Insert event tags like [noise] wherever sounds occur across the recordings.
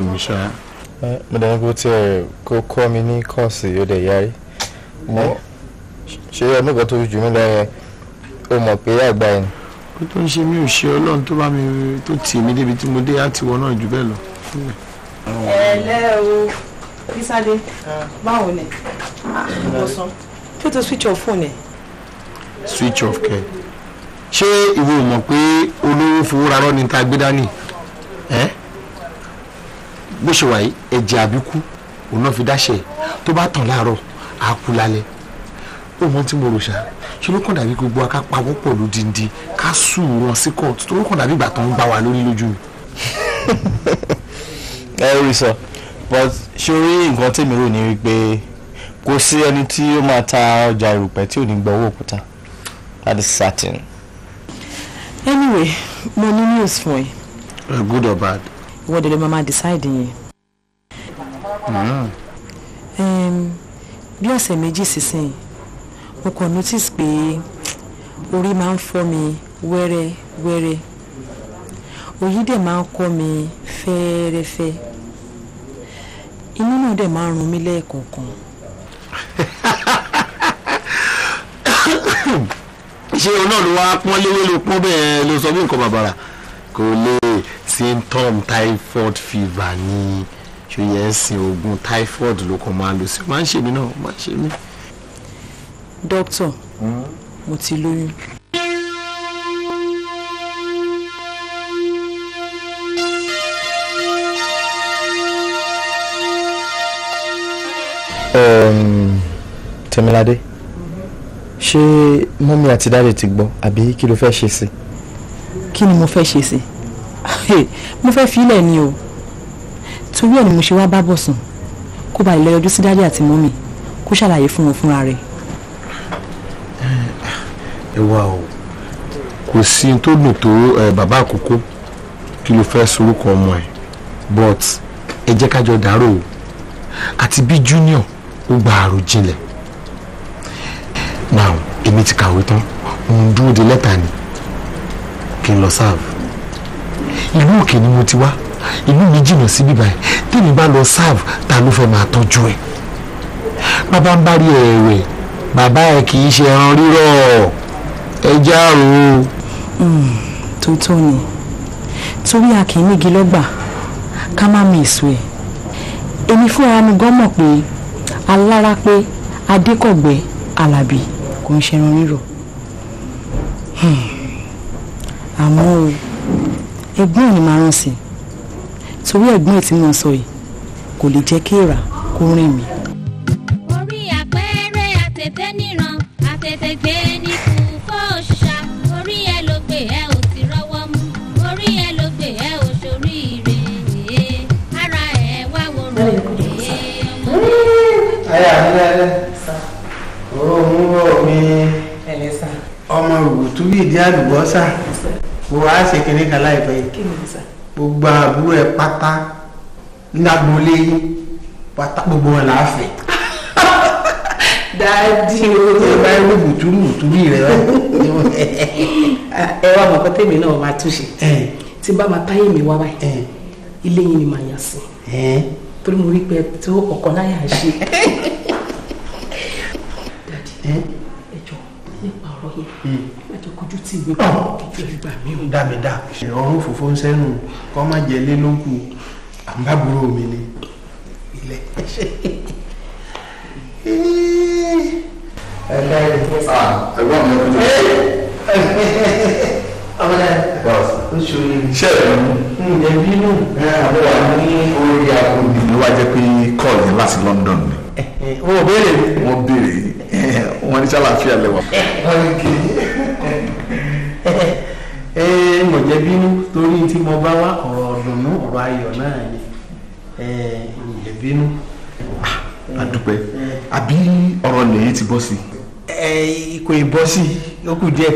fún mi ṣá. mo dẹ̀ ní kó tiẹ̀ kó kọ́ mi ní kọ́ọ̀sì ó dẹ̀ yarí mo ṣe ọdún tó jù mí lẹ́yìn o mọ̀ pé àgbà ẹ̀ ni. ó tó ń ṣe mí ò ṣe ọlọ́run tó bá mi tó tì mí débi tí mo dé àtiwọ́ náà jù bẹ́ẹ̀ o bísádé báwo ni ìwòsàn switch off fóònù ẹ̀. switch off kẹ ṣé ìwọ mọ̀ pé olówó fowó rárọ́ ni tá a gbé dání bó ṣe wà yìí ẹ̀jẹ̀ àbíkú òun náà fi dáṣẹ̀ tó bá tàn láàárọ̀ á kú lálẹ́ ó mọ tí mo rò ṣá ṣe ló kàn dàbí gbogbo aká pawọ́ pọ̀ lódindi ká sùn wọn sí kóòtù tó ló kàn dàbí ìgbà tó ń gbá wa lórí lójú mi. [laughs] ẹ rí sọ but ṣé orí nǹkan tèmi rò ní wípé kò sí ẹni tí ó máa ta ọjà erùpẹ̀ tí ò ní gbọ́ owó òkúta that is certain. anyway mo ní news fún ẹ. good or bad. What dẹ̀ ló máa decide yẹn. Hmm. bí ọ̀sẹ̀ méjì sísìn mo kàn notice pé orí máa ń fọ́ mi wẹ́rẹ́ wẹ́rẹ́ òyì dẹ̀ máa ń kọ́ mi fẹ́ẹ́rẹ́fẹ́ inú náà dẹ̀ máa ń run mí lẹ́ẹ̀kọ̀ọ̀kan. [coughs] ṣé o náà ló wá pọ́n léwé ló pọ́n bẹ́ẹ̀ ló sọ bí nǹkan bàbàrà kò lè symptom typhoid fever ni ṣòye ẹ̀sìn oògùn typhoid ló kàn máa lò sí máa ń ṣe mí náà máa ń ṣe mí. dókítà hmm? mo ti lóyún. um, Tẹ̀míládé mm-hmm. ṣé mọ́mí àti dáre ti gbọ́ àbí kí ló fẹ́ ṣe sí i kí ni mo fẹ́ ṣe sí mo fẹ́ filẹ̀ ni o torí ẹ̀ ni mo ṣe wá bá bọ̀ sùn kó ba ìlọ yọjú sí dájú àti mọ́mì kó ṣàlàyé fún wọn fúnra rẹ̀. ẹ wá o kò sí ohun tó dùn tó bàbá àkókò kí ló fẹ́ sorúkọ ọmọ ẹ̀ but ẹ jẹ́ ká jọ dárò o àti bí junior ó gba àròjinlẹ̀ now èmi ti kàwé tán òun dúró de lẹ́tà ni kí n lọ serve ìlú òkè ni mo ti wá ìlú mi jìnnà sí bíbá ẹ tèmi bá lọ serve ta ló fẹ́ máa tọ́jú ẹ bàbá ń bá rí ẹ̀wẹ̀ bàbá ẹ kì í ṣe ẹran rírọ̀ ẹ já o. tó hmm, tó ni torí a kì í nígi lọ́gbà ká má mi èso ẹ̀ èmi fúnra mi gan mọ̀ pé alára pé adékọ̀gbẹ́ alábì kò ń ṣẹran rírọ̀. Hmm àmọ́ o ẹ̀gbọ́n ẹ̀ ni màá rán sí torí ẹ̀gbọ́n ẹ̀ tí mo sọ yìí kò lè jẹ́ kí èèrà kó rìn mí. orí àpẹẹrẹ àtètè níran àtètè gbé ní kù fọ́ òṣìṣà orí ẹ ló gbé ẹ ò sì rọ́wọ́ mú orí ẹ ló gbé ẹ ò sórí ire ara ẹ wá wo rò ẹ ọmọ. ayé àbílẹ̀ ẹ̀rẹ́ òórùn mú bọ̀ mi ọmọ rògbòtú bíi ìdí àlùbọ́sà mo wá ṣe kínní kan láìpẹ́ yìí gbogbo àbúrò ẹ̀ pátá lágbolé pátá gbogbo wọn là á fẹ́. dáàdì o. ẹ bá yẹ gbogbo túrú túrú rẹ wá. ẹ wá mọ̀ pé tèmi náà máa túṣe tí bá máa táyé mi wá báyìí ilé yìí ni màá yà sí torí mo rí pé tó ọ̀kan láyà ṣe. dáàdì [laughs] ẹ jọ nípa ọ̀rọ̀ yẹn kojú tí ìwé kékeré gbà mí o. dá mi fòfó ń sẹ́nu kọ́ má jẹ lé lókù àǹbábúrò mi ni ilẹ̀. ẹ̀gbọ́n mi kò tó kọ́ọ̀lù láti London ni. wọ́n béèrè. wọ́n béèrè wọ́n ní sálàáfíà lẹ́wà ẹ ẹ mọ̀jẹ́ bínú torí tí mo bá wá ọ̀rọ̀ ọ̀dùnnú ọ̀rọ̀ ayọ̀ náà ni ẹ eh, mọ̀jẹ́ bínú. àdúpẹ́ ah, àbí ọ̀rọ̀ lèyí ti bọ́ sí. ẹ eh, kò ì bọ́ sí ó kù díẹ̀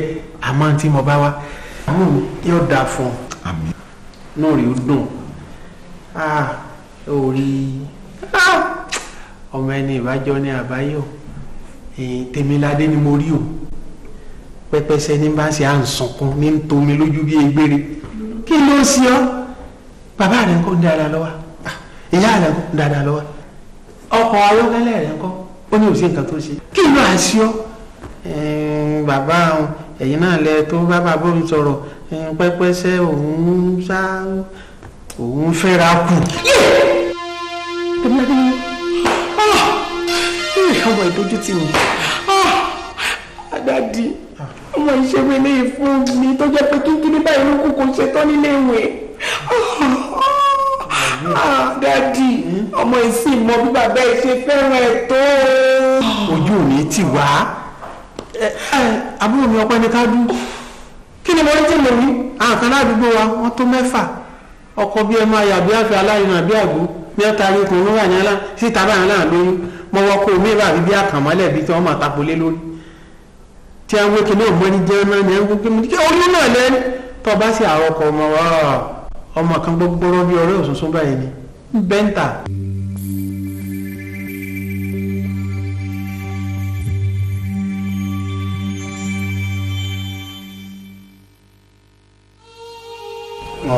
àmọ́ tí mo bá wá àmọ́ yóò dáa fún un. náà ah, rí ó dùn orí ọmọ ẹni ìbájọ́ ní àbáyọ̀ eh, tèmiládé ni mo rí o pẹpẹsẹ ní bá ṣe à ń sọkún ní ń tomi lójú bí egbére kí ló ń ṣe ọ bàbá rẹ ńkọ́ dáadáa lọ wa ah, ìyá rẹ ńkọ́ dáadáa lọ wa ọkọ ayọ́kẹ́lẹ́ rẹ ńkọ́ ó ní òsè nǹkan tó ṣe kí ló à ń ṣe ọ bàbá ẹ̀yin náà lẹ tó bàbá bóun sọ̀rọ̀ pẹpẹsẹ òun sá òun fẹ́ra kù. ọmọ ìdójú tì mí. Dadi ọmọ ìṣèwé lè fún mi tó jẹ́ pé kíkiri báyìí ló kù kò ṣetán nílé ìwé ah, dádì ọmọ ìsìn mọ bí bàbá ẹ ṣe fẹ́ràn ẹ tó. ojú mi ti wá àbúrò mi ọpẹ́ ni ká dún kí ni mo ń tì lèmi àǹkan ládùúgbò wa wọ́n tó mẹ́fà ọkọ bí ẹ máa yà bí àfẹ aláìní àbí àgbo bí ẹ taari kùn ló wà ní síta báyìí náà lóyún mo wọ kó o mi bá àbí bí àkànmọ́lẹ̀ bí tí wọ́n máa tapolé lórí tí àwọn òkè náà mọ ní jẹ́rán ní ẹ̀ńkú kí mo ní kí oyún náà lẹ́nu tó o bá sì àrọ ọkọ̀ ọmọ wa ọmọ kan gbogbo rọ́ bí ọ̀rẹ́ òṣùṣùn báyìí ni ń bẹ́ńtà.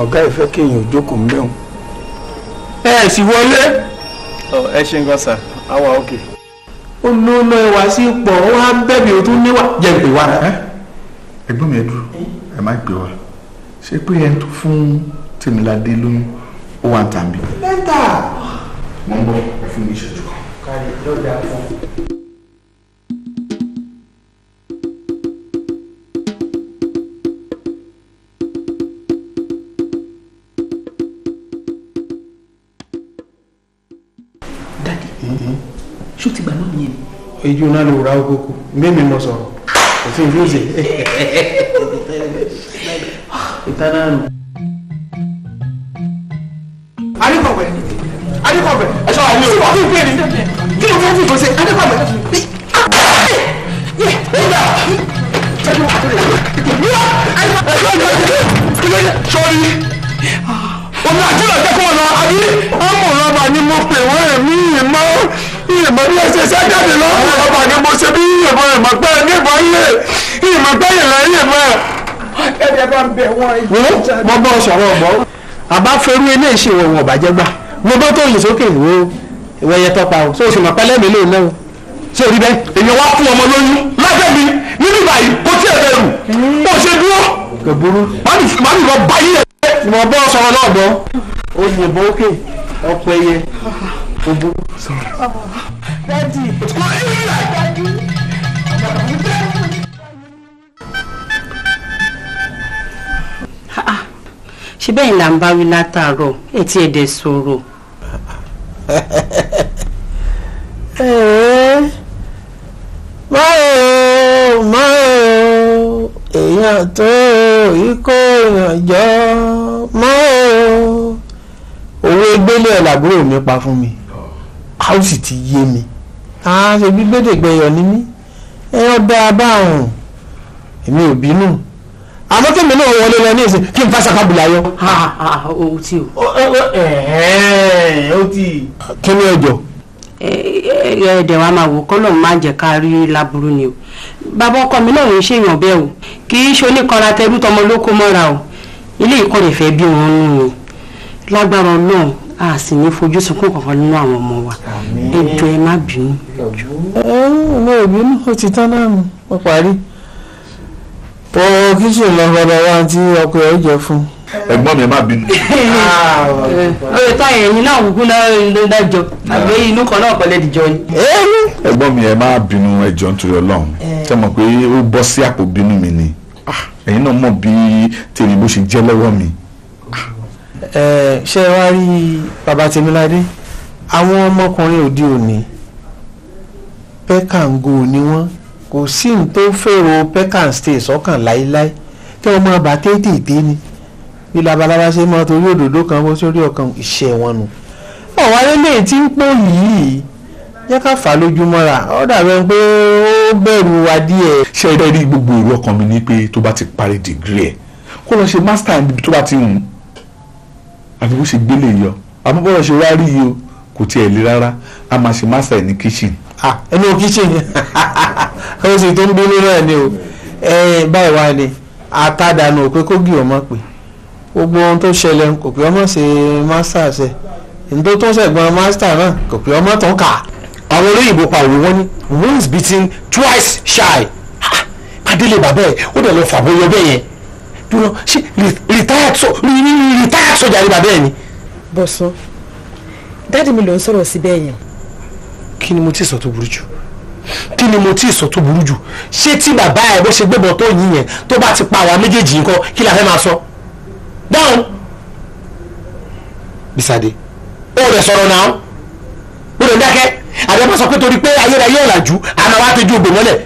ọ̀gá ìfẹ́ kéèyàn jókòó mẹ́wọ̀n. ẹ sì wọlé. ẹ ṣe ń gbọ́ sà á wà Okay ó lóná ẹwà sí pọ̀ ó wá ń bẹ̀bì o tún níwà jẹ́ ìpè wa. ẹ̀gbọ́n mi ẹ dúró ẹ má pè wá ṣé pé ẹ tó fún tèmíládé lóyún ó wà ń tàbí. lẹ́tà mo ń bọ̀ fún mi ìṣẹ́jú kan. kárí lọ́dà fún. ejú náà ló ra okoko mbẹ́mi mọ̀ sọ̀rọ̀ kò sí ìlú ìṣe. ìtanáàlú. adékọ̀wé adékọ̀wé ẹ̀ṣọ́ àwọn ọmọ ìwà fún ìpínlẹ̀ kí ló fẹ́ fi ìfọ̀sẹ̀ adékọ̀wé. sọ́ọ́ni ọ̀nà àjọyọ̀ jẹ́ kó ọ̀nà àbí ọmọ ọ̀nà ọba ni mo pè wọ́n ẹ̀mí ìmọ̀ ìmọ̀ bí ẹ ṣe ṣe jáde lọ́wọ́ ọba ni mo ṣe bí ìmọ̀ ìmọ̀ pẹ́ nígbà yẹ ìmọ̀ pẹ́ ìlà yẹ mọ́. ẹ̀jẹ̀ bá ń bẹ̀ wọ́n yìí. mo bọ́ sọ̀rọ̀ ọ̀bọ. àbá ferú ilé ìṣe ìwọ̀n ọ̀bàjẹ́ gbà mo bọ́ tó yìn sókè ìwọ ìwọ yẹ tọpa o sóòsì mọ̀ pẹ́lẹ́ mi lóun náà o. ṣé o rí bẹ́ẹ̀. èèyàn wá fún ọmọ lóyún lábẹ́ mi nínú ìbàyí kò tí ì bẹ̀rù bó ṣe dúró. kò burú. màá nì lọ bá yí ẹ̀. mo bọ́ sọ̀rọ̀ ó burú. dadi mo ní ìlà dadi ṣe bẹ́ẹ̀ là ń bá wí látàárọ̀ etí ẹ̀dẹ̀ sọ̀rọ̀. [laughs] Eh, máyò máyò èèyàn tó ikó èèyàn jọ máyò òwe gbélé ẹ̀ mi pa fún mi ó sì ti yé mi àṣẹ gbígbédègbè ẹ̀yọ̀ ni mí ẹ̀yọ́ dáa bá àrùn èmi ò bínú àmọ́ kí mi náà wọlé lọ ní ìsìn kí n fa sàkábùlà yọ. o ti o. o ti. kí ni ẹjọ. ẹ̀ẹ́dẹ̀ wa máa wò kọ́lọ̀ máa jẹ́ ká rí láburú ni o bàbá ọkọ mi náà ń ṣèyàn bẹ́ẹ̀ o kì í ṣe oníkanra tẹrú tọmọ ló kó mọ́ra o ilé ìkọ́ rẹ̀ fẹ́ bí òun nù o lágbára Ọlọ́run a sì ní fojú sunkún kankan nínú àwọn ọmọ wa ẹ jọ̀ọ́ ẹ má bínú. ọmọ òbí náà ó ti tán náà mo parí tó kí sì lọ padà wá tí ọkọ ẹ jẹ fún. ẹ̀gbọ́n mi ẹ má bínú. lórí [laughs] táyà ẹ̀yin náà kúkú náà ló dájọ́ àbí inú kan náà kọ́lé ìjọ ni. ẹ̀gbọ́n mi ẹ má bínú ẹjọ́ nítorí Ọlọ́run tẹ́ mọ̀ pé ó bọ́ sí àpò bínú mi ni ah. ẹ̀yin náà mọ̀ bí tèmi bó ṣe jẹ́ lọ́wọ́ mi ṣé ẹ wá rí baba Tẹmíládé àwọn ọmọkùnrin òde òní pẹ́kàǹgò ni wọ́n kò sí ní tó fèrò pẹ́kàn stay sọ́kàn láéláé kí ọmọ ọba tètè ni bí labalábá ṣe máa torí òdòdó kan bó sórí ọkàn iṣẹ́ wọn nù. ọ̀wá lélẹ̀ tí ń pò yìí jẹ́ ká fà lójúmọ́ra ó dàbẹ̀ pé ó bẹ̀rù wa díẹ̀. ṣé ẹ rí gbogbo èrò ọkàn mi ni pé tó bá ti parí dìgírì ẹ̀ kó lọ ṣe mástà níbi tó bá ti ń àfi bó ṣe gbélé yọ àmọ́ bọ́dọ̀ ṣe wá rí yìí o kò tiẹ̀ le rárá a máa ṣe máṣà ẹ̀ ní kitchen. ẹnu kitchen ó sì tó ń gbélé náà ni o báyìí wá ni àtàdánù òpé kó gì ọmọ pé gbogbo ohun tó ṣẹlẹ̀ kò pé ọmọ ṣe máṣà ṣe ǹdó tó ṣẹ̀gbọ́n máṣà náà kò pé ọmọ tó ń kà àwọn olóyìnbó pa òwe once beaten twice shy pàdé lè bàbá ẹ ó dẹ̀ lọ fàbọ̀ yọ bẹ́ẹ̀ yẹn dúró ṣé retired sọ retired sọjà rí bàbá ẹ ni. bọ̀sán dáàdì mi ló ń sọ̀rọ̀ sí bẹ́ẹ̀ yẹn. kí ni mo ti sọ tó burú jù kí ni mo ti sọ tó burú jù ṣé tí bàbá ẹ bó ṣe gbébọn tó yín yẹn tó bá ti pa àwa méjèèjì nǹkan kí la fẹ́ máa sọ. dáhùn Bisade ó rẹ̀ sọ̀rọ̀ náà ó rẹ̀ dákẹ́ àbẹ̀ máa sọ pé torí pé ayérayé ọ̀làjú àmọ́ wa tẹ́jú ògbè mọ́lẹ̀.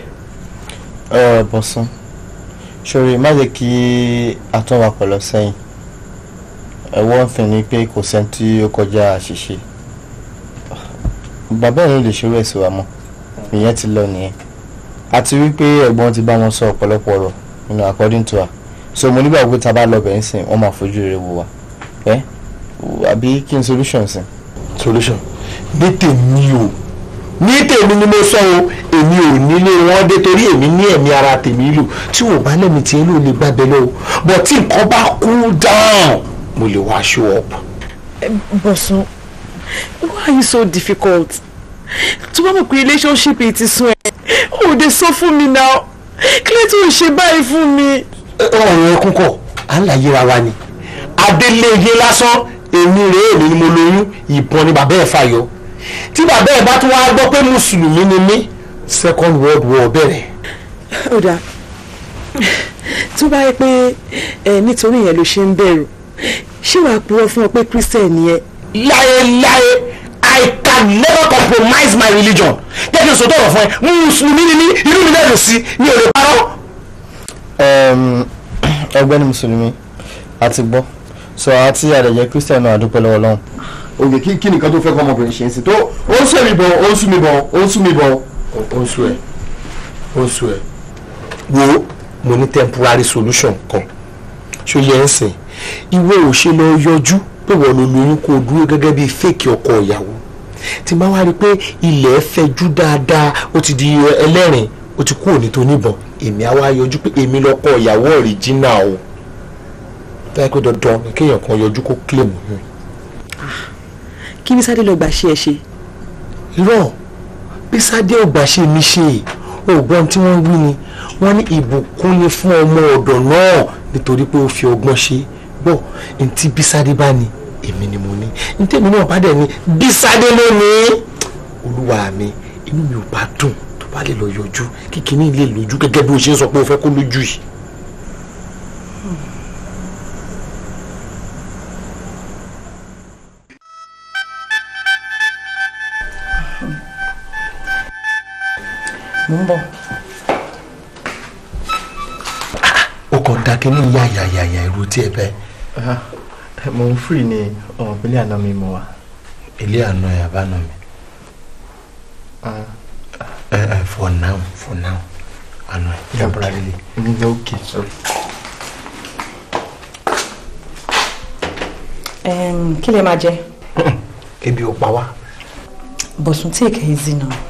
ẹ bọ̀sán sori má jẹ́ kí atúnwakọ̀ lọ sẹ́yìn ẹ̀wọ́ ń fi ni pé kò sẹ́ni tí ó kọjá àṣìṣe bàbá ẹ̀ ló lè ṣerú ẹ̀ wa mọ́ ìyẹn ti lọ nìyẹn àti wípé ẹ̀gbọ́n ti bá wọn sọ ọ̀pọ̀lọpọ̀ ọ̀rọ̀ nínú according to her so mo nígbàgbọ́ tá a bá lọ bẹ̀ ń sìn wọ́n máa fojú rere wò wá ẹ́ àbí kí n solution sìn. solution ní tèmi o ní tèmi ni mo sọ o èmi ò nílé wọn dé torí èmi ní ẹ̀mí ara tèmi lò tí wò bá lẹ́mi tiẹ̀ ló lè gbàgbé lọ bọ̀ tí nǹkan bá cool down mo lè wá show up. bọ̀sùn why are you so difficult tó bá mọ̀ pé relationship yìí ti sún ẹ ò dé sọ fún mi náà kí ló tún ṣe báyìí fún mi. ọ̀rọ̀ ẹkún kọ̀ à ń láyé ra wa ni adélèyé lásán èmi rèé èmi ni mo lóyún ìbọn ni bàbá ẹ̀ fà yọ tí bàbá ẹ̀ bá tún wá gbọ́ pé mùsùlùmí ni mí second world war bẹ̀rẹ̀. ó dáa tó bá yẹ pé ẹ nítorí yẹn ló ṣe ń bẹ̀rù ṣé wàá purọ́ fún ọ pé christian ni ẹ. láyéláyé i can never compromise my religion jẹ́kí n sọ tọrọ fún ẹ mùsùlùmí ni mí inú mi náà lè sí mi ò lè parọ́. ọgbẹ́ni mùsùlùmí a ti gbọ́ sọ àti àdẹ̀jẹ́ christian náà a dúpẹ́ lọ́wọ́ Ọlọ́run. Oge kí kí nìkan tó fẹ́ kọ́ ọmọbìnrin ṣe ń sìn tó ó ń sẹ̀mí bọ̀ ó ń sún mi bọ̀ ó ń sún mi bọ̀. ó ń sún ẹ ó ń sún ẹ wo mo ní temporary solution kan ṣó yẹ ń sìn ìwọ ò ṣe lọ yọjú pé wọ́n lo lóyún kó o dúró gẹ́gẹ́ bíi fake ọkọ ìyàwó tí máa wá rí i pé ilẹ̀ fẹjú dáadáa ó ti di ẹlẹ́rìn ó ti kúrò ní tóníbọn èmi á wá yọjú pé èmi lọ́kọ ìyàwó ọ̀ríjínà o táyà pé dandan kéèyàn kan yọjú kó claim mi kí bí sáré lọ gbà ṣe ẹ ṣe. irọ́ bí sáré ò gbà mi ṣe ògbọ́n tí wọ́n wí ni wọ́n ní ìbùkún ni fún ọmọ ọ̀dọ̀ náà nítorí pé ó fi ọgbọ́n ṣe bọ̀ ntí bí sáré bá ní èmi ni mo ní ntí èmi náà bá dẹ̀ ní bí sáré ló ní olúwa mi inú mi ò bá dùn tó bá lè lọ yọjú kíkiní lè lójú gẹ́gẹ́ bí o ṣe ń sọ pé o fẹ́ kó lójú yìí. mo ń ah o kò da ya ya irú tí ẹ bẹ. mo ń fìrì ni ọmọ ìpínlẹ̀ àná mi mo wà. ilé àná ẹ̀ àbáná mi. Ah. for now for now àná ẹ̀ temporarily. Mm, okay sorry. kí lè máa jẹ. [laughs] ebi ò pa wá. bọ̀sùn tí èkè zi náà.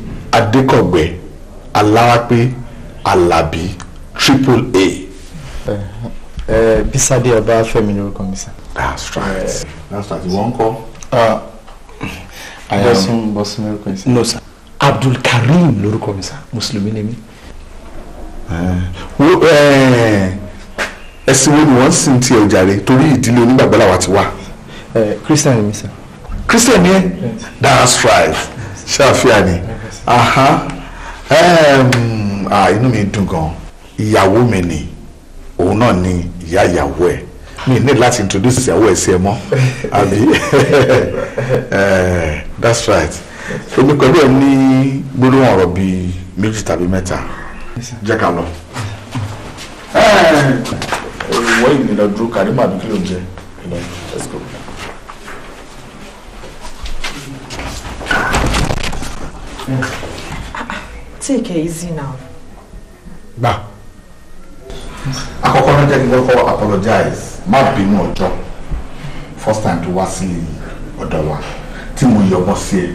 adékọ̀gbẹ́ aláwápé alábí triple a. ẹ eh, ẹ eh, bísádé ọba fẹ́mi lórúkọ mi sá. that's right eh, that's right ìwọ ń kọ́. Ah, bọ́sùn bọ́sùn lórúkọ mi sá. no sir abdulkareem lórúkọ mi sá mùsùlùmí ni mí. ẹ̀sìn wo ni wọ́n sì ń ti ẹ̀ jàre torí ìdílé onígbàgbọ́ làwa ti wá. christian ni mi sá. christian ni ẹ that's right ṣáà fíà ni inú mi dùn gan ìyàwó mi ni òun náà ni ìyá ìyàwó ẹ̀ mi ní láti introduce ìyàwó ẹ̀ sí ẹ mọ́ àbí [laughs] eh, that's right èmi pẹ̀lú ẹ̀ ní gbólóhùn ọ̀rọ̀ bíi méjì tàbí mẹ́ta jẹ́ ká lọ. olùwọ́ eh, ìnira dúró kàrí màbí kí ló ń jẹ. let's go. take it easy now. gbà àkọ́kọ́ náà jẹ́ kí n kọ́kọ́ apologize má bínú ọjọ́ first time tó wá sí ọ̀dọ̀ wa tí mo yọ̀bọ̀ sí ẹ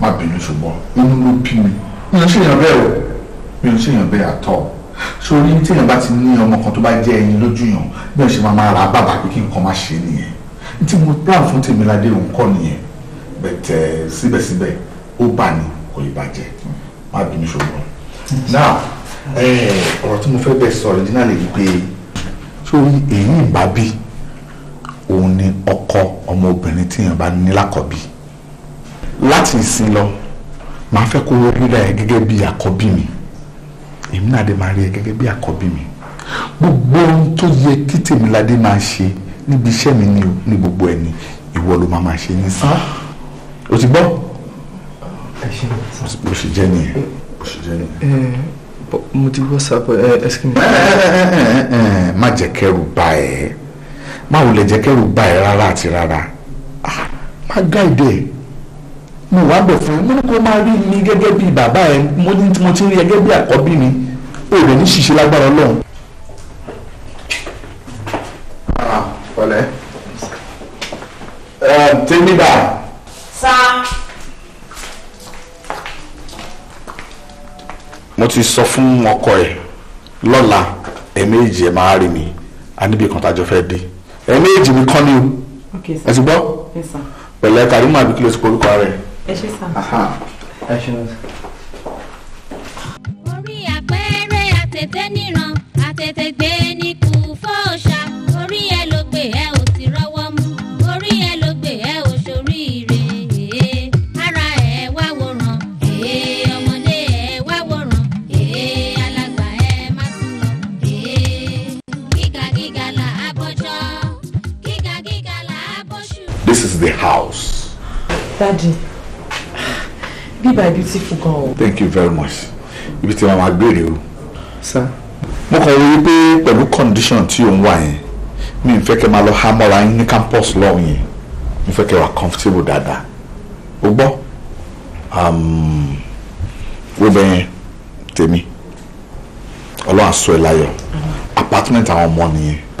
má bínú ṣùgbọ́n inú ló bí mi mi ò ṣèyàn bẹ́ẹ̀ o mi ò ṣèyàn bẹ́ẹ̀ àtọ̀ sórí téèyàn bá ti ní ọmọ kan tó bá jẹ́ ẹyin lójú yàn bí wọ́n ṣe máa máa ra bàbá pé kí nǹkan má ṣe nìyẹn tí mo plan fún tèmi ládé òun kọ́ nìyẹn bẹ̀tẹ̀ eh, síbẹ̀síbẹ̀ ó bà ní kò lè bàjẹ́ má bínú ṣùgbọ́n. now ọ̀rọ̀ tí mo fẹ́ bẹ́ẹ̀ sọ originally ni pé sórí èyí ìbábí òun ni ọkọ ọmọbìnrin tí èèyàn bá ní lákọ̀bí láti ìsìn lọ màá fẹ́ kó ríra ẹ gẹ́gẹ́ bí àkọ́bí mi èmi náà dé máa rí ẹ gẹ́gẹ́ bí àkọ́bí mi gbogbo ohun tó yẹ kí tèmiládé máa ṣe níbi iṣẹ́ mi ní gbogbo ẹni ìwọ ló máa máa ṣe nísìnyí ah. o ti gbọ́ bó ṣe jẹ́ nìyẹn bó ṣe jẹ́ nìyẹn. mo ti gbọ́ sábà ẹ ẹ ṣe. má jẹ́ kẹ́rù bà ẹ́ má wulẹ̀ jẹ́ kẹ́rù bà ẹ́ rárá àti rárá má gáìdì ẹ̀ mo wá bẹ̀ fún ẹ mo ní kó máa rí mi gẹ́gẹ́ bí bàbá ẹ mo ní mo ti rí ẹ gẹ́gẹ́ bí àkọ́bí mi ó rẹ̀ ní ṣìṣe lágbára ọlọ́run. ọ̀lẹ́ tèmi dà. sáà. ti sọ fún ọkọ ẹ̀ lọ́la ẹ̀ẹ̀mejì ẹ̀ máa rí mi àníbi kan tájọ fẹ́ dé ẹ̀ẹ̀mejì mi kán ni o ẹ ti gbọ́ pẹ̀lẹ́ Karimo àbí kí ló ti porúkọ rẹ̀. ẹ ṣe sàn. ẹ ṣe sàn. house. Daddy, be my beautiful girl. Thank you very much. Ibi tí màmá gbére o. Sir. Mo kàn rí pé pẹ̀lú condition tí òun wà yẹn, mi ń fẹ́ kẹ́ máa lọ há mọ́ra yín ní campus lọ́hùn yẹn. Mi fẹ́ kẹ́ wà comfortable dáadáa. O gbọ́? Um, wo bẹ yẹn tèmi. Ọlọ́run á sọ láyọ̀. Apartment àwọn ọmọ nìyẹn àkọ́tún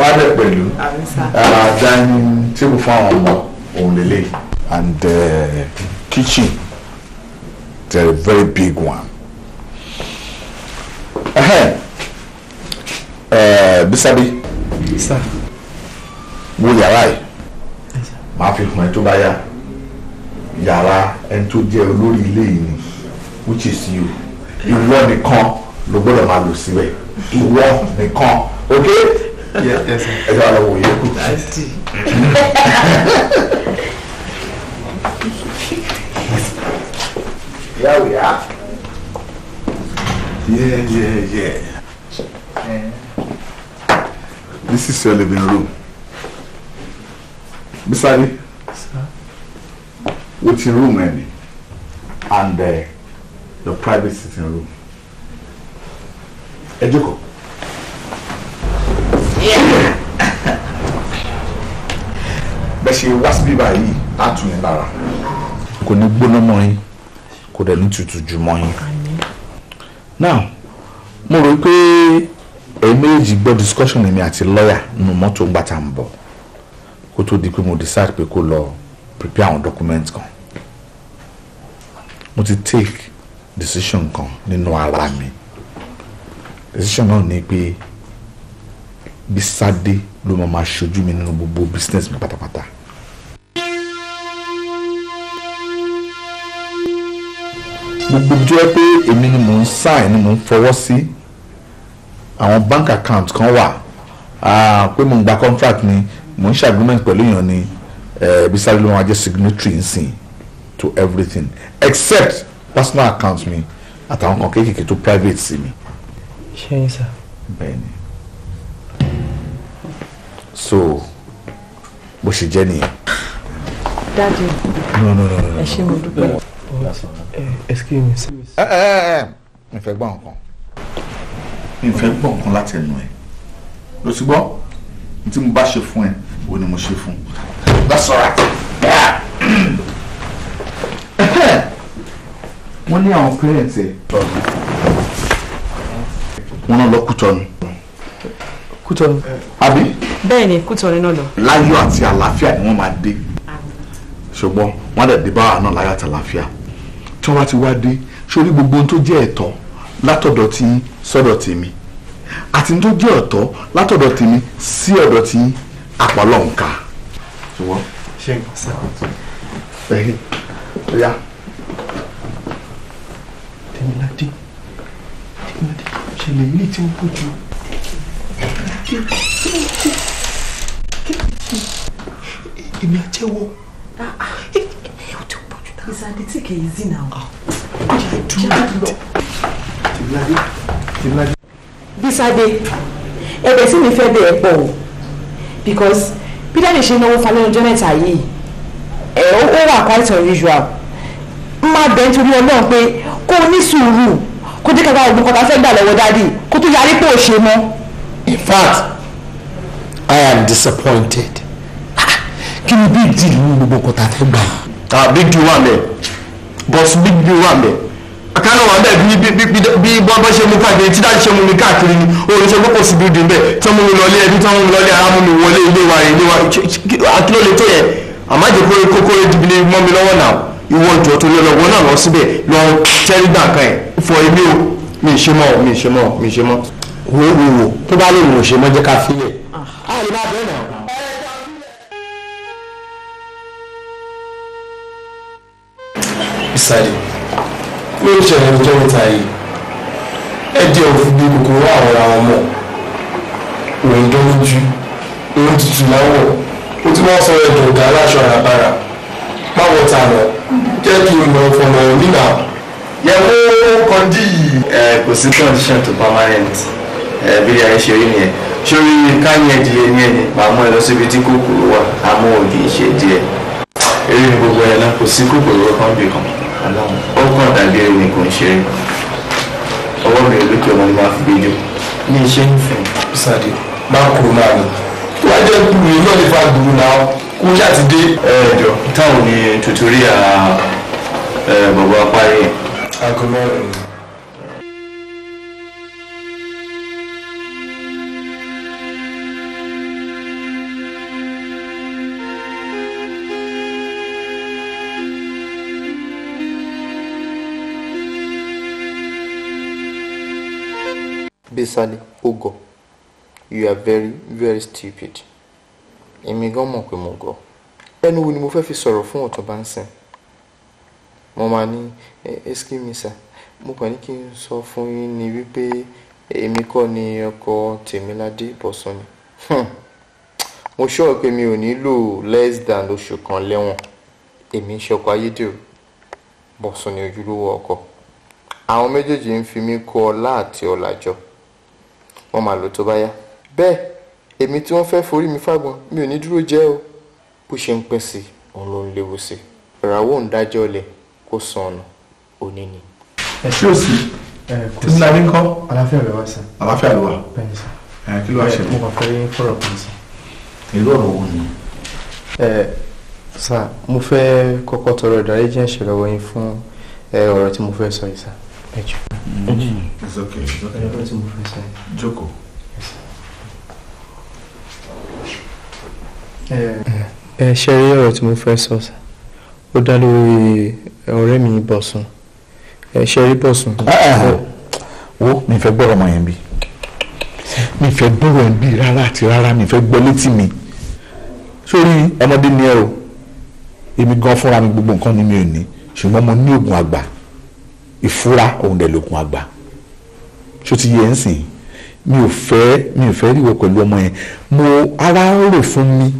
wá dẹ̀ pẹ̀lú ah, ah, dining table fún àwọn ọmọ òun lélẹ̀ and uh, kitchen they are very big one. Eh, Bisabi. Sir. Wo yàrá yìí. Màá fi hàn ẹ́ tó bá yá. Yàrá ẹni tó jẹ́ olórí ilé yìí ni which is you. Ìwọ nìkan ló gbọ́dọ̀ máa lò síbẹ̀ ìwọ nìkan ok ẹ jẹ́ àlọ́ wòye kù. Here we Yeah, yeah, yeah. yeah. This is your living room. Bisani. Sir. Which room, any? And uh, the private sitting room ẹ jókòó. bẹ́ẹ̀ ṣe wá síbí báyìí á tù yín lára kò ní gbóná mọ́ yín kò dẹ̀ ní tutù jù mọ́ yín. now mo rò pé ẹ̀ẹ́mẹ́jì gbọ́ discussion èmi àti lọ́ọ̀yà nínú mọ́tò ńgbà tá à ń bọ̀ kó tó di pé mo decide pé kó lọ prepare àwọn document kan mo ti take decision kan nínú ara mi. No decision náà ni pé bí Sádé ló máa máa ṣojú mi nínú gbogbo business mi pátápátá. gbogbo tó yẹ pé èmi ni mò ń sign ni mò ń fọwọ́ sí àwọn bank account kan wà pé mò ń gba contract ni mò ń ṣe agreement pẹ̀lú èèyàn ni eh, bí Sádé ló máa jẹ́ signatory nsìn to everything except personal account mi àtàwọn kan kéékèèké tó private sí mi ṣé yín so what's your journey? Daddy. No, no, no. mo dúpẹ́. excuse me Eh, eh, eh. ẹ mi fẹ́ gbọ́ nǹkan mi fẹ́ gbọ́ nǹkan láti ẹnu ẹ ló ti gbọ́ tí mo bá ṣe fún ẹ o ni mo ṣe fún that's all right. wọ́n ní àwọn parents ẹ̀ wọn náà lọ Kútọ̀nù. Kútọ̀nù. àbí. bẹ́ẹ̀ ni Kútọ̀nù náà lọ. láyọ̀ àti àlàáfíà ni wọ́n máa dé ṣùgbọ́n wọ́n á dẹ̀ dé báwa náà láyọ̀ àti àlàáfíà tí wọ́n bá ti wá dé sórí gbogbo ohun tó jẹ́ ẹ̀tọ́ látọ̀dọ̀ tí sọ́dọ̀ tèmi àti tó jẹ́ ọ̀tọ̀ látọ̀dọ̀ tèmi sí ọ̀dọ̀ tí àpọ̀lọ̀ ń ka. ṣùgbọ́n ṣé n sá ṣẹlẹ̀ ilé tí wọ́n pọ̀jù. èmi àjẹwọ́. Ìsàdé tí kì í zì náà. Bísádé, ẹ̀bẹ̀ sí mi fẹ́ bẹ̀ ẹ̀ pọ̀ o, because bí dáàdì ṣe náwó falẹ́ ọjọ́ mẹ́ta yìí, ẹ̀ ó wà quite unusual. Má bẹ́ẹ̀ nítorí Ọlọ́run pé kó o ní sùúrù kó dé kẹta ògùn kọta fẹ́ gbà lọ́wọ́ dáàdì kó tó yarí pé ò ṣe mọ́. in fact i am disappointed ah, kí ni big deal ní gbogbo kọta fẹ́ gbà. ah big deal wà mẹ́ boss big deal wà mẹ́ akana wa bẹ́ẹ̀ bí bí bí bí bọbọ ṣe mú káàkiri tí dájú ṣe mú mi káàkiri ni òun ṣe kókò sí bíldìn bẹ́ẹ̀ tí wọn mú mi lọlé ẹbí tí wọn mú mi lọlé ara mú mi wọlé ilé wa ilé wa akíló lè tó yẹ àmájẹ kókó kókó rẹ dìbìlì mọ́ mi lọ́wọ́ náà ìwọ ìjọ tó lọ lọ́wọ́ náà lọ síbẹ̀ lọ tẹrí gbà kan yẹn fọ èmi o mi ṣe mọ mi ṣe mọ mi ṣe mọ wo wo wo tó bá lè wò ṣe mọ jẹ́ ká fi lẹ̀ a lè má bẹ́ẹ̀ náà. ìsàlẹ̀ ló ń ṣẹlẹ̀ ọjọ́ mẹ́ta yìí ẹ jẹ́ òfin bí kòkòrò àwọn àwọn ọmọ òun jọ lójú òun tutù láwọ̀ ó ti wọ́n sọ ẹ̀dùn ọ̀gá aláṣọ àràbàrà má ta lọ jẹ́ kí n lọ fọmọ nígbà. yẹ̀wò kọ́ndí ẹ kò sí condition to permanent ẹ bí ayé ṣe rí káyọ̀ ní pàmò ẹ tí kòkòrò wà àmọ́ òdì ìṣe díẹ̀ eré ní gbogbo ẹ̀ náà kò sí kòkòrò kan bì kan ó kàn dàbí kò ń ọwọ́ mi lókè ọmọ ni máa fi gbé jù ní iṣẹ́ ìfẹ́. máa kú náà ni jẹ́ ẹ jọ táwọn bàbá yẹn. aago mẹ́rin ni. you are very very stupid èmi gan mọ̀ pé mo gọ̀ ẹnu wo ni mo fẹ́ fi sọ̀rọ̀ fún ọ̀tún bá ń sìn wọ́n máa ní eh, excuse me sir mo kàn kí n sọ fún yín ni wípé èmi kọ́ ni ọkọ Tèmiládé Bọ̀sùn ni hmm. mo ṣọ́ọ̀ pé mi ò nílò less than oṣù kan lẹ́wọ̀n èmi ń ṣọkọ ayédèrú Bọ̀sùn ni ojúlówó ọkọ àwọn méjèèjì ń fi mí kọ ọlá àti ọ̀làjọ wọ́n máa lò tó bá yá bẹ́ẹ̀ èmi tí wọ́n fẹ́ forí mi fágbọn mi ò ní dúró jẹ́ o bó ṣe ń pẹ́ sí òun ló ń léwu sí ìràwọ̀ ń dájọ́ lẹ̀ ó sọnù òní ni. ẹ ṣé o sì kò sí láyé ńkọ́. àlàáfíà ló wà sàn. àlàáfíà ló wà. bẹ́ẹ̀ni sàn. ẹ kí ló wá ṣẹlẹ̀. mo kàn fẹ́ yín fọ̀rọ̀ kan sàn. èrò ọ̀rọ̀ wo ni. ẹ sà mo fẹ́ kọ́kọ́ tọrọ ìdáríjì ẹ̀ṣẹ̀ lọ́wọ́ yín fún ọ̀rọ̀ tí mo fẹ́ sọ yìí sà. ẹ jù. it's okay it's okay. ọ̀rọ̀ tí mo fẹ́ sọ yìí. ẹ ṣe rí ọ̀rọ̀ tí mo fẹ́ sọ sà ó dá lórí ọ̀rẹ́ mi bọ̀sùn ẹ ṣe rí bọ̀sùn. Ah, ah, ah. wo mi fẹ́ gbọ́rọ̀ ọmọ yẹn bí mi fẹ́ gbọ́rọ̀ ẹ̀ bí rárá àti rárá mi fẹ́ gbọ́ létí mi sórí ọmọdé ni ẹ o èmi gan fúnra mi gbogbo nǹkan ni mi ò ní ṣùgbọ́n mo ní oògùn àgbà ìfura òun dẹ̀ lóògùn àgbà ṣó ti yẹ ń sìn mi ò fẹ́ mi ò fẹ́ ríwọ pẹ̀lú ọmọ yẹn mo ara rò fún mi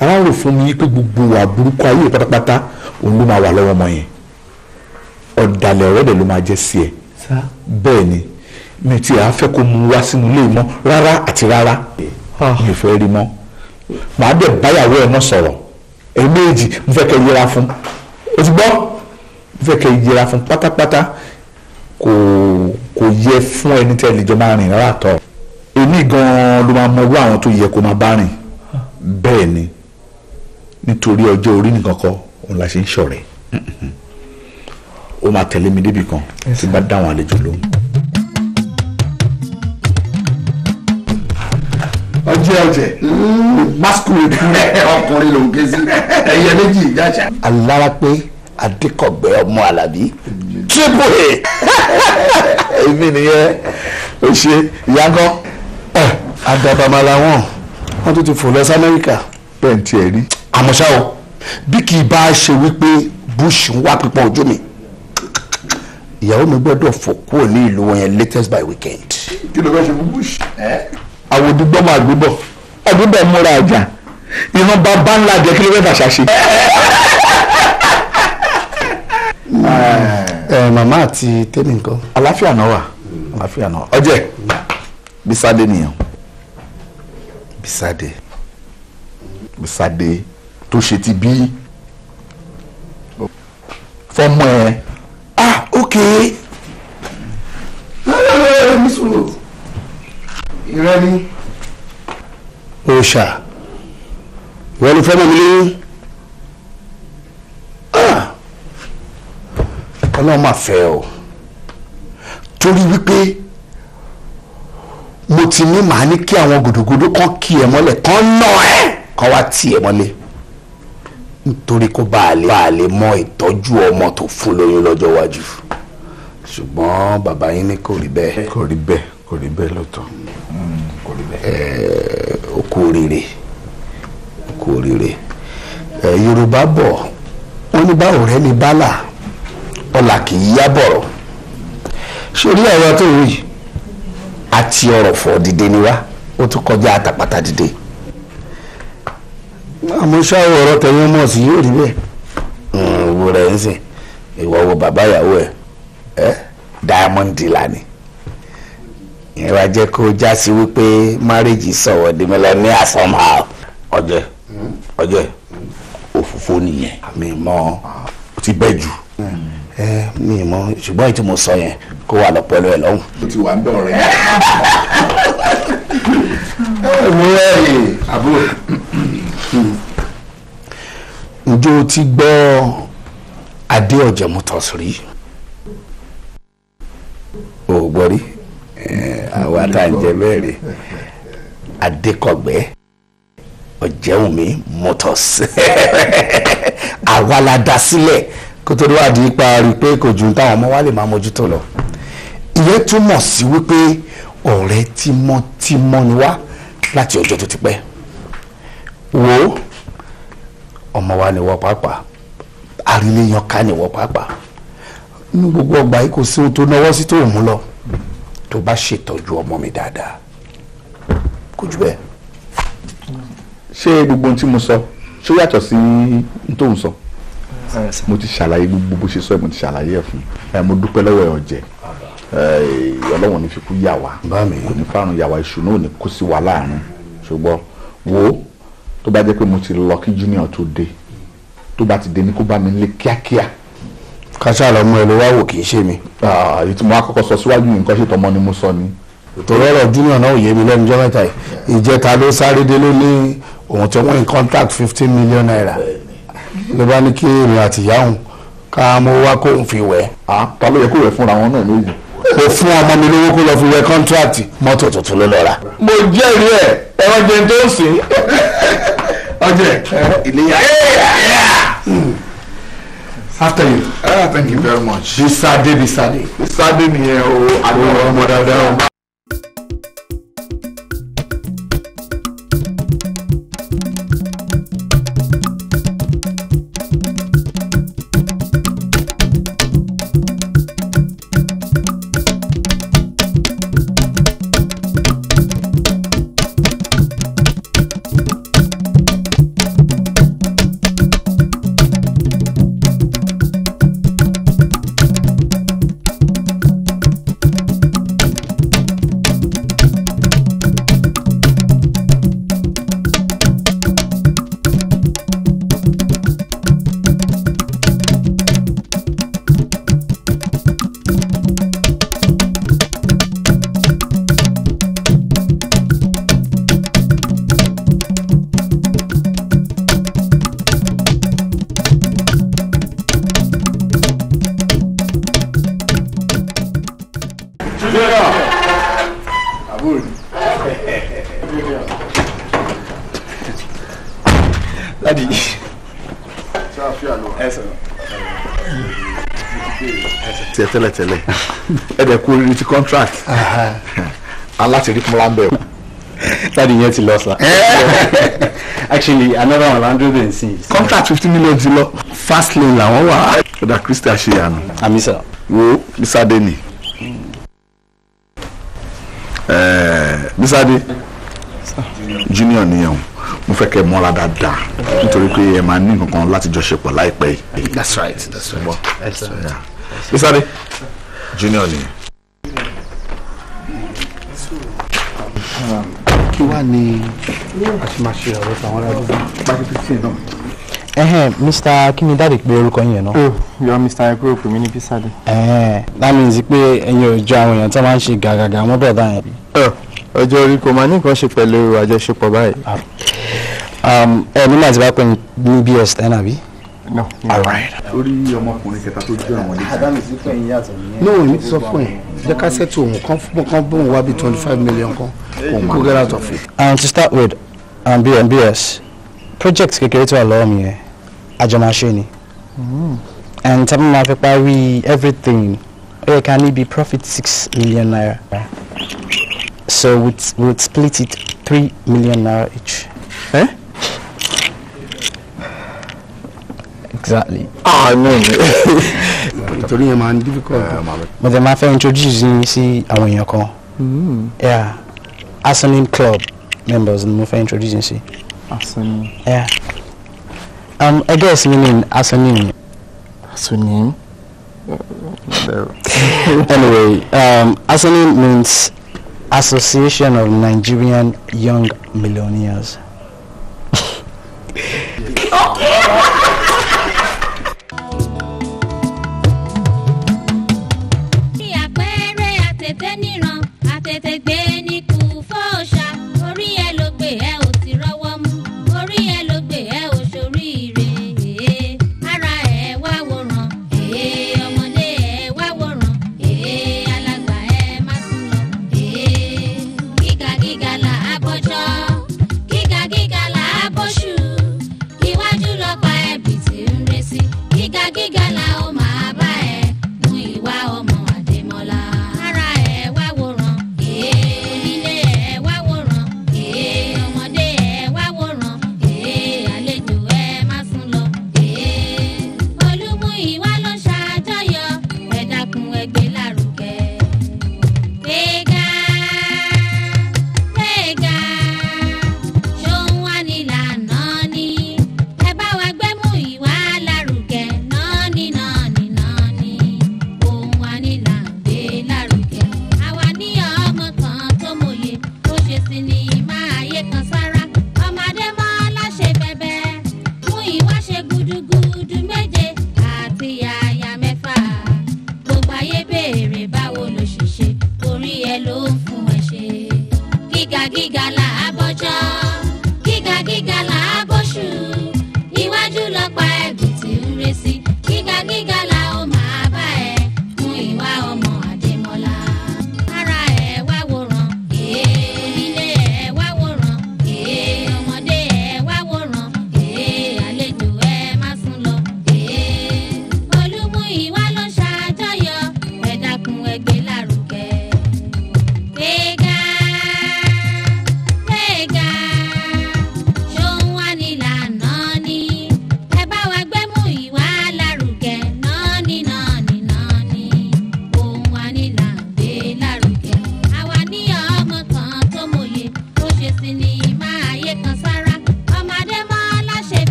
aráàlú fún mi pé gbogbo wà burúkú ayé pátápátá òun ló máa wà lọ́wọ́ ọmọ yẹn ọ̀dàlẹ̀ ọ̀rẹ́dẹ̀ ló máa jẹ́ sí ẹ bẹ́ẹ̀ ni mi ti à fẹ́ kó mu wá sínú ilé mọ́ rárá àti rárá mi ò fẹ́ rí mọ́ màá dẹ̀ báyàwó ẹ̀ náà sọ̀rọ̀ ẹ̀ méjì mo fẹ́ kẹ́ yẹra fún o ti gbọ́ mo fẹ́ kẹ́ yẹra fún pátápátá kò kò yẹ fún ẹni tẹ́ lè jọ máa rìn rárá nítorí ọjọ́ orí nìkan kọ́ òun la ṣe ń ṣọ̀rẹ́ ó máa tẹ̀lé mi débi kan tí bá dáwọn àlejò lóhùn. ọjọ́ ọjẹ́ masquerade ọkùnrin ló ń ké sí ẹ̀yẹ méjì ìjáṣà. alárápé adékọ̀gbẹ́ ọmọ alábí triple a èmi nìyẹn ó ṣe ìyángán. ẹ àdàbàmàlà wọn wọn tún ti fò lọ sí amẹ́ríkà bẹ́ẹ̀ ni tiẹ̀ rí àmọ́ ṣá o bí kì í bá a ṣe wípé bush ń wá pípọ́n ojú mi ìyàwó mi gbọ́dọ̀ fò kúrò ní ìlú wọn yẹn latest by weekend. kí ló fẹ́ ṣe fún bush. àwòdìgbọ́ máa gbébọ̀ ọdúnbẹ̀ múra ọjà ìran bàbá ńlá jẹ́ kí ló fẹ́ fàṣà ṣe. [laughs] màmá àti tẹ́mi nǹkan. àlàáfíà náà wà àlàáfíà náà ọjẹ bisade nìyẹn bisade bisade tó ṣe ti bí fọmọ ẹ ah ok ìrẹ́ni. òòṣà ìwọ ni fọmọ mi lóyún ah. ọlọ́run máa fẹ́ o torí wípé mo ti ní màá ní kí àwọn gòdògòdò kan kí ẹ mọ́lẹ̀ kan ná ẹ kan wá tì ẹ mọ́lẹ̀ nítorí kó bá a lè mọ ìtọ́jú ọmọ tó fún lóyún lọ́jọ́ iwájú ṣùgbọ́n bàbá yín ní kò rí bẹ́ẹ̀. kò rí bẹ́ẹ̀ kò rí bẹ́ẹ̀ lọ́tọ̀ mm, kò rí bẹ́ẹ̀. ó kú yorùbá bọ̀ wọ́n ní báwo rẹ ní bálà ọ̀là kì í yá bọ̀rọ̀ sórí ọ̀rọ̀ tó rí àti ọ̀rọ̀ fọ̀ dìde ni wá ó tún kọjá àtàpàtà dìde àmọ́ ṣáà ọ̀rọ̀ tẹ̀yìn mọ̀ sí yóò rí bẹ́ẹ̀. Hmm, wo rẹ̀ ń sìn ìwọ wo bàbá ìyàwó ẹ̀ ẹ́ diamond lani ìyẹn wá jẹ́ kó já sí wípé márèjì sọ̀wọ́ di millionaire somehow ọjọ́ ọjọ́ òfófó nìyẹn mi mọ́ ó ti bẹ́ jù ẹ mi mọ́ ṣùgbọ́n ètò mo sọ yẹn kó wà lọ́pọ̀lọ́ ẹ̀ lọ́hùn. ó ti wà ń dọ̀rẹ́ ẹ̀ mú ẹ̀ àbúrò. Hmm. ǹjẹ́ o ti gbọ́ adé ọ̀jẹ̀ motors rí o gbọ́ rí àwa tá à ń jẹ bẹ́ẹ̀ rí adékọ̀gbẹ́ ọ̀jẹ̀wùmí motors [laughs] àwa la dá sílẹ̀ kó tó wádìí ipa rí i pé kò ju táwọn ọmọ wa lè máa mójútó lọ ìyẹn túmọ̀ sí wípé ọ̀rẹ́ tímọ́tímọ́ ni wá láti ọjọ́ tó ti pẹ́. wo ọmọ wa ni wọ pàápàá àríléyàn ká ni wọ pàápàá ní gbogbo ọgbà yìí kò sí ohun tó náwó sí tó mú lọ tó bá ṣètọ́jú ọmọ mi dáadáa kò jù bẹ́ẹ̀. gbogbo ohun tí mo sọ ṣó yàtọ̀ sí ohun tó mo ti ṣàlàyé gbogbo bó ṣe sọ mo ti ṣàlàyé ẹ fún ẹ mo dúpẹ́ lọ́wọ́ ẹ ọ̀jẹ̀ ní fi kú yà wá kò ní yà wá ìṣúná ò wo tó bá jẹ́ pé mo ti lọ kí junior tó dé tó bá ti dé ní kó bá mi lé kíákíá. kásá lọ mú ẹ ló wá wò kì í ṣe mi. èyí tí mo wá kọ́kọ́ sọ síwájú nǹkan ṣètò ọmọ ni mo sọ ni. torí junior náà ò yé mi lẹ́nu jọ́ mẹ́ta yìí ìjẹta ló sáré dé ló ní òun tó wọ́n in contract fifteen million naira ló bá ní kí èmi àtìyá òun ká mo wá kóun fi wẹ̀. ta ló yẹ kó wẹ̀ fúnra wọn náà lóyún kò fún ọmọ mi lówó kó lọ fi wẹ kọ́ńtíráàtì mọ́tò tuntun ló lọ mo jẹ́rìí ẹ̀ ẹ̀rọ jẹun tó ń sìn ọjọ́ ìléyà. after you. Ah, thank you very much. bisade bisade. bisade nìyẹn o àdúrà oh, ọmọ dáadáa tiẹ̀ tẹ́lẹ̀tẹ́lẹ̀ ẹ dẹ̀ kú oríire ti contract [laughs] aláṣẹ̀rí kúnlá ń bẹ̀ o. láti yẹn ti lọ sa. [laughs] actually another one hundred and six. contract fifty million ti lọ. fast lane làwọn wà. ọ̀dà kristi àṣeyànù. àmì sà. wo bisade ni. bisade junior nìyẹn o mo fẹ́ kẹ́ mọ́ra dáadáa nítorí pé ẹ máa ní nǹkan láti jọ ṣe pọ̀ láìpẹ́ yìí. that's right that's right. that's right. Yeah. Isade junior ni. kí wàá ní àti máa ṣe ọ̀rọ̀ táwọn ará ìlú pàṣẹ fifteen náà. Ẹhẹn Mr. Kini dáàdi pé orúkọ yẹn náà. Oh, you are Mr. Ekuro pè mí ní Bísádé. Ẹhẹn that means pé ẹ̀yin ò jọ àwọn èèyàn tó máa ń ṣe gàgàgà wọn bẹ̀rẹ̀ báyẹn. Ọjọ́ orí kò máa ní nǹkan ṣe pẹ̀lú àjọṣepọ̀ báyìí. Ah. Um, ẹ nígbà tí bá pè ní BS ten àbí no. all right. lórí ọmọkùnrin kẹta tó jẹ́ àwọn ọdẹ. adamu sí fún yàtọ̀ nìyẹn. no èmi ti sọ fún ẹ jẹ ká ṣètò òun kan fún kan bóun wá bíi twenty five million kan òun kó get out of it. and to start with and um, BS um, project kékeré tó wà lọ́wọ́ mi yẹn àjọmọ̀ṣe ni hmm. and tábí máa fi parí everything ó yẹ ká ní bíi profit six million naira so we we'll, split it three million naira each. Eh? exactly. àmín. Ah, [laughs] torí yẹn a ń difficult. Eh, mo tẹ̀ máa fẹ́ See, I'm in your kan. Hmm. yeah Asanin club members ni mo fẹ́ introduce you see. Asanin. yeah um, I guess mean Asanin. Asanin. [laughs] anyway, um, Asanin means Association of Nigerian Young Millionaires. [laughs] okay.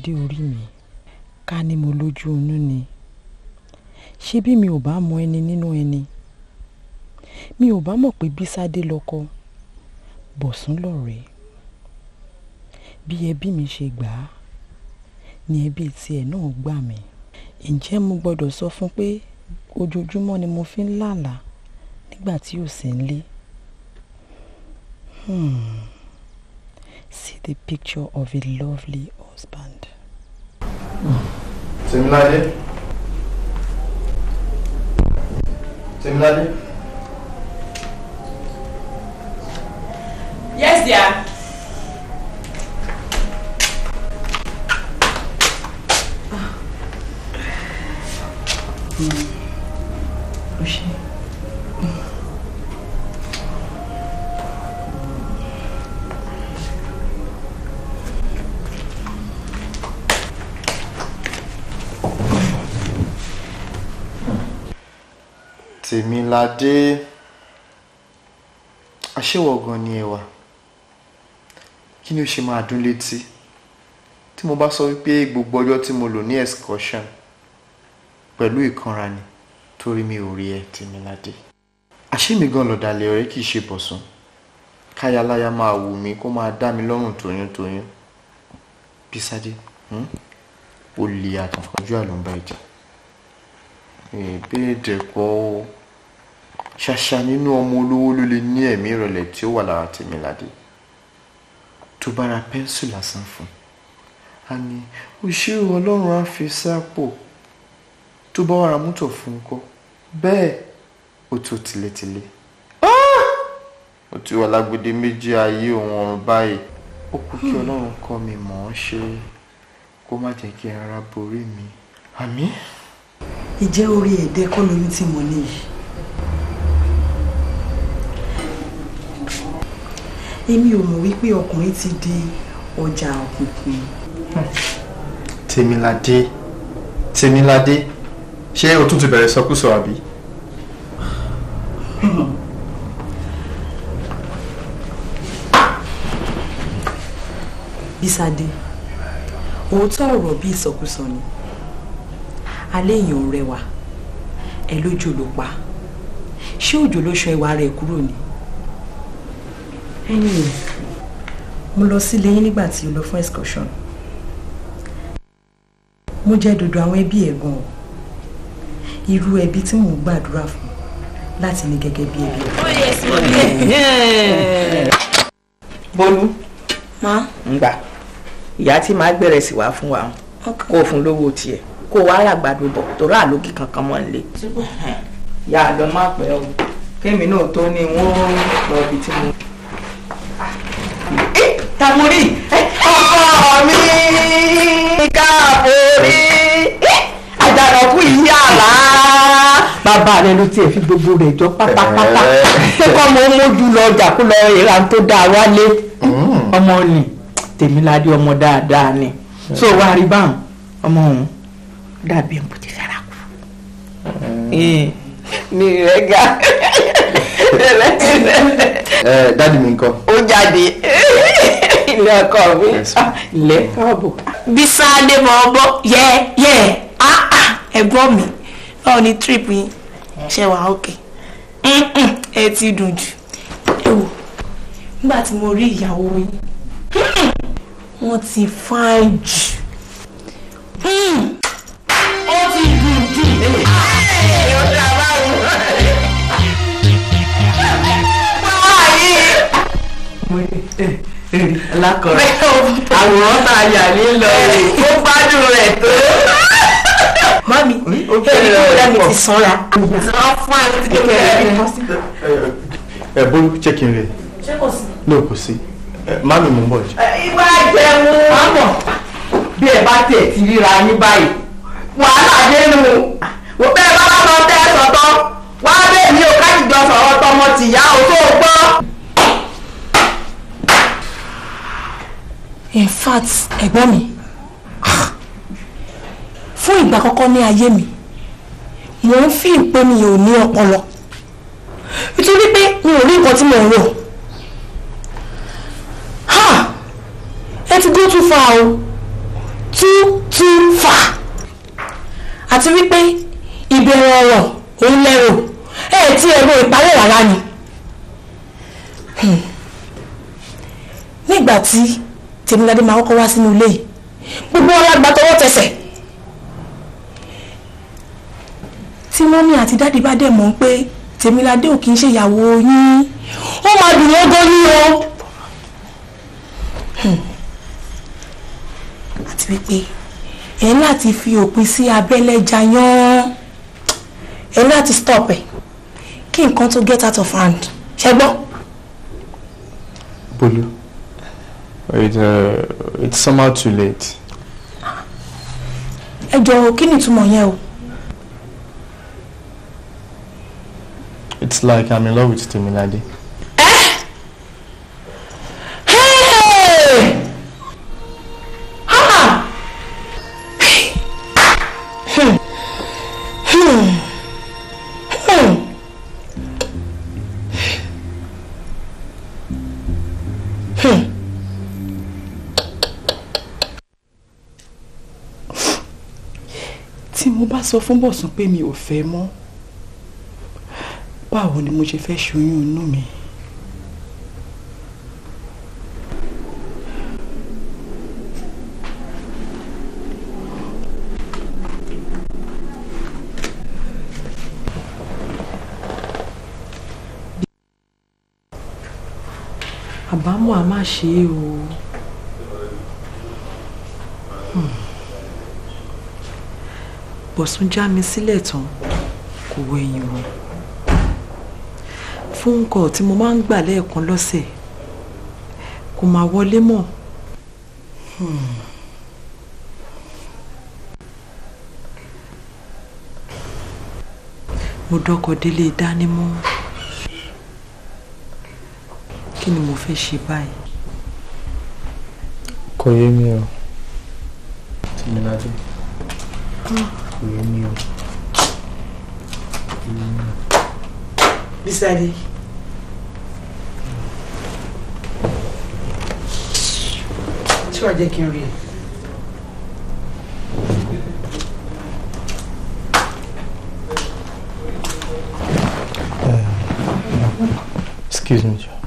adé orí mi ká ní mo lójú inú ni ṣé bí mi ò bá mọ ẹni nínú ẹni mi ò bá mọ̀ pé bísádé lọ́kọ bọ̀sún lọ̀rẹ́ bí ẹbí mi ṣe gbà á ni ẹbí tiẹ̀ náà gbà mí ǹjẹ́ mo gbọ́dọ̀ sọ fún pé ojoojúmọ́ ni mo fi ń làlà nígbà tí ò sí nílé hmm. see the picture of a lovely husband. Semilade. Semilade. Yes, dear. Ah. Hmm. Oh, shit. Tèmiládé àṣewọ̀ gan ni ẹwà kí ni ó ṣe máa dún létí tí mo bá sọ wípé gbogbo ọjọ́ tí mo lò ní excursion pẹ̀lú ìkanra ni torí mi ò rí ẹ Tèmiládé àṣé mi gan lọ̀dàlẹ̀ ọ̀rẹ́ kì í ṣe bọ̀sùn káyaláya máa wù mí kó máa dá mi lọ́rùn toyúntoyún Bísádé ó hmm? lè àtàkùn ojú àlùmbá ìjà ìbéèdè kọ́ ó ṣàṣà nínú ọmọ olówó ló lè ní ẹ̀mí ìrọ̀lẹ́ tí ó wà lára Tèmiládé tó bá pẹ́ńsù lásán fún a ní òṣèré ọlọ́run á fi sápò tó bá wàrà mọ́tò fún un kọ́ bẹ́ẹ̀ ó tó tilétilé ah! ó ti wà lágbèdè méjì ayé òun ọ̀run báyìí ó kú kí hmm. ọlọ́run kọ́ mi mọ̀ ọ́n ṣe kó má jẹ́ kí ara borí mi àmín. ìjẹ́ orí ẹ̀dẹ́ kọ́ lóyún tí mo ní yìí èmi ò mọ̀ wípé ọkùnrin ti di ọjà òkùnkùn. tèmiládé tèmiládé ṣé o tún ti bẹ̀rẹ̀ sọkúsọ àbí. bísádé òótọ́ ọ̀rọ̀ bí ìsọkúsọ ni alẹ́ èèyàn rẹwà ẹ lójú ló pa ṣé òjò ló ṣan ìwà rẹ̀ kúrò ni anyway mo lọ sílé yín nígbà tí o lọ fún excursion mo jẹ́ dodo àwọn ẹbí ẹ̀ gan o irú ẹbí tí mò ń gbàdúrà fún láti ní gẹ́gẹ́ bí ẹbí ẹ̀. Oh, bólú ń gbà ìyá tí màá gbẹ̀rẹ̀ sí wá fún wa kó o fún lówó tiẹ̀ kó o wá ràgbàdo bọ̀ tó rà lókì kankan mọ́ nílé yà á lọ má pẹ́ o kémi náà tó ní wọ́n lọ ibi tí mo tamori ọkọ mi káforí àjànàkú yìí àlá bàbá rẹ ló tiẹ̀ fi gbogbo rẹ̀ jọ pátápátá pé kọ́ mo mójú lọ ọjà kó lọ ìra tó dáa wálé mm. ọmọ ni tèmiládé ọmọ dáadáa ni so wàá rí báwọn ọmọ òun dàbí ẹ̀ ń bó ti fẹ́ra kú ni eh, rẹ ga [laughs] ẹ eh, dadi mi ńkọ́. ó jáde. [laughs] ilé ọkọ mi ah, ilé káàbọ̀. bisa adébọ̀ ọgbọ́ yẹ yẹ ah, ah, ẹ̀gbọ́n mi báwo ni trip yín ṣe wà ókè ẹ ti dùn jù ẹ wò nígbà tí mo rí ìyàwó yín hmm, wọ́n ti fine jù hmm, ó ti dùn jù. ó dà báwo. Muy bien lákọ̀ọ́rọ̀ àwòrán tá a yà ní lọ rè ó gbádùn rẹ̀ tó. mami èyí tó rẹ mi ti sanra. sanra fún àyè tí kò rẹ mi. ẹ bó ṣé kí n rè. ṣé kò sí. ní kò sí mami mo ń bọ̀. ìwà ìjẹun àmọ̀ bí ẹ bá tẹ̀ ti ríra yín báyìí wàhálà dénú wọ́n bẹ́ẹ̀ bá sọ tẹ́ ẹ sọ̀tọ̀ wàá bẹ́ẹ̀ ní o ká ìjọ sọ̀rọ̀ tọmọ tìyá o tó gbọ́. in fact ẹ̀gbọ́n mi fún ìgbà àkọ́kọ́ ní ayé mi mò ń fi ìpè mi ò ní ọpọlọ nítorí pé mi ò rí nǹkan tí mò ń rò ha ẹ ti go too far o too too far àti wípé ìbẹ̀rẹ̀ ọ̀rọ̀ òun lẹ́rù ẹ̀ tí ẹ̀rọ ìparẹ́ rárá ni hmm. nígbà tí tèmiládé máa kọ́kọ́ wá sínú ilé yìí gbogbo wọn lágbá tọwọ́ tẹsẹ̀ tí mọ́mí àti dáàdì bá dẹ̀ mọ̀ pé tèmiládé ò kì í ṣèyàwó yín ó máa dùn ó gan yín o. Hmm. àti wípé ẹ láti fi òpin sí abẹ́lẹ̀ jayán ẹ láti stop ẹ kí nǹkan tó get out of hand ṣẹgbọ́n. bolu it uh, it's somehow too late. ẹ jọ̀ọ́ kí ni ìtumọ̀ yẹn o. it's like i'm in love with Temilade. sọ fún bọ̀sùn pé mi ò fẹ́ mọ́ báwo ni mo ṣe fẹ́ ṣoyún inú mi. àbámọ̀ a máa ṣe é o. bọ̀sún já mi sílẹ̀ tán kò wo ẹ̀yìn wò fóun kọ̀ tí mo máa ń gbà lẹ́ẹ̀kan lọ́sẹ̀ kò máa wọlé mọ́. Hmm. mo dọ́kọ̀ délé dání mọ́ kí ni mo fẹ́ ṣe báyìí. kò yé mi o tìmíládé. Ah. Yemiyor. Hmm. Bir saniye. Çıkar dekin oraya. Ee, Excuse me, Joe.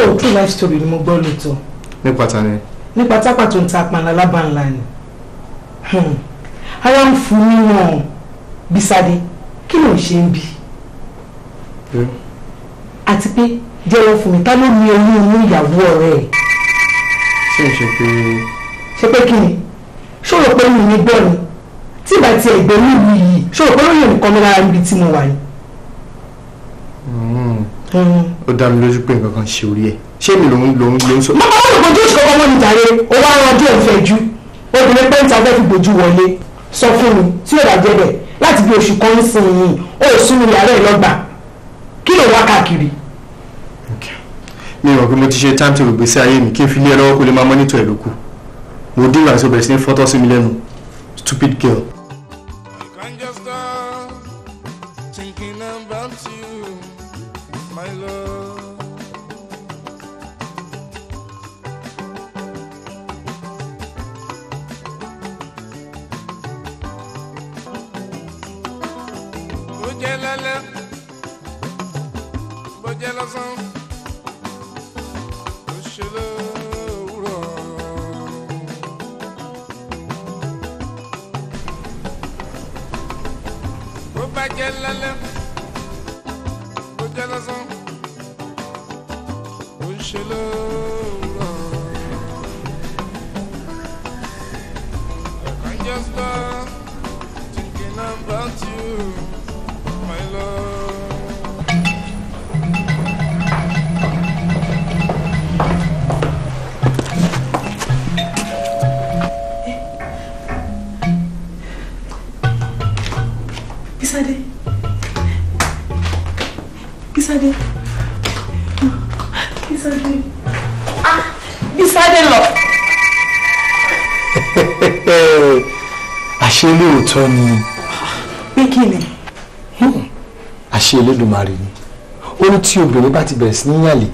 oh true life story ni mo gbọ́ lóòótọ́. nípa ta ni. nípa tápà tó ń ta apanla lábànlá ni hmm. ara ń fún mi wọn Bísádé kí ló ń ṣe ń bí. àti pé jẹ́wọ́ fún mi ta ló ní oyún inú ìyàwó ọ̀rẹ́ ẹ̀. ṣé ń ṣe pé. ṣe pé kí ni ṣòro pé mi ò ní gbọ́ ni tí ìgbà tí ẹ̀gbẹ́ mi yìí ṣòro pé lóyún nìkan mi lára níbi tí mo wà ni. ó dá mi lójú pé nǹkan kan ṣe orí ẹ̀ ṣé mi lòun lòun lòun sọ. bàbá wọn kò tó ṣe kọ́kọ́ mọ́ni jàre ó ran díẹ̀ fẹ́ ju obìnrin pẹ́ńtà fẹ́ fi gbòjú wọlé sọ fún mi tí ò dájẹ́ bẹ̀ láti bí oṣù kan sìn yìí ó sún mi yàrá ẹ̀ lọ́gbà kí ló wá káàkiri. mi ò rò mo ti ṣe time table gbèsè ayé mi kí n fi lé ẹ lọ́wọ́ kó lè máa mọ́nítọ̀ ẹ̀ lókù mo dín ìgbà bẹ̀rẹ̀ sí ní fọ́tọ́ sí mi lẹ́nu stupid girl. Bojela, Bojela, Bojela, lóòótọ́ ni. pé kí ni. Hmm. àṣẹ Elédùmarè ni ohun tí obìnrin bá ti bẹ̀rẹ̀ sí ní yàlè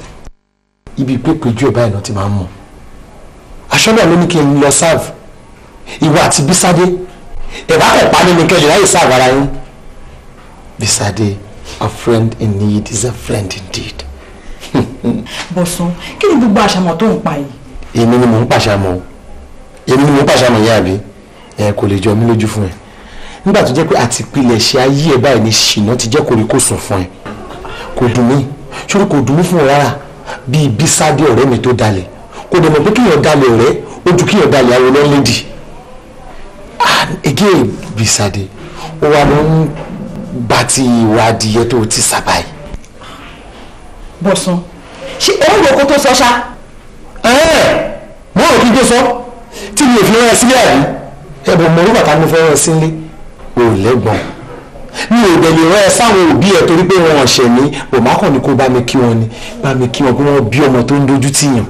ibi ìpépejú ẹ̀ báyìí náà ti máa ń mọ̀ aṣọ́nà ló ní kí n lọ sáàfù ìwà àti bísádé ẹ̀bá kẹ̀ pa nínú kẹ́lẹ̀ láyé sáàfù ara yín bísádé a friend in need is a friend indeed. [laughs] bọ̀sán kí ni gbogbo àṣàmọ̀ tó ń pa yìí. èmi ni mò ń pàṣàmọ̀ èmi ni mò ń pàṣàmọ̀ yá àbí ẹ kò lè jọ mí lójú fún ẹ nígbà tó jẹ́ pé àti ìpìlẹ̀ ṣe ayé ẹ̀ báyìí ni ṣìnà ti jẹ́ koríko sùn fún ẹ kò dùn mí ṣòro kò dùn mí fún ọ rárá bíi bísádé ọ̀rẹ́ mi tó dalẹ̀ kò dẹ̀ mọ̀ pé kíyàn dalẹ̀ ọ̀rẹ́ ó kíyàn dalẹ̀ àwọn ọlọ́lẹ́dì again bísádé ó wà ló ń gba ti ìwà adìyẹ tó ti sábà yìí. bọ̀sán ṣé òun lóko tó sọ ṣá. ẹ ẹ mo rò kí n tó sọ tí mi ò fi rán ẹ sílẹ̀ àbí ẹ mo rí bàtà mi fẹ́ rán ẹ sílẹ̀ o lẹ́gbọ̀n mi ò dẹ̀ lè rán ẹ sáwọn òbí ẹ torí pé wọn ọ̀ṣẹ̀ ní òmákàn ni kó bá mi kí wọn ni bá mi kí wọn kí wọn bí ọmọ tó ń dojú tìyàn. [laughs]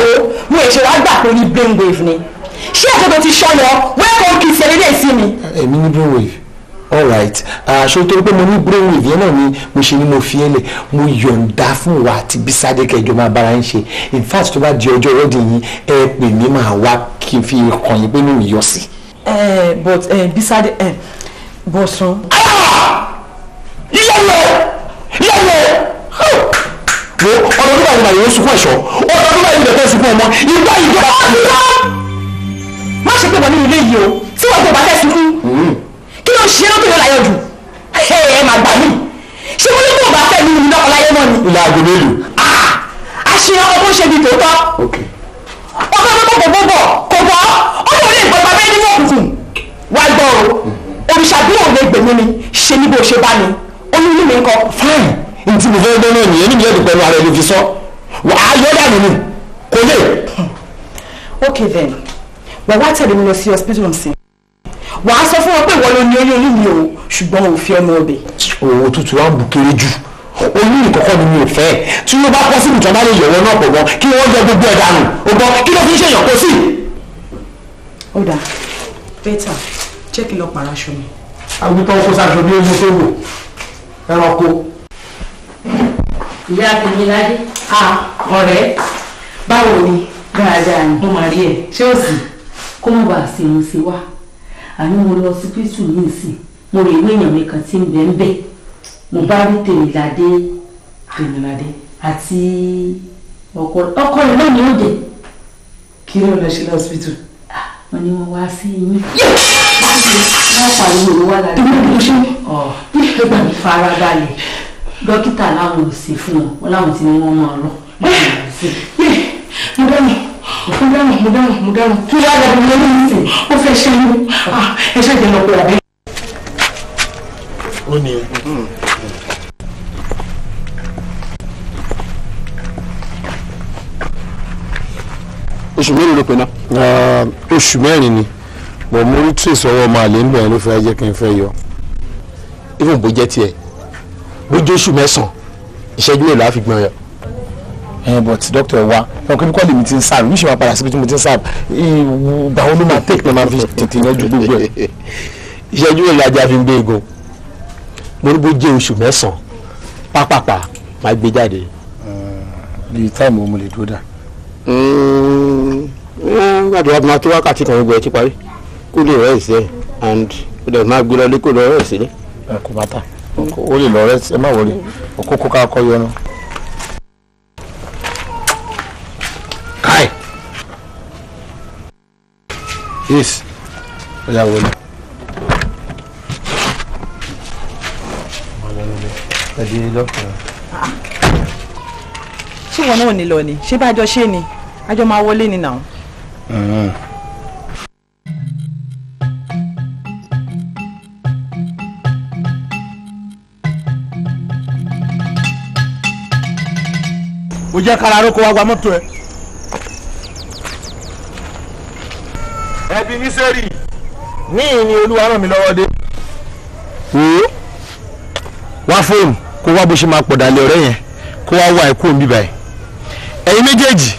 o mo èṣe wàá gbà pé ní brainwave ni ṣé ẹ̀jẹ̀ tó ti ṣọyọ wẹ́ẹ̀kọ́ kì í ṣe eré sí mi. èmi ní brainwave alright aṣọ tó pé mo ní brainwave yẹn náà ni mo ṣe ni mo fi ẹ lẹ mo yọ̀ǹda fún wa àti Bísádé kẹjọ máa bára ń ṣe in fact tó bá di ọjọ́ rẹ́dì yín ẹ pè mí máa wá kí ẹ eh, but ẹ bisade ẹ bọ̀sán. ìyàwó ìyàwó wo ọdún tó bá yìí bàyìí ó sunkún ẹ̀ṣọ́ ọdún tó bá yìí bẹ̀rẹ̀ sunkún ọmọ ìgbà ìgbà ìgbà. má ṣe pé wọ́n ní ilé yìí o tí wọ́n tó bá fẹ́ sunkún hmm. kí ló ń ṣe lókè ló láyọ̀ jù ẹ ẹ máa gbà mí ṣé wọ́n ní kó o bá fẹ́ mi ní ọkọ̀ láyé mọ́ ni. ilé aago mélòó. àṣeyọkọ ah! bó ṣe di tòótọ́ ọkọ̀ tó bọ̀ bọ̀ bọ̀ kò bọ̀ wá gbọ́ o òrìṣà bí òun lè gbèmí ni ṣe ní bó ṣe bá ni ó ní inú mi kọ. fine ntí mo fẹ́ dẹ́nu ènìyàn ní mi yẹ́dùn pẹ̀lú ara ẹni fi sọ wà á yọ dànù ni kò lè. okay then wà wá tẹ̀lé mi lọ sí hospital nsìn wà á sọ fún wọn pé ìwọ ló ní oyún onímì o ṣùgbọ́n ò fi ọmọ ọbẹ̀. owó tuntun wa ń bu kéré jù oyún ìkọ̀kọ́ ni mi ò fẹ́ tí wọ́n bá pọ́ sí ìjọba lè yọ̀wọ́ náà pọ̀ wọ́n kí wọ́n yọ gbogbo ẹ̀ dànù ó gbọ́ kí ló fi ń ṣèyàn kó sí. ó dà bẹ́tà jẹ́ kí n lọ pààrọ̀ aṣọ mi. àgùntàn kò sàṣọ bí ojú tó wò ẹranko. ìyá akínyìnládé a ọ̀rẹ́ báwo ni dáadáa ni mo máa rí ẹ ṣé ó sì kó má bàa ṣe irun sí wa àní mo lọ sí pítù ní ìsìn mo rí ìwé èèyàn mi kan tí ń bẹ ń bẹ mo bá rí tèmíládé tèmíládé àti ọkọ ọkọ rẹ náà ni ó jẹ kí ló lọ sí pítù wọn ni wọn wá sí yín. wọn pariwo ló wà lára ọ ẹgbà mi farabalẹ̀ dókítà láwọn ò sí fún wọn wọn láwọn ti ní wọn máa lọ mo dáhùn mo dáhùn mo dáhùn mo dáhùn kí wàá lọ bí lórí mi ó fẹ́ ṣe é ah, ẹ ṣàjẹ́ lọ pé àbí. ó ní. oṣù mélòó ló pe ná. Uh, oṣù mẹ́rin ni mo mú rí tí ìsọwọ́ máa lè ń bẹ̀rẹ̀ ló fẹ́ jẹ́ kí n fẹ́ yọ. even bó jẹ́ tiẹ̀ bójú oṣù mẹ́sàn-án ìṣẹ́jú mélòó la fi gbọ́n yọ. ẹ but doctor wa ẹ̀rọ kí n kọ́ lèmi ti ń sáàbù mi ṣe máa padà síbi tí mo ti ń sáàbù ìgbà wo ló já fi ń [laughs] gbé egun mo ní bó jẹ́ oṣù mẹ́sàn-án pápápá máa gbé jáde. bíi táìmù mo lè dúró dáa gbàdúrà mm, mm, máa tó wákàtí kan gbogbo ẹ ti parí kó lè rẹ ìsẹ and kó lè máa gbé lọlé kó lọ rẹ ìsílẹ. ẹ kò ó lè lọ rẹ ẹ má wọlé òkókó ká kọ yọnu. káì yes ó yà wọlé. ẹ di lọ́kùnrin ṣé ìwọ náà ò ní lọ ni ṣé bá a jọ ṣe ni a jọ máa wọlé ni nàá. o jẹ́ kára aróko wa gba mọ́tò ẹ. ẹbí ní sẹ́rì níyì ni olúwa ràn mí lọ́wọ́ dé. wá fóònù kó wá bó ṣe máa pọ̀ dálé ọ̀rẹ́ yẹn kó wá wá ẹ̀kú òun bíbá yìí ẹ̀yin méjèèjì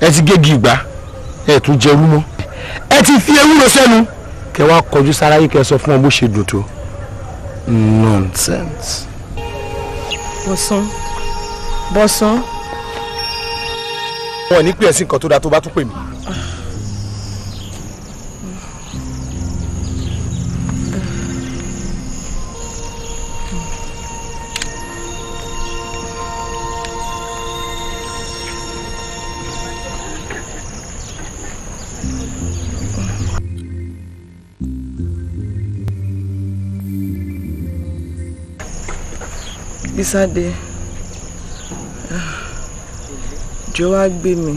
ẹ ti gégi ìgbà ẹ tún jẹrú mọ́ ẹ ti fi ewúro sẹ́nu kẹ wá kọjú sára yìí kẹ sọ fún ọ bó ṣe dùn tó nonsense. bọ̀sán bọ̀sán. wọn ò ní pè é sí nǹkan tó dáa tó bá tún pè mí. Bísádé jọ wá gbé mi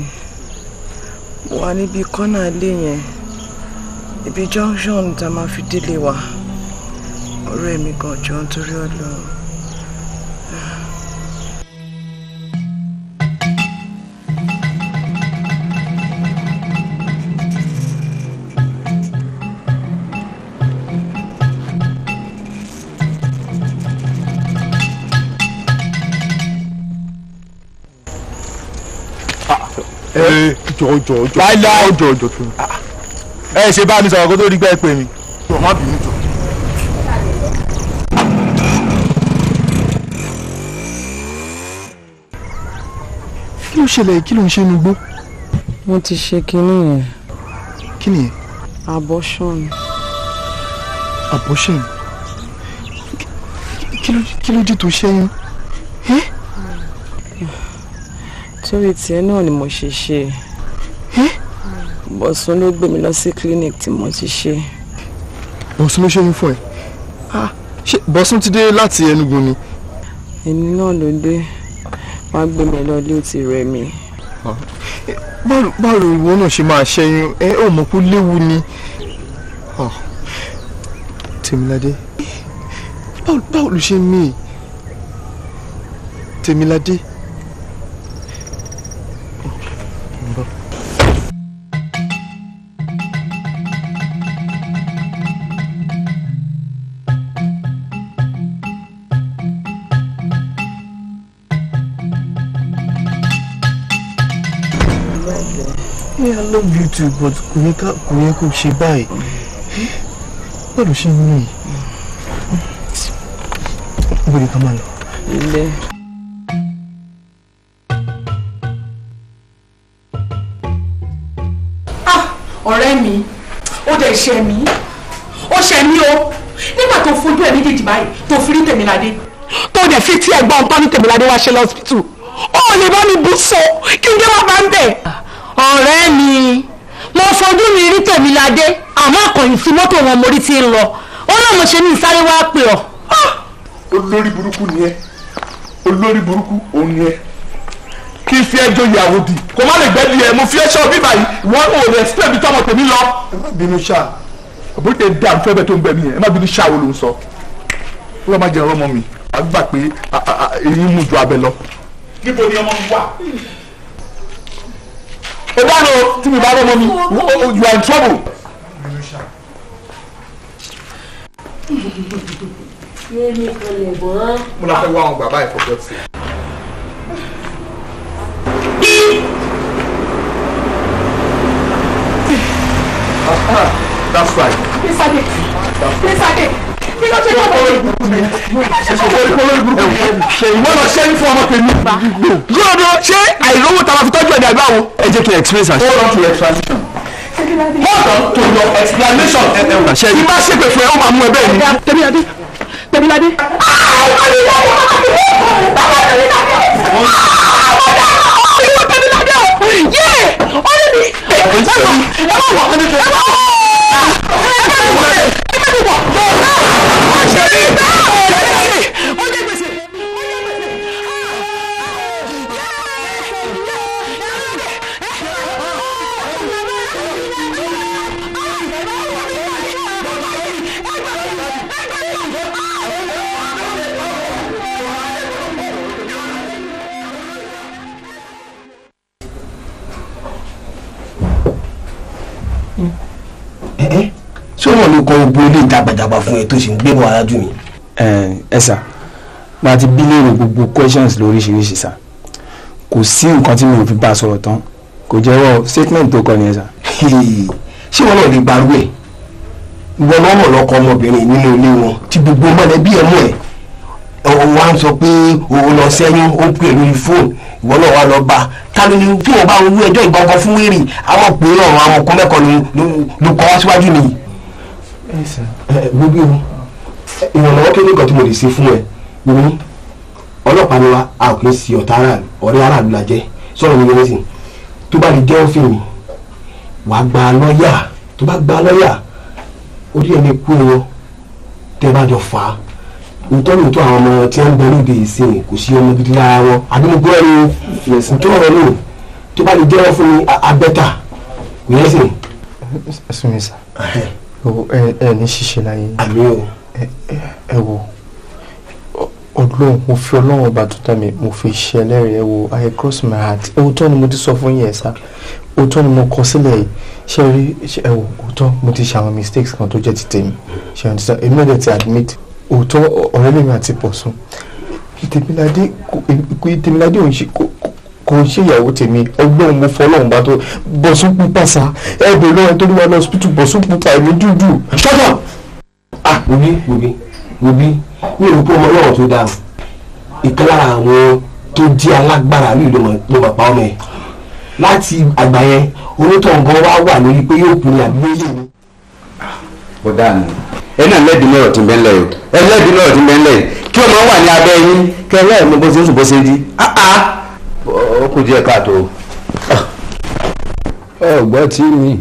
mo wà níbi kọ́nà ilé yẹn ibi junction tá a máa fi délé wa ọ̀rẹ́ mi gan jọ nítorí Ọlọ́run. ẹ jọ jọ jọ láíláí jọ jọ tó ẹ ṣe bá mi sọ̀rọ̀ kó tó rí pẹ́ pé mi. jọ má bínú kí ló ṣẹlẹ̀ kí ló ń ṣe inú gbó. wọ́n ti ṣe kinní yẹn. kí nìyẹn. abortion. abortion kí ló dé tó ṣẹ́yìn. torí tiẹ̀ náà ni mo ṣe ṣe bọ̀sùn ló gbé mi lọ sí clinic tí mo ti ṣe. bọ̀sùn ló ṣẹ́yìn fún ẹ ah. ṣé bọ̀sùn ti dé láti Enugu ni. èmi náà ló dé wá gbé mi lọ ilé ó ti rẹ̀ mí. Ah. báwo ni ìwọ náà ṣe máa ṣẹ́yìn ẹ ò mọ̀ kó léwu ni. Ah. Tèmiládé báwo ló ṣe ń mí Tèmiládé. too but kò yẹ kò yẹ kò ṣe báyìí báwo ló ṣe ń rí i bó ni ká máa lọ. Ah, ọ̀rẹ́ mi ó dẹ̀ ṣẹ̀ mí ó ṣẹ̀ mí o nígbà tó fojú ẹ̀ méjèèjì báyìí tó fi rí tèmíládé tó dẹ̀ fi tí ẹ̀gbọ́n tán ní tèmíládé wá ṣe lọ́sibítù ó lè bá mi bú so kí n dé wá bá ń bẹ̀. Ah, ọ̀rẹ́ mi mo fojú mi rí tèmi ládé àmọ́ àkànyìn sí mọ́tò wọn mo rí ti ń lọ ó lọ́mọ ṣe ní sáré wá pè ọ́. olórí burúkú ni ẹ olórí burúkú òun ni ẹ kí fi ẹjọ́ ìyàwó di kò má lè gbẹ́dì ẹ mo fi ẹṣọ́ bí báyìí wọn ò lè ṣe ibi tọmọ tèmi lọ. ẹ má bínú ṣá àbúrò dà ń fẹ́ bẹ́ẹ̀ tó ń gbẹ̀mí yẹn ẹ má bínú ṣá wo ló ń sọ ó lọ́ má jẹ́ ọmọ mi àgbà pé èyí mú ju abẹ lọ. níbo ni ọmọ mi wà ìdáná tí mi bá rọ́ mọ́ mi you are in trouble. mo la fẹ́ wá àwọn bàbá ìfọ̀jọ́ sí i. Ah, ah, that's right. Yes, I did. Yes, kí ló ṣe kọ́ ọ̀rọ̀ fún ọmọ tèmi. gbọ́dọ̀ ṣé àìlówó tá a fi tọ́jú ẹ̀dá gbáwo. ẹ jẹ́ kí n explain sir. hold on to your explanation. hold on to your explanation. ìbá ṣègbè fún ẹ ó máa mú ẹ bẹ́ẹ̀ ni. tẹ̀míládé tẹ̀míládé. Yeah! Ọ̀rẹ́ mi! Ẹ má wọ̀! Ẹ má wọ̀! Ẹ má wọ̀! Ẹ má wọ̀! Eh? eh? náà ló kọ gbogbo ilé ìtagbàjàgbà fún ẹ tó sì ń gbé wọn arájú mi. ẹ sà máa ti bí léèrè gbogbo questions lóríṣiríṣi sà kò sí nǹkan tí mo fi bá a sọ̀rọ̀ tán kò jẹ́wọ́ statement tó kọ nìyẹn sà. ṣé wọn náà lè gbarú ẹ ìwọ náà mọ̀ lọ́kọ ọmọbìnrin nínú ilé wọn tí gbogbo mọ̀lẹ́bí ẹ mọ̀ ẹ ọ̀hún wa ń sọ pé òun lọ sẹ́yìn ó pè lórí fóònù ìwọ náà wà lọ bá ta ló ní tí wọn bá ń wú ẹjọ́ ìbọn fún wèrè àwọn pè é ọ̀run àwọn kọ́mẹ́kọ̀ọ́ ló kọ́ wá síwájú nìyí gbogbo eh, eh, ìwọ ìrànlọ́wọ́ kí nìkan tí mo lè ṣe fún ẹ ní ọlọ́pàá ni wa a kì í sí ọ̀tá aráàlú ọ̀rẹ́ aráàlú la jẹ́ sọ̀rọ̀ mi yẹn sìn tó bá lè jẹ́ òfin mi wàá gba lọ́ọ̀yà tó bá gba lọ́ọ̀yà orí ẹ̀ lè kú wọn tẹ́ bá jọ fà á nítorí tó àwọn ọmọ tí wọ́n ń bẹ lóde ìsìn kò sí ọmọ gidi lára wọn àdúgbò ẹni ìtọ́ ọ̀rọ̀ nù tó bá lè jẹ́wọ́ fún mi abẹ́ta kò yẹ ẹ ẹ ní ṣiṣẹ́ láyé. àmì o. ẹ wo ọlọ́run mo fi ọlọ́run ọba tó dá mo fi ṣe ẹlẹ́rìí ẹ wo i cross my heart òótọ́ ni mo ti sọ fún yín sá òótọ́ ni mo kọ sílẹ̀ ṣe rí ẹ wo òótọ́ mo ti ṣe mistakes kan tó jẹ́ ti tèmi ṣe ọ̀nà sísan èmi náà ti admit òótọ́ ọ̀rẹ́ mi àti pọ̀ sùn tèmiládé òun ṣe kó kò ń ṣèyàwó tèmi ọgbọ́n mo fọlọ́run bá tó bọ̀sùn pupa sa ẹ̀bẹ̀ lọ́wọ́ ẹni tó ní wa lọ hospital bọ̀sùn pupa èmi dúdú. ṣọ́tọ̀ ah wòbí wòbí wòbí mi ò rò pé ọmọ ọlọ́run tó dáa ìkan lára àwọn tó di alágbára ní ìlú ló bàbá ọmọ ẹ̀ láti àgbà yẹn onítọ̀ nǹkan wà lórí pé yóò pinnu àdúgbò yìí ni. ó dáa nù ẹ náà lẹ́bi o ẹ lẹ́bi ó kù díẹ̀ káàtó. ọgbọ́n ah. tí mi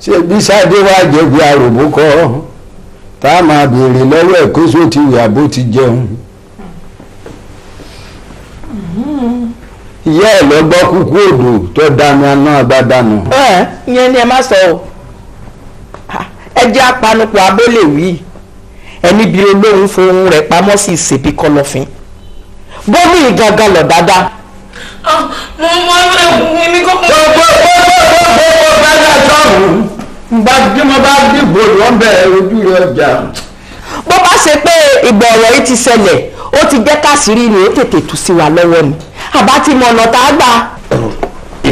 ṣe bí sáde wá jẹ̀bi àròbó kọ́ tá a máa béèrè lọ́wọ́ ẹ̀ kó sóò ti wà bó ti jẹun. ìyá ẹ̀ lọ gbọ́ kúkú odò tó dànù aná bá dànù. ìyẹn ni ẹ má sọ o ẹ jẹ́ apanupọ̀ abólèwí ẹni bí olóhùn fohùn rẹ̀ pamọ́ sí ìsèbí kọlọ́fín. bọ́lú ìgangan lọ dada. mo mọ ẹgbẹ́ mi kọ́kọ́. gbogbo gbogbo gbogbo sọ̀rọ̀ nígbà tí mo bá dìbò wọ́n bẹ̀rẹ̀ ojú rẹ̀ bó bá ti ṣẹlẹ̀ ó ti jẹ́ káṣírí ni ó tètè sí wa ni àbá tá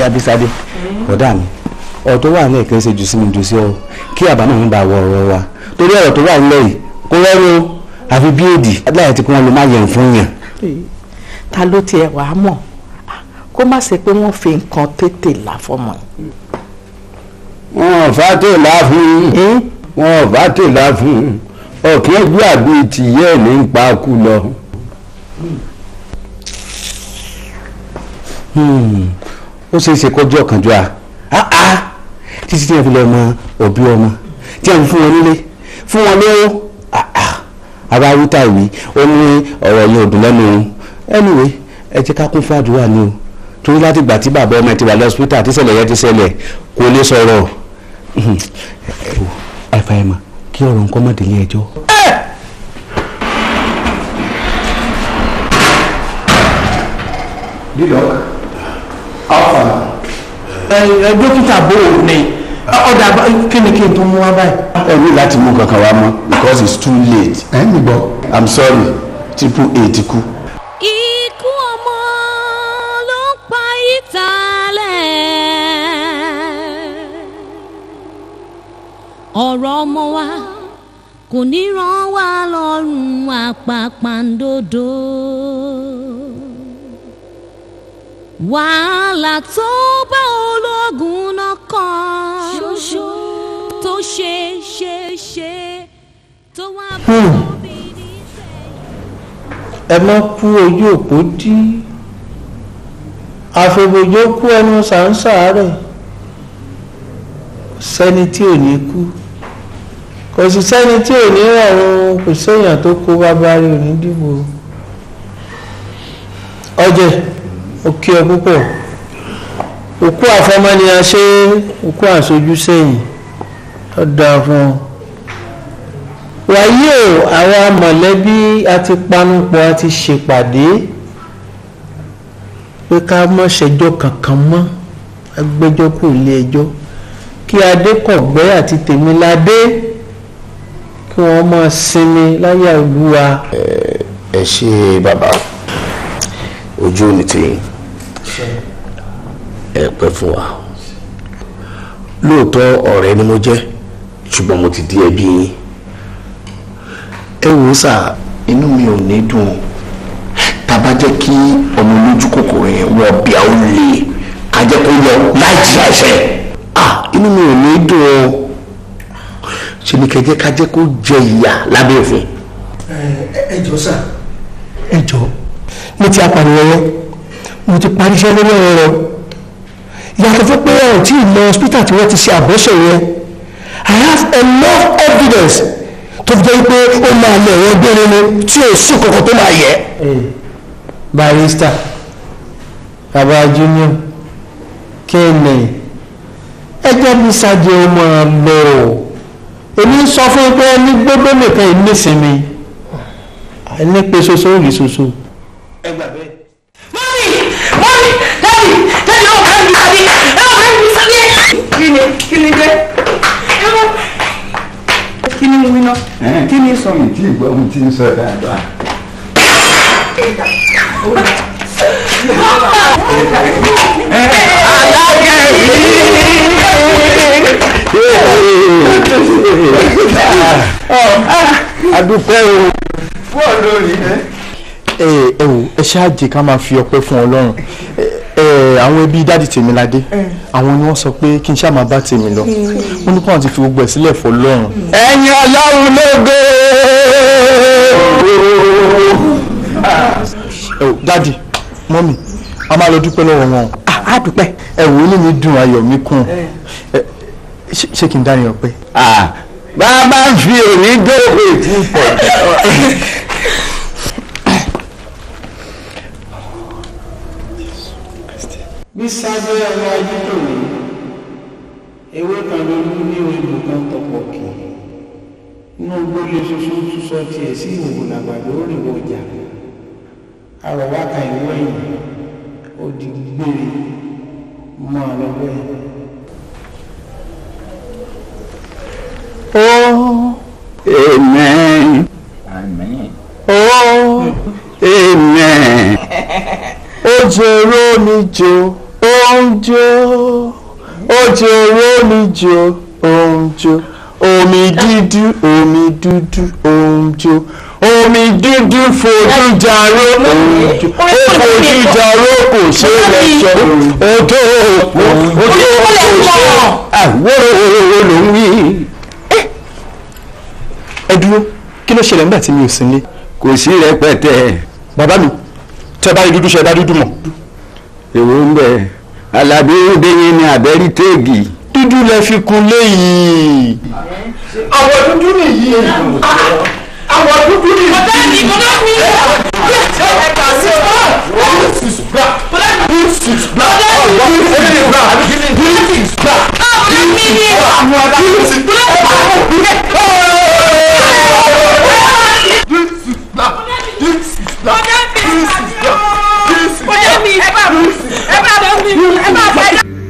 a bisade ọ̀dà mi wà ní ẹ̀kẹ́ ṣe jù sí mi jù sí ọ kí wa torí ọ̀rọ̀ tó wà yìí kó rẹ́rù àfi wọ́n ta ló tiẹ̀ wàá mọ̀ kó má ṣe pé wọ́n fi nǹkan tètè là fọmọ yìí. wọn ò bá tè lá fún un wọn ò bá tè lá fún un ọ̀kẹ́ ẹgbẹ́ àgbè tìyẹ́ ẹ̀ ní pa kú lọ. Hmm. ó ṣeé ṣe kọjú ọ̀kánjọ́ a ah, ah. títí tí wọ́n fi lọ mọ òbí ọmọ tí wọ́n fún wọn nílé fún wọn lówó àbáwítà ah, ìwé ó ní ọ̀rọ̀ yẹn ò dùn lẹ́nu òun anyway ẹ jẹ́ ká kún fún àdúrà ni o torí láti gbà tí bàbá ọmọ ẹ ti wà lọ́sítà àti ìṣẹ̀lẹ̀ yẹn ti ṣẹlẹ̀ kò lè sọ̀rọ̀ àìfàìmọ̀ kí ọ̀rọ̀ nǹkan má délé ẹjọ́. ẹ dókítà bò ah. ó ní ọ̀dà kíni kí n tó mú wá báyìí. ẹ ní láti mú kankan wá mọ́ because it's too late. ẹ ń gbọ́. i'm sorry triple eight kú. ọ̀rọ̀ ọmọ wa kò ní ràn wá lọ́rùn àpàpàǹdodo. wàhálà tó bá ológun náà kan ṣoṣo tó ṣe ṣe ṣe tó wá bá òbí hmm. ní sẹ́yìn. ẹ má kú ojú òpó dí àfẹ̀bòjó kú ẹnu sàǹsà rẹ̀ sẹ́ni tí ò ní kú kò sì sẹ́ni tí ò ní rọ̀ o kò séèyàn tó kó bàbá rẹ̀ ò ní dìbò ọjẹ òkè ọ púpọ̀ òkú àfọmọ́nìyàn ṣe òkú àṣojú sẹ́yìn ọ̀dà fún ọ wàyí o àwọn mọ̀lẹ́bí a ti panupọ̀ a ti ṣèpàdé pé ká mọ̀ ṣẹjọ́ kankan mọ́ agbẹjọ́ kò lé ẹjọ́ kí adékọ̀gbẹ́ àti tèmíládé kí wọ́n mọ̀ sinmi láyà olúwa. ẹ ṣe bàbá ojú ò ní tìyín ẹ pẹ́ fún wa lóòótọ́ ọ̀rẹ́ ni mo jẹ́ ṣùgbọ́n mo ti di ẹbí yín ẹ wò ó sà inú mi ò ní dùn tá a kí ọmọ olójú kòkòrò yẹn wọ ọbẹ̀ àwọn olè ká kó lọ láì jí àìsẹ̀ ah inú mi ò ní dùn o ṣe ni kẹjẹ ká kó jẹ ìyà lábẹ́ òfin. ẹ jọ sà ẹ jọ mo ti apànìyàn yẹn mo ti parí lórí ọ̀rọ̀ rẹ̀ yàtọ̀ fún pé ọ̀rọ̀ tí ìmọ̀ hospital tí wọ́n ti ṣe àbọ̀ṣẹ̀ yẹn I have enough evidence tó fi jẹ́ pé ó máa lọ ẹ̀rọ gbére ni tí ò sí kankan tó máa yẹ. barista baba junior kẹ́ni ẹjọ́ mi ṣáájú ọmọ lọ́rọ̀ èmi sọ fún yín pé ní gbogbo nìkan yìí nísìnyí ní pé soso ò rí soso. ẹ gbà bẹ́ẹ̀. mọ́mí mọ́mí dáàbì dáàbì ó kàn mí sábẹ́ ẹ ó kàn mí sábẹ́. kí ni kí ni dé kí ni wí ná kí ni sọ. mi tí ìgbọ́ mi ti ń sọ dáadáa. Alágẹ̀rí adúpẹ́ o. fún ọ̀dọ́ ẹ. ẹ ẹ wo ẹ ṣáàjì ká máa fi ọpẹ́ fún Ọlọ́run àwọn ẹbí dáàdì tèmi àwọn ni wọ́n sọ pé kí n ṣáà máa bá tèmi lọ wọ́n ní kí wọ́n ti fi gbogbo ẹ̀ sílẹ̀ fọ́ lọ́run. ẹ̀yin Ọlọ́run lógo. dáàdì mọ́mì a máa lọ dúpẹ́ lọ́wọ́ wọn. a dúpẹ́. ẹ wo inú mi dùn ayọ̀ mi kún ṣé kí n dá yàn pé. bá a bá ń fi òní dóògùn ìtì pọ̀ bí sábẹ́ ọmọ ayé tòní ewé kan ló ní ní oṣù kan tọpọ̀ kì í inú gbólé ṣoṣo tún sọ tiẹ̀ sí ìwòwò làgbàdo ó rìn wọjà àròwá ka ìwọ ẹ̀yìn ó di gbére mọ́ ọ lọ́wọ́ jèrò mi jò ó ń jó ó jèrò mi jò ó ń jó omi dúdú omi dúdú ó ń jó omi dúdú fojú jaró òjò fojú jaró kò ṣe é lẹ́sọ̀ odò òpó odò òpó ṣe àwòrò ló ń wí. ẹ dúró kí ló ṣẹlẹ̀ nígbà tí mi ò sí ní. kò sí rẹpẹtẹ. bàbá mi tẹ́ bá dúdú ṣe bá dúdú mọ̀. èwo ń bẹ alábí odeyin ni abẹ́rí téègì. dúdú lẹ fi kun léyìí. àwọ̀ dúdú nìyí àwọ̀ dúdú nìyí. ọ̀tá ni mo náà fi. This is black kírísì kírísì kírísì kírísì kírísì kírísì kírísì kírísì kírísì kírísì kírísì kírísì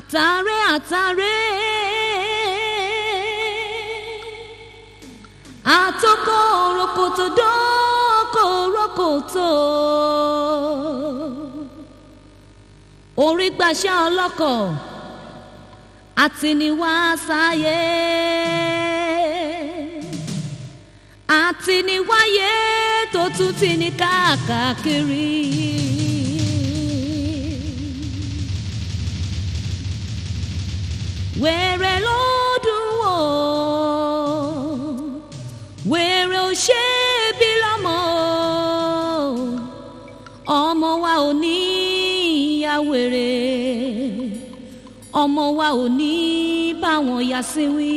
àtàrẹ àtàrẹ àtọkọ rokoto dọkọ rokoto orí gbaṣẹ́ ọlọ́kọ̀ àtìníwá sáyé àtìníwáyé tó tún ti ní káàkiri. wèrè ló dùn wò wèrè ò ṣe bí lọ́mọ ọmọ wa ò ní ya wèrè ọmọ wa ò ní báwọn ya sí wí.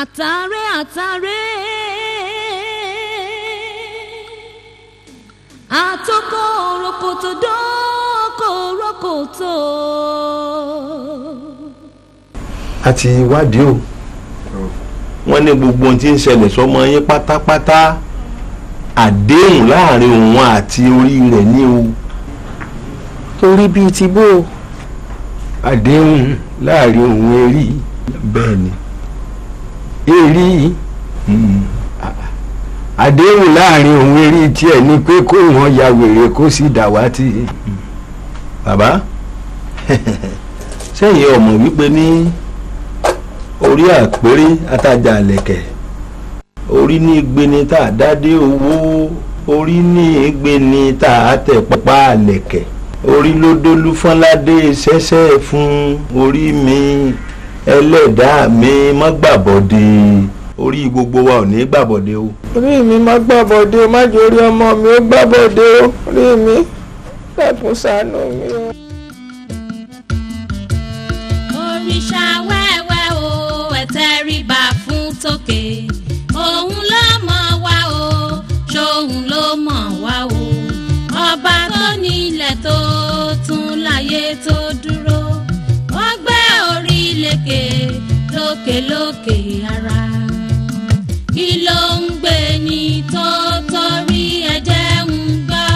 àtàrẹ àtàrẹ àtọkọ rokoto dọkọ rokoto. a ti wádìí o wọ́n ní gbogbo ohun tí ń ṣẹlẹ̀ sọ́mọ yín pátápátá àdéhùn láàrin òun àti orí rẹ̀ ní o. orí bíi ti bó àdéhùn láàrin òun erí. bẹ́ẹ̀ ni èrí hmm. àdéhùn láàrin òun èrí tiẹ̀ ni pé kó wọn ya wèrè kó sì dàwátì bàbá sẹ́yìn [laughs] ọmọ wípé ní orí àpérè àtàjà àlẹ̀kẹ̀ orí ní ìgbéni tá a dádé owó orí ní ìgbéni tá a tẹ̀ pápá àlẹ̀kẹ̀ orí ló dolú fọ́nládé ṣẹ́ṣẹ́ fún orí mi ẹlẹ́dàá mi má gbàbọ̀dé orí gbogbo wa ò ní gbàbọ̀dé o. orí mi má gbàbọ̀dé o má orí ọmọ mi ó gbàbọ̀dé o orí mi dákun ṣàánú mi o. òrìṣà lókè lókè ara kí ló ń gbé ní tó torí ẹ̀jẹ̀ ń gbá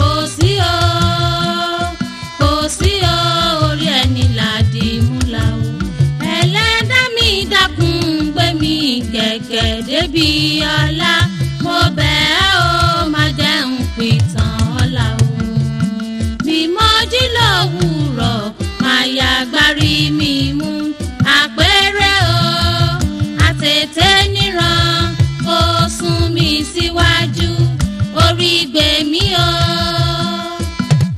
kò sí o kò sí o orí ẹni làdí múlá o ẹlẹ́dá mi dákun gbé mi kẹ̀kẹ́ débi ọlá mo bẹ̀ ẹ́ o má jẹ́ ń pìtàn ọ̀la o mímọ́jú lòwúrọ̀ màyà gbárí mi mú. níwájú orí gbèmí o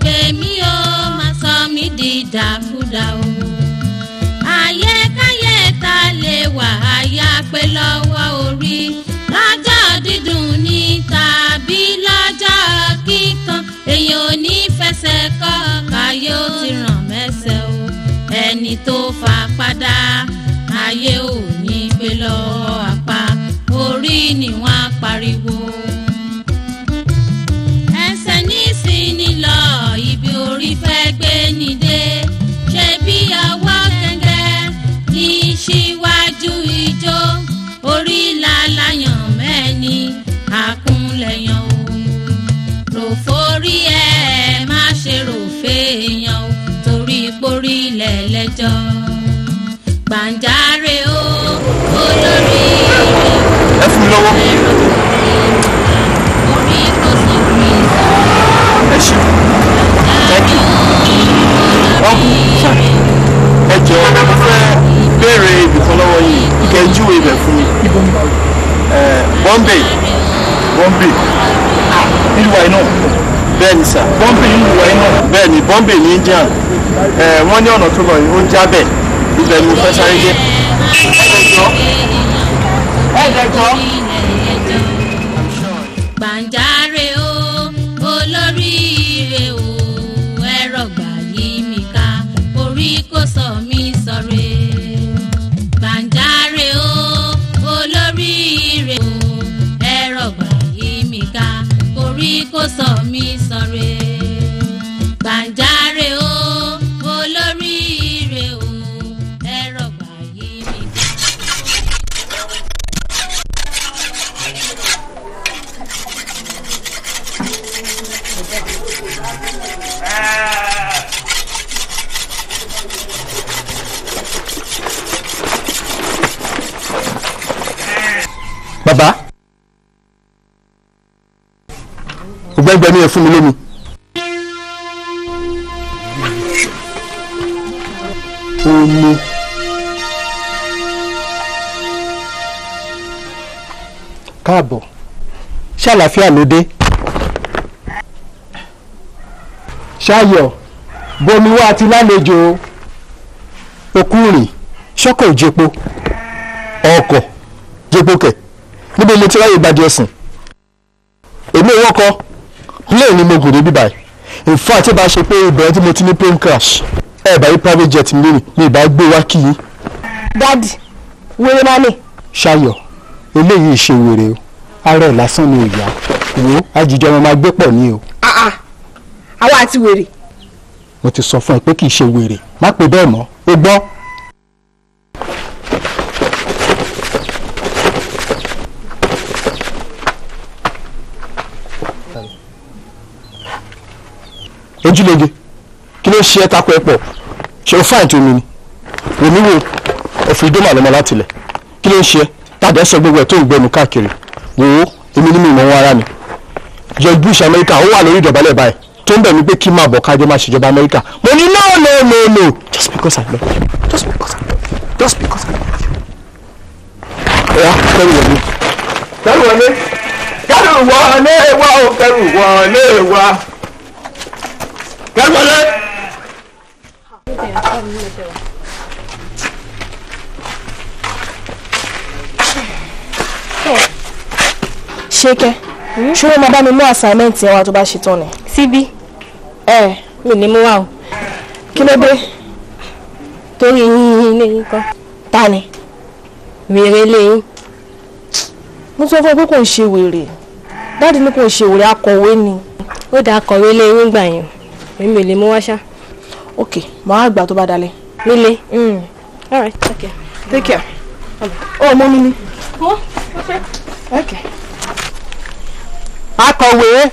gbèmí o má sọ mí di dàkúdà o ayékáyé ta lè wà àyà pé lọ́wọ́ orí lọ́jọ́ dídùn ní tàbí lọ́jọ́ kíkan èèyàn ò ní fẹsẹ̀ kọ́ káyé ó ti ràn mẹ́sẹ̀ o ẹni tó fà padà ayé ò ní pé lọ́wọ́ apá orí ni wọ́n á pariwo. ẹsẹ̀ nísìnyí lọ ibi orí fẹ́ gbé ni dé ṣe bí ọwọ́ kẹ̀kẹ́ ní síwájú ijó orí làlàyàn mẹ́ni àkúnlẹ̀yàn o rò forí ẹ̀ má ṣe rò fẹ́ èèyàn o torí porí lẹ̀lẹ́jọ́ gbàǹjarè o mi lọ́wọ́. ẹ ṣe thank you ọkùnrin ẹ jọ mo fẹ́ fún mi. Bombay. Bombay. Ah, ìlú wa iná. bẹ́ẹ̀ni sà. Bombay ìlú wa iná. bẹ́ẹ̀ni Bombay ní India wọ́n ní ọ̀nà tó lọ yìí ó ń jábẹ̀ ibẹ̀ ni mo fẹ́ sáré dé ẹ̀ẹ́dẹ̀jọ́. gbàǹjarè o olóríire o ẹ̀rọ gbà yí mi ká orí kò sọ mí sọre. gbàǹjarè o olóríire o ẹ̀rọ gbà yí mi ká orí kò sọ mí sọre. ẹgbẹ̀mí ẹ̀ fún mi lómi. omi. káàbọ̀ ṣé àlàáfíà ló dé. ṣáyọ̀ bomi wá ti lálejò okùnrin ṣọ́kọ̀ ìjẹpo ọkọ̀ jẹpo kẹ̀ níbi mo ti ráyè ìbàdí ọ̀sìn èmi ò wọ́kọ̀ plane ni mo gùn débi báyìí in fact tí bá ṣe pé ìbẹ̀rẹ̀ tí mo ti ní plane crash ẹ bá yí private jet mi rìn mi ìbá gbé wá kí yín. dadi wèrè máa ní. ṣayọ eléyìí ṣe wèrè o ara ẹ lásán ni ìyá wo àjùjọ wọn máa gbé pọ̀ ní o. Ah, ah. àwa àti wèrè. mo ti sọ fún ẹ pé kì í ṣe wèrè má pè bẹ́ẹ̀ mọ́ o gbọ́. ojúlege kí ló ṣe ẹ́ tako ẹ pọ̀ ṣe o fáìn tó mi ni wèmí wo ọ̀fìn ìdó màlúmọ́ láti lẹ̀ kí ló ń ṣe ẹ́ tàdé sọ gbogbo ẹ̀ tó ń gbẹnu káàkiri wò ó èmi ní mi ìmọ̀ wọn ara mi George Bush Amẹ́ríkà ó wà lórí ìdọ̀bálẹ̀ báyìí tó ń bẹ̀ mí pé kí máa bọ̀ kájọ́ máa ṣèjọba Amẹ́ríkà mo ní no no no no just because I love you just because I love you just because I love you. ẹ̀yà kẹ́rù wọlé kẹ́rù wọlé kẹ́rù wọlé wá ó kẹ́rù wọlé wá kẹ́rù wọlé. ṣé kẹ́ ṣé wọ́n máa bá mi mú assignment yẹn wá tó bá ṣe tán ni. síbí ẹ mi ní mú wá o kí ló dé torí yín ilé yín kan ta ni wèrè lé yín. mo sọ fún ẹ pé kò ń ṣe wèrè dáàdi ní kò ń ṣe wèrè akọ̀wé ni. ó dáa akọ̀wé lé gbà yẹn èmi ò lè mú wá ṣá. ok màá gbà tó bá dalẹ̀. nílé mm. all right take care. take care. ó mọ mi ni. akọ̀wé.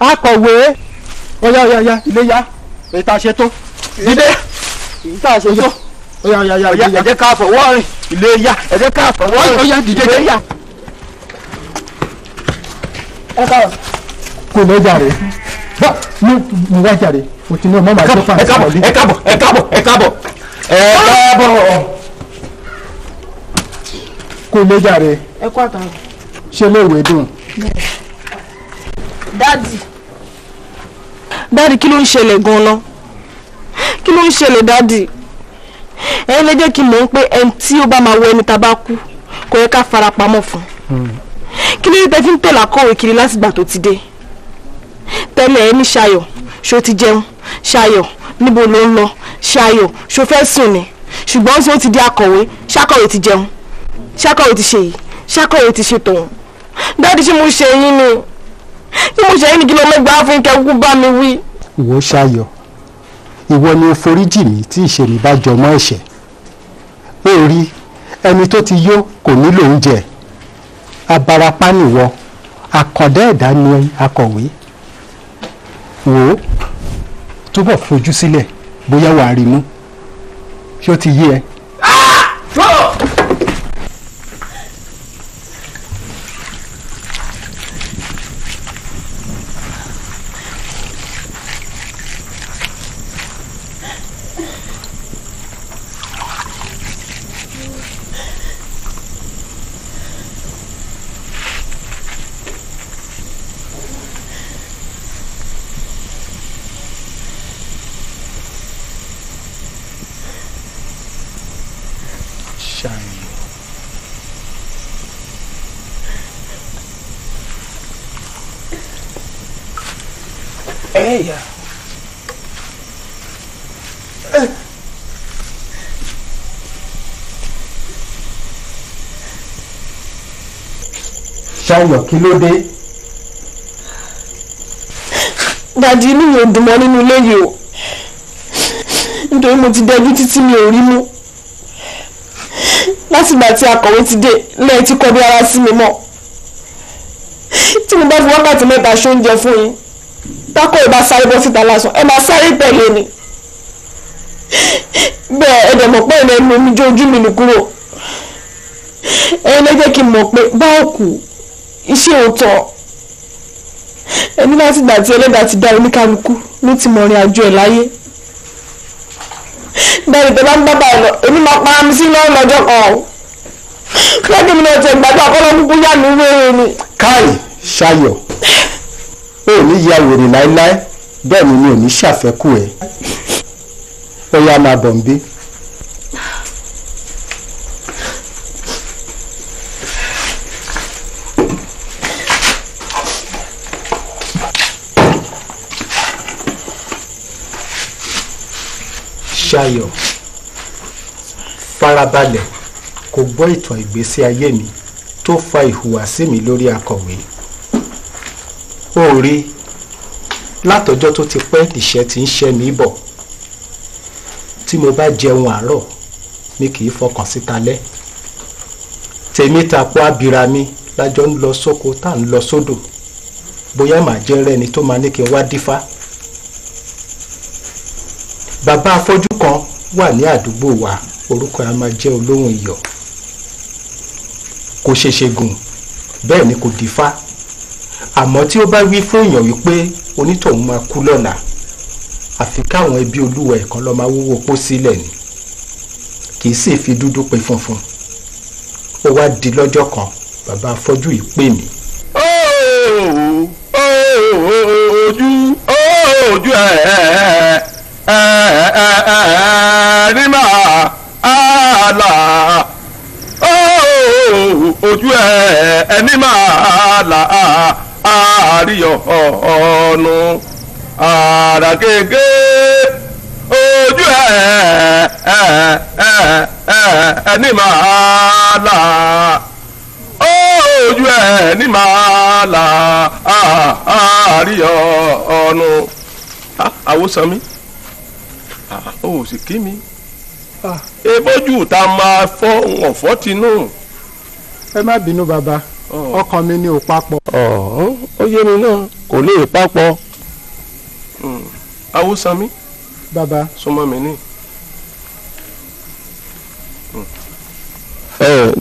akọ̀wé. Oya, oya, oya. ilé ya. èyí tá a ṣe tó. ilé èyí tá a Oya. tó. ọ̀yá ọ̀yá ọ̀yá ẹ̀jẹ̀ ká fọwọ́ rìn. ilé ẹ̀jẹ̀ ká fọwọ́ rìn. ọ̀yá dìde ẹ káàrọ̀. kò lọ jàre bá mi mi wá jàre mo ti ní ọmọ màá tó fà ẹ káàbọ̀ ẹ káàbọ̀ ẹ káàbọ̀ ẹ káàbọ̀ ẹ káàbọ̀ kò lọ jàre. ẹ kó àtàwọn. ṣe léèwé dùn. dáàdì. dáàdì kí ló ń ṣẹlẹ̀ gan-an kí ló ń ṣẹlẹ̀ dáàdì ẹ̀yin lè jẹ́ kí n mọ̀ pé ẹni tí ó bá máa wọ ẹni tá a bá kú kò yẹ ká fara pamọ́ fún un. Hmm kí ló dé tẹ́ fi ń tọ̀là kọ̀wé kiri látìgbà tó ti dé tẹ́lẹ̀ ẹ ní ṣayọ̀ ṣó ti jẹun ṣayọ̀ níbo ló ń lọ ṣayọ̀ ṣó fẹ́ sùn ni ṣùgbọ́n ṣó ti di akọ̀wé ṣakọ̀wé ti jẹun ṣakọ̀wé ti ṣe yìí ṣakọ̀wé ti ṣe tòun dáàdi ṣé mo ṣe yín ni ṣé mo ṣe yín ni kí ló mẹ́gbàá fún kẹ́kú bá mi wí. ìwọ ṣayọ̀ ìwọ ni o foríjì mi tí ìṣèlú bá jọmọ́ ẹ̀ṣẹ̀ ó rí ẹni tó ti yó kò nílò oúnjẹ abarapá nìwọ àkàndá ẹ̀dá ni akọ̀wé wò ó túbọ̀ fojú sílẹ̀ bóyá wàá rí mú ṣé ó ti yé ẹ. kí ló dé. dàdí inú mi ò dùn mọ́ nínú ilé yìí o nítorí mo ti dẹ́jú títí mi ò rí mú látìgbà tí akọ̀wé ti dé lẹ́yìn tí kò bí ara sí mi mọ́ tí mo bá fi wákàtí mẹ́ta ṣóúnjẹ fún yín pákó ìbá sáré bọ́ síta lásán ẹ máa sáré tẹ̀lé ni bẹ́ẹ̀ ẹ dẹ̀ mọ̀ pé ẹ̀rọ ẹnu omi jó ojú mi nì kúrò ẹ̀yin lẹ́jẹ̀ kí n mọ̀ pé báwo kù iṣẹ́ òótọ́ ẹni láti gbà tí ẹlẹ́dàá ti dá oníkálukú ló ti mọ̀rin àjọ ẹ̀ láyé bẹ́ẹ̀ ni tẹ́lá ń bá báyìí lọ èmi máa pa mi sí lọ́wọ́ lọ́jọ́ kan o lọ́dún mi náà tẹ̀ gbàgbọ́ àkọ́lọ́mú kó yà mí wéèrè e ni. káì ṣayọ̀ ó ní ya wèrè láéláé bẹ́ẹ̀ ni mi ò ní ṣàfẹ́kù ẹ̀ ó yá máa bọ̀ ń bí. ṣayọ̀ farabalẹ̀ kò gbọ́ ìtàn ìgbésí ayé mi tó fa ìhùwàsí mi lórí akọ̀wé ó rí látọjọ́ tó ti pẹ́ níṣẹ́ tí ń ṣẹ́ mi bọ̀ tí mo bá jẹun àárọ̀ mi kì í fọkàn síta lẹ́ tèmi tapọ̀ abira mi lájọ ń lọ sóko tá à ń lọ sódò bóyá màá jẹ́ rẹ́ni tó máa ní kí n wá dífá bàbá afọ́jú wà ní àdúgbò wa orúkọ ẹ̀ á máa jẹ́ olóhùn iyọ̀ kò ṣeṣe gùn bẹ́ẹ̀ ni kò dífá àmọ́ tí ó bá wí fún èèyàn wípé onítọ̀hún máa kú lọ́la àfi káwọn ẹbí olúwa ẹ̀kan lọ́ọ́ máa wúwo pọ̀ sílẹ̀ ni kì í sì fi dúdú pe funfun ó wá di lọ́jọ́ kan bàbá afọ́jú yìí pè mí. ojú ojú ẹ ẹ ẹ ẹ ẹ àrímà àlà oh, ojú ẹ ẹni máa là àríyọ ọ̀nù àrà kéèké oh, ojú ẹ ẹni máa là ojú ẹ ẹni máa là àríyọ ọ̀nù ah, àwòsàn mi ò ah, sì kí mi ebójú ta máa fọ́ ọ̀fọ́ tinú. ẹ má bínú bàbá ọkàn mi ni o papọ̀. ọ̀hún ó yé mi náà kò lè papọ̀. awúsami. bàbá súnmọ́ mi ní.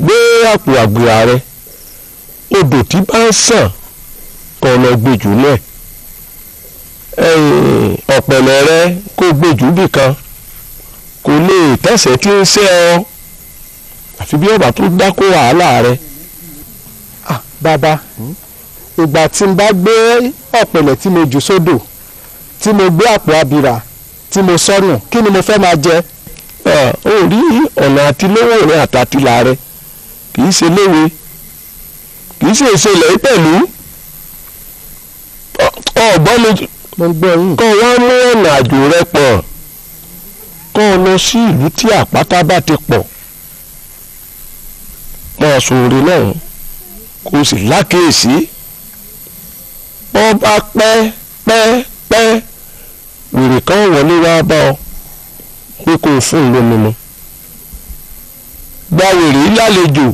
gbé àpò àgbòrà rẹ odò tí bá ń sàn kọ́ lọ gbèjú náà ọ̀pẹ̀lẹ̀ rẹ kó gbèjú bìkan kò lè tẹ̀sẹ̀ tí ń ṣe ọ àfi bí ọba tó dákó wàhálà rẹ. Ah, bàbá ìgbà tí n bá gbé ọ̀pẹ̀lẹ̀ tí mo jù sódò tí mo gbé àpò abìrà tí mo sọnù kí ni mo fẹ́ máa jẹ. ó ah, rí ọ̀nà àtilówó rẹ àtàtìlà rẹ kì í ṣe léwe kì í ṣe ìṣẹ̀lẹ̀ pẹ̀lú ọ̀gbọ́n mi kọ́ wá mú ọ̀nà àjò rẹ pọ̀ kọ́ ọ lọ sí ìlú tí àpáta bá ti pọ̀ pọ̀ sóore náà kò sì lákèésí bọ́ bá pẹ́ pẹ́ pẹ́ wèrè kan wọlé wá bá ọ pé kò fún un lómi mu gba wèrè lálejò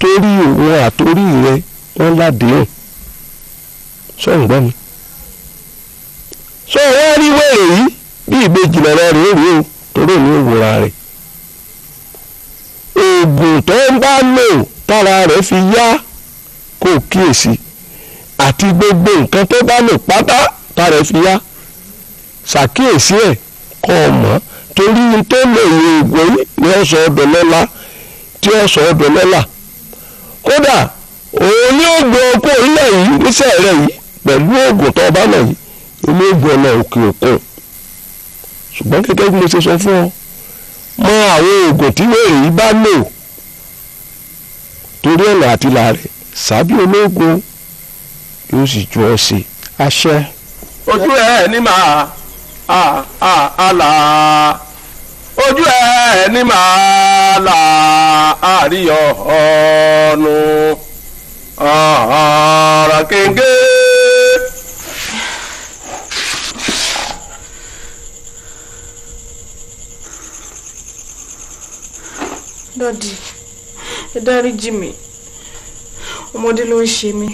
torí òun àtórí rẹ wọn ládìrún sọ ń gbọ́ mi sọ wọ́n rí wèrè yìí bí ìbejì lọ́rọ̀ rèé rèé o torí èmi ò wòra rẹ̀ oògùn tó ń bá lò tára rẹ̀ fi yá kò kíyèsí àti gbogbo nǹkan tó bá lò pátá tára fi yá ṣàkíyèsí ẹ̀ kọ́ ọ mọ̀ torí tó lè yẹ oògùn ní ọ̀sán ọdọ̀ lọ́la tí ọ̀sán ọdọ̀ lọ́la kódà òun ní oògùn ọkọ̀ ilẹ̀ yìí níṣẹ́ rẹ̀ yìí pẹ̀lú oògùn tó bá lọ yìí ilé oògùn ọ̀nà òkè òkun ṣùgbọ́n gẹ́gẹ́ bí mo ṣe sọ fún ọ mọ àwọn oògùn tí wèrè yìí bá lò torí ọ̀nà àtìlà rẹ̀ sábì ológun yóò sì ju ọ sí àṣẹ. ojú ẹ ní màá a a a là á ojú ẹ ní màá là á àríyọ ọ̀nù ọ̀rọ̀ kéńké. dọ́dì ẹ dáríjì mi ọmọdé ló ń ṣe mí.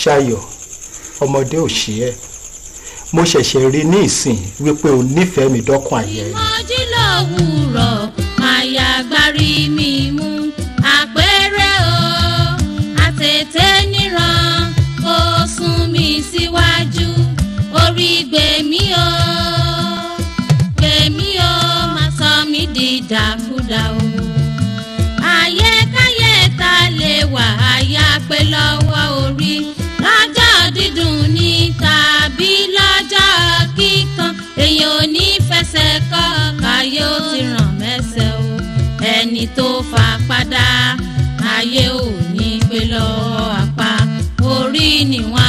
ṣayọ̀ ọmọdé ò ṣe ẹ́ mo ṣẹ̀ṣẹ̀ rí ní ìsìn wípé o nífẹ̀ẹ́ mi dọ́kàn ayé rẹ̀. lọ wúrọ̀ màyà gbárí mi mú àpẹẹrẹ o àtẹ̀tẹ̀ níran kó sún mi síwájú orí gbèmí o. ìdàkudà o. àyẹkáyẹ ta lè wà àyàpẹ́ lọ́wọ́ orí lọ́jọ́ dídùn ní tàbí lọ́jọ́ kíkan èèyàn ò ní fẹsẹ̀ kọ́ káyé ó ti ràn mẹ́sẹ̀ o ẹni tó fa padà ayé ò ní gbé lọ́wọ́ apá orí nìwọ̀n.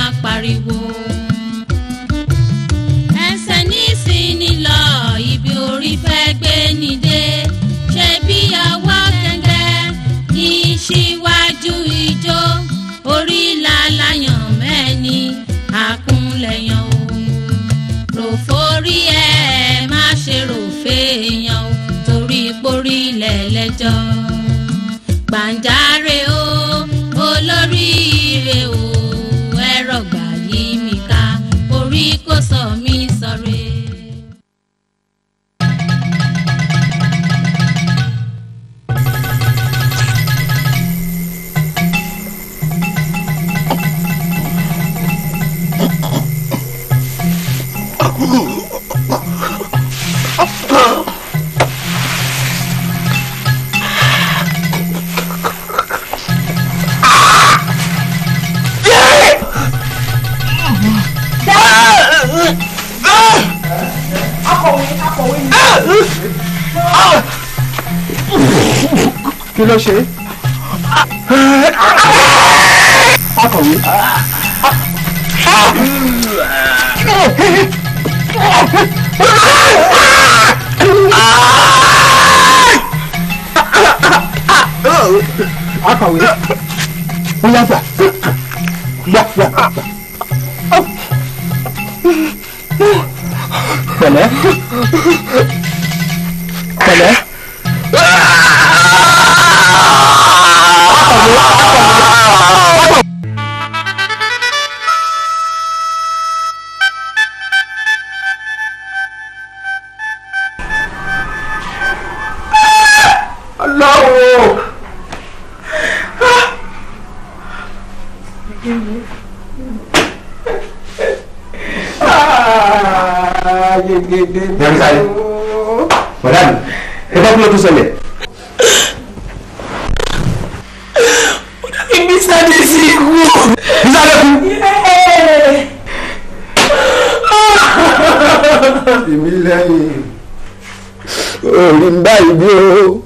jọ gbàǹjarè fẹ́ ṣe. akọ̀wé. akọ̀wé. ó yá gbà gbà gbà gbà. pẹ̀lẹ́ pẹ̀lẹ́. yọrí sáré bọ̀dá mi ẹ bá kúlọ̀ tó ṣẹlẹ̀. bọ̀dá mi bí sáré sí ikú. bí sáré kú. èmi lẹ́yìn orí báyìí bí o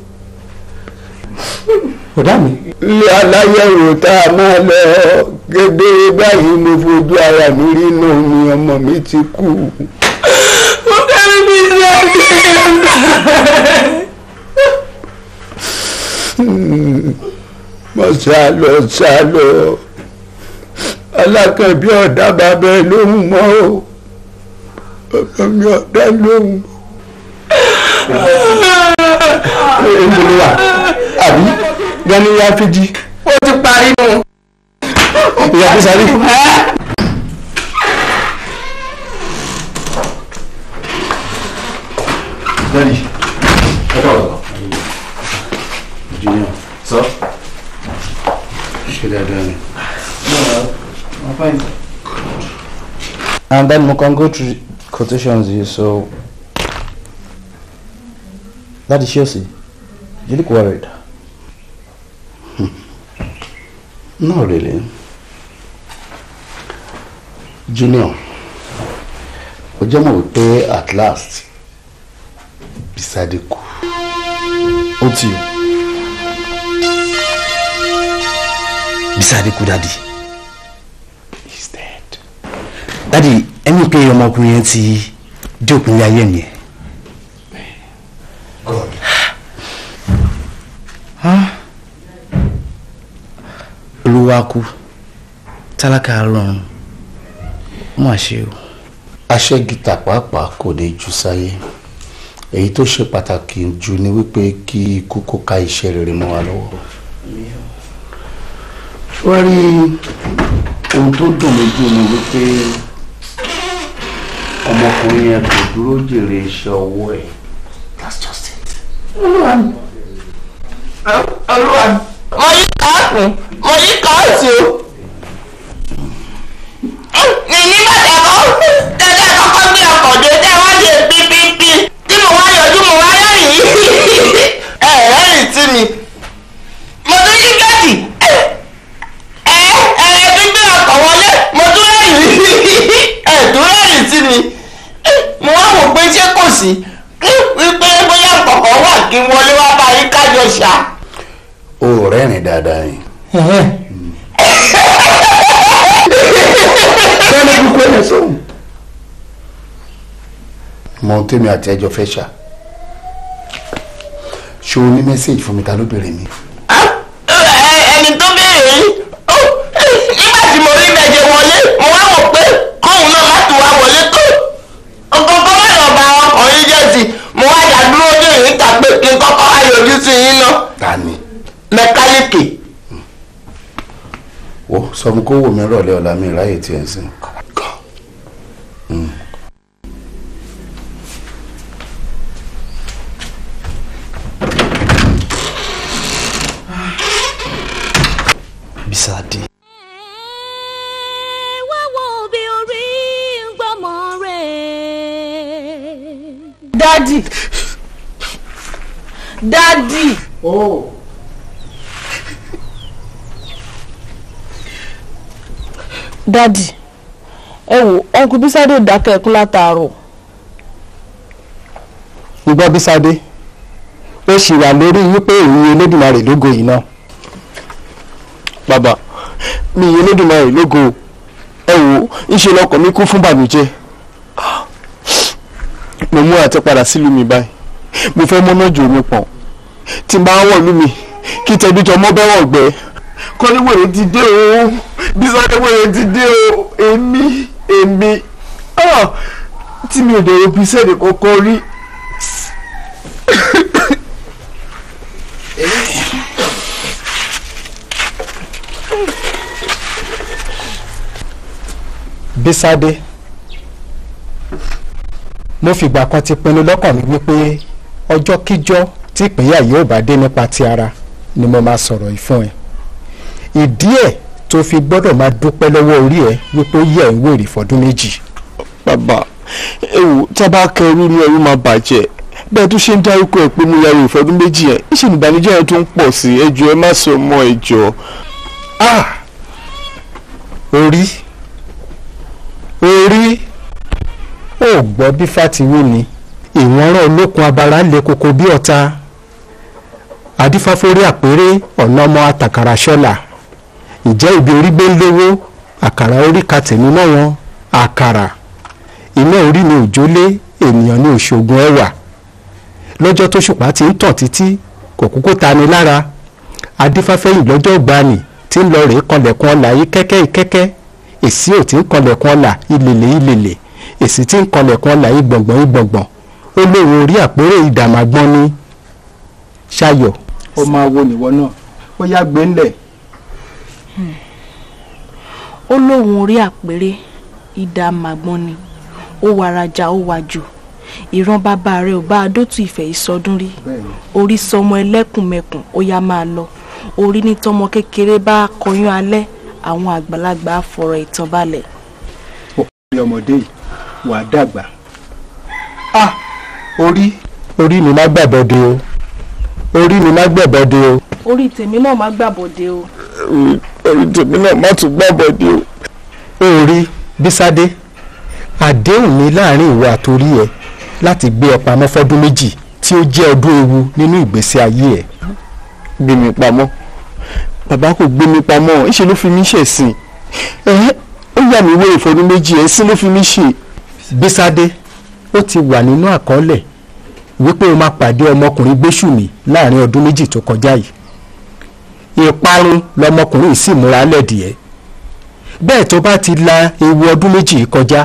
bọ̀dá mi. ilé aláyẹ̀wò tá a máa lọ gẹ́gẹ́ báyìí mo fojú ara mi rí náà ni ọmọ mi ti kú. sálọ sálọ alákànbí ọ̀dà bàbá ẹ lóhùn mọ́ o bàbá mi ọ̀dà lóhùn mọ́. ìgbòlùwà àbí gani ya fìdí. ó ti parí mu. ìyá fi sáré. then Mukongo tr- quotations you, so that is Chelsea. You look worried. Hmm. Not really. Junior, Ojomo will pay at last beside the coup. Unto Beside the coup, Daddy. He's dead. Daddy, ẹni pé ọmọkùnrin yẹn ti dé òpin ayé mi. olúwa kú tálákà lọ́run mú àṣẹ o. aṣẹ́ gita pàápàá kò lè jù sáyé èyí tó ṣe pàtàkì jù ni wípé kí ikú kó ka iṣẹ́ rere mọ́ wa lọ́wọ́. wọ́n rí ohun tó dùn mí jù ni wípé ọmọkùnrin yẹn kò dúró jèrè iṣẹ́ ọwọ́ ẹ̀ that's just it. olúwa mi olúwa mi mo yí káàtì mo yí káàtì o. tèmi àti ẹjọ́ fẹ́ ṣá ṣé o ní mẹ́sẹ̀gì fún mi ta ló béèrè mi. ẹni tó béèrè yìí nígbà tí mo rí bẹ̀jẹ̀ wọlé mo wá wò pé kóun náà má tún wá wọlé tó ọkọ̀ọ̀kọ̀ má lọ bá ọkùnrin jẹ́ sí mo wá dàdúró béèrè níta pé kí n kọ́kọ́ wá yọjú yín náà. ta ni. mẹkáníìkì. wo sọ fún kó wò mí rọ̀lẹ́ ọ̀la mi ráyè tiẹ̀ sìn. dádì ẹ wò ọkùn bísádé ò dákẹ́ ẹkún látàárọ̀. ìgbọ́ bísádé ó sì wà lórí wípé èyí Elédùmarè lógo yìí náà. bàbá mi Elédùmarè lógo ẹ wò ńṣe lọkọ mi kú fún bànújẹ́ mo mú àti padà sílùú mi báyìí mo fẹ́ mọ́nà jò mi pọ̀ tí n bá wọ̀ lú mi kí tẹ̀dújọ́ mọ́ bẹ́wọ̀ gbẹ́ kọ́níwèrè dìde o bísọ́níwèrè dìde o èmi èmi ah, tí mi ò dẹ̀rọ bí sẹ́ẹ̀dì kankan rí. Bísádé mo fìgbà kan ti pinnu lọ́kàn mi wípé ọjọ́ kíjọ́ tí ìpínyà yóò bá dé nípa ti ara ni mo máa sọ̀rọ̀ yìí fún ẹ ìdí ẹ̀ tó fi gbọ́dọ̀ máa dúpẹ́ lọ́wọ́ orí ẹ̀ wípé ó yẹ̀ ń wèrè fọdún méjì. bàbá ewu tábà kẹrù ni ẹrú máa bàjẹ́ bẹ́ẹ̀ tó ṣe ń dárúkọ ẹ̀ pé mo ya ìwé ìfọdún méjì yẹn ìṣe ìbànújẹ́ yẹn tó ń pọ̀ sí ẹjọ́ ẹ má sọ mọ́ ẹjọ́. Ah! orí orí ò gbọ́ bí fatiwo ni ìwọ̀nrán olókun abara le koko bí ọ̀tá adífáfórí àpérè ọ̀nà ọmọ àtàkàrà ṣọ́là ìjẹ́ ìbí orí gbé lówó àkàrà orí ka tèmi mọ́ wọn àkàrà iná orí ni òjólé ènìyàn ni òṣògùn ẹwà lọ́jọ́ tó ṣùpá ti ń tàn títí kò kúkú ta ni lára adífáfẹ́yìn lọ́jọ́ ìgbani tí ń lọ rèé kanlẹ̀kùn ọ̀la yìí kẹ́kẹ́ ìkẹ́kẹ́ èsì ò tí ń kanlẹ̀kùn ọ̀la ìlèlè ìlèlè èsì tí ń kanlẹ̀kùn ọ̀la yìí gbọ̀ngbọ̀n yìí gbọ̀ngbọ̀n ó léwu orí àpérò ìdàmàgbọ́n ni ṣayọ̀. ó máa wo nìwọ náà ó yá gbé ńlẹ̀ ó lóun rí àpérè ìdá màgbọ́n ni ó warajà ó wàjò ìran bàbá rẹ̀ ò bá adótú ìfẹ́ ìsọdún rí orí sọmọ ẹlẹ́kùnmẹ̀kùn ó yá máa lọ orí ní tọmọ kékeré bá kọyún alẹ́ àwọn àgbàlagbà fọ̀rọ̀ ìtàn balẹ̀. ọmọdé yìí wà á dàgbà ah orí orí mi má gbàbọdé o orí mi má gbàbọdé o orí tèmi náà má gbàbọ̀dé o. orí tèmi náà má tún gbàbọ̀dé o. orí bísádé àdéhùn ni láàrin ìwọ àtòrí ẹ láti gbé ọ pamọ́ fọ́dún méjì tí ó jẹ́ ọdún ewu nínú ìgbésí ayé ẹ. gbé mi pamọ́ bàbá kò gbé mi pamọ́ ńṣe ló fi mí ṣẹ̀sìn ẹ̀ ó yà mí wé ìfọdún méjì ẹ̀sìn ló fi mí ṣe. bísádé ó ti wà nínú àkọọ́lẹ̀ wípé o máa pàdé ọmọkùnrin gbésùmí láàrin ọdún méjì tó kọjá yìí ìparun lọmọkùnrin sì múra lẹ́dìẹ̀ bẹ́ẹ̀ tó bá ti la ewu ọdún méjì kọjá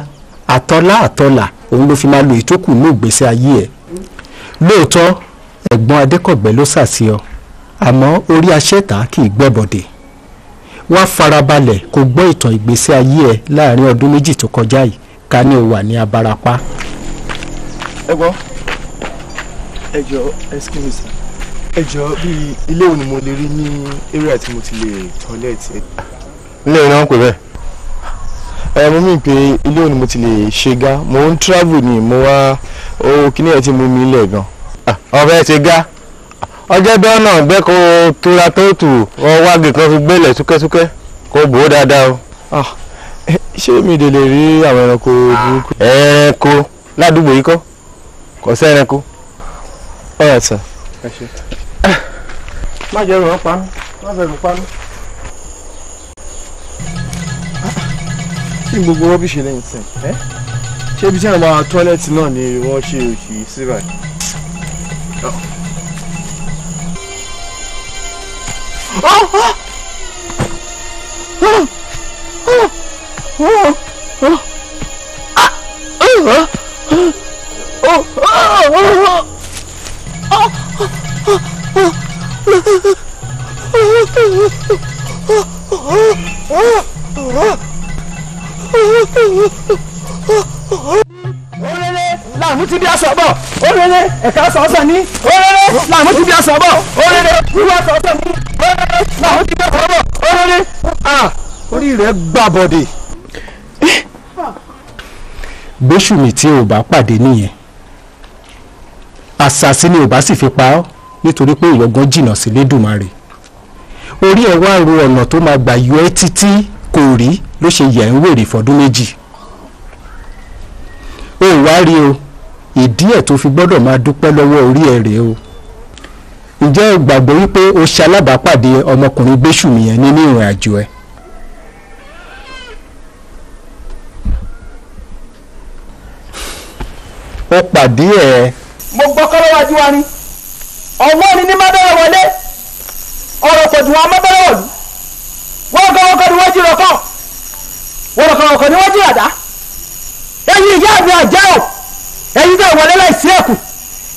àtọ́lá àtọ́là òun ló fi máa lo ìtókù ní ìgbésí ayé ẹ̀ lóòótọ́ ẹ̀gbọ́n adékọ̀gbẹ́ ló sàsí ọ àmọ́ orí aṣẹ́ta kì í gbẹ́bọ̀dẹ̀ wá farabalẹ̀ kó gbọ́ ìtàn ìgbésí ayé ẹ láàrin ọdún méjì tó kọjá yìí ká ní o ní abarapá. ẹ gbọ́ ẹ jọ excuse me sir ẹ jọ bí ilé òní mo lè rí ní area tí mo ti lè tọ́lẹ̀tì. ilé ìran kò bẹ́ẹ̀ ẹ mo mì pé ilé òní mo ti lè ṣe gá mo ń travel ni mo wá owó kíní ẹ̀ tí mo mi ilẹ̀ gan. ọ̀rẹ́ ṣe gá ọjọ́ bẹ́ẹ̀ náà gbẹ́kọ̀ tóra tó tù ọ wági kan fi gbélé súkẹ́súkẹ́ kó bò ó dáadáa o. ṣé mi dè lè rí àwọn ẹranko burúkú. ẹranko ládùúgbò yìí kọ́ kò sí ẹranko. all right má jẹ́ ràn án pa mí má fẹ́ ràn pa kí ni gbogbo wọ́n bí ṣe lẹ́yìn sìn ẹ́ ṣé ibi tí àwọn máa tọ́lẹ́tì náà ni wọ́n ṣe oh oh Oh! orere làmú ti bí aṣọ mi tí o bá pàdé nìyẹn àṣàṣì ni o bá sì fi pa ọ́ nítorí pé ìyọ̀gán jìnnà sí lédùmarè orí ẹ̀ wá ro ọ̀nà tó máa gbà yọ ẹ́ títí kò rí ló ṣe yẹ̀ ń wèrè fọdún méjì o wá rí o ìdí ẹ̀ tó fi gbọ́dọ̀ máa dúpẹ́ lọ́wọ́ orí ẹ̀ rèé o ǹjẹ́ o gbàgbọ́ wípé o ṣe alábàápàdé ọmọkùnrin gbéṣùmí yẹn nínú ìrìn àjò ẹ̀. ó pàdé ẹ̀. mo gbọ́ kọ́lọ́wájú wa ni ọ̀gbọ́n ni ní mábẹ́rẹ́ wọlé ọ̀rọ̀ kò dùn wọn mábẹ́rẹ́ wọ̀lú wọ́n kọ́ ọkọ ni wọ́n jí rọ̀kọ́ wọ́n kọ́ ọkọ ni wọ́n jí ràdá ẹ̀yin ìyá mi àjẹ́ o ẹ̀yin bẹ́ẹ̀ wọlé láìsí ẹ̀kù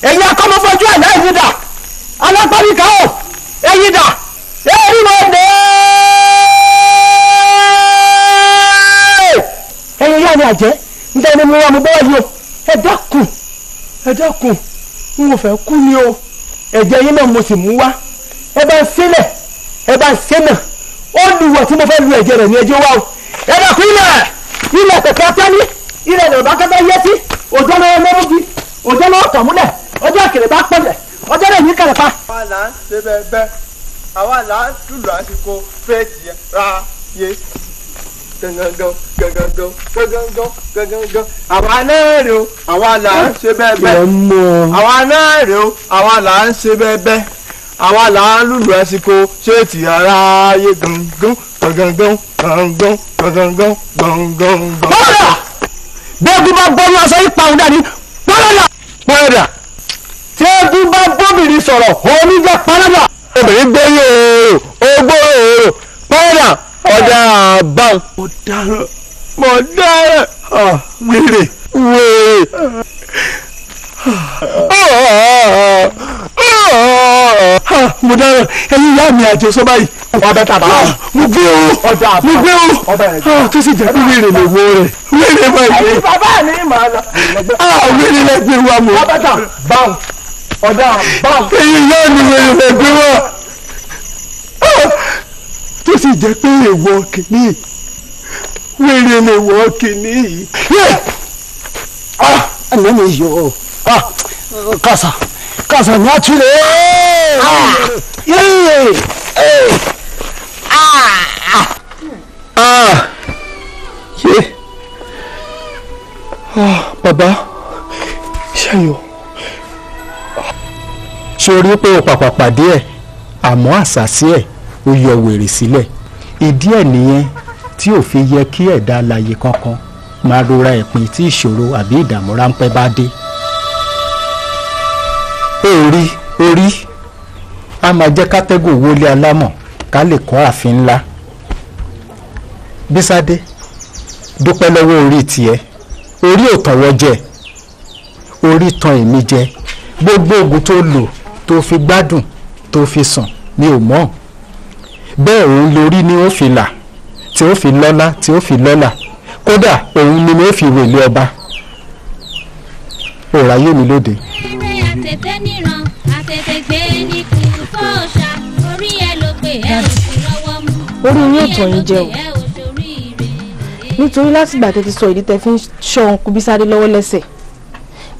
ẹ̀yin akọ́mọ́fọ́jú àná ẹ̀yin dà alágbáríkà o ẹ̀yin dà ẹ̀yin mọ̀ dé. ẹ̀yin ìyá mi àjẹ́ nítorí mi wà mú bọ́ọ̀lù o ẹ dákun ẹ dákun n ò fẹ́ kú ni o ẹ̀jẹ̀ yín náà mo sì mú wá ẹ bá ń sílẹ̀ ẹ bá ń sẹ́nà ó lu wọ̀ tí mo fẹ́ lu ẹ̀jẹ̀ rẹ̀ ní ẹjọ́ wa o ẹ bá kú ilẹ̀ ilẹ̀ kẹ̀kẹ́ atẹ́lí ilẹ̀ lè bá kẹ́kẹ́ yẹ sí òjò lọ́wọ́ lọ́wọ́ bí òjò lọ́wọ́ kàmúlẹ̀ ọjọ́ àkèrè bá pẹ̀lẹ̀ ọjọ́ rẹ̀ ní kẹrẹ̀pá. àwa là ń ṣe bẹ́ẹ̀ bẹ́ẹ̀ àwa là ń lùlù àsìkò fẹ́ẹ̀tì ra yé gangan gangan gangan gangan gangan àwa náà rè o àwa là ń ṣe bẹ́ẹ̀bẹ́ àwa náà rè o àwa là ń ṣe bẹ́ẹ̀bẹ́ àwa là ń lùlù ẹsìkò ṣéètì aráyé gangan gangan gangan gangan gangan. bọ́lá bẹ́ẹ̀gùn bá gbọ́ ní aṣọ ipa ọ̀dà ni pọ́lọ́dà. pọ́lọ́dà tí ẹ̀gùn bá bóbìnrin sọ̀rọ̀ oníjà pọ́lọ́dà. obìnrin gbóyè ooo ó gbóyè ooo ọ̀daràn báwọn. ọ̀daràn mọ̀ọ́dáràn wèrè wèrè. Ah, ah, mo dára ẹyin ìyá mi àjẹ sọ báyìí. ọbẹ̀ tàbá. Ah, mo gbé o mo gbé o tó sì jẹ́ pé wíìrì lè wo rẹ̀ wíìrì mọ̀ ẹ̀. ẹyin bàbá mi mà á lọ. wíìrì lè gbé wa mọ̀. ọbẹ̀ tà báwọn ọ̀dà ẹyin ìyá mi wíìrì lè wa tó sì jẹ́ pé èèwọ̀ kìíní wèrè lè wọ̀ kìíní yìí. Ah, àná mi yọ ah, kàṣà kàṣà ní àtúlẹ̀. Ah, bàbá ṣayọ ṣe orí pé o pàpà pàdé ẹ àmọ́ àṣàṣe ẹ̀ ó yọ wèrè sílẹ̀ ìdí ẹ̀ nìyẹn tí ò fi yẹ kí ẹ̀dá alààyè kankan máa rora ẹ̀pin tí ìṣòro àbí ìdààmú ráńpẹ́ bá dé. orí orí a máa jẹ́ kátẹ́gùn wọlé alámọ̀ ká lè kọ́ ààfin ńlá. bísádé dúpẹ́ lọ́wọ́ orí tiẹ̀ orí ò tàn wọ́n jẹ orí tan èmi jẹ gbogbo oògùn tó lò tó fi gbádùn tó fi sàn mi ò mọ̀ ọ́n bẹ́ẹ̀ òun lórí ni ó fi là tí ó fi lọ́lá tí ó fi lọ́là kódà òun ni ó fi wèlé ọba òòrà yé mi lóde. orí yín ètò yín jẹ o nítorí látìgbà tẹ ti sọ ìdí tẹ fi ń ṣọ́ òǹkú Bísádé lọ́wọ́ lẹ́sẹ̀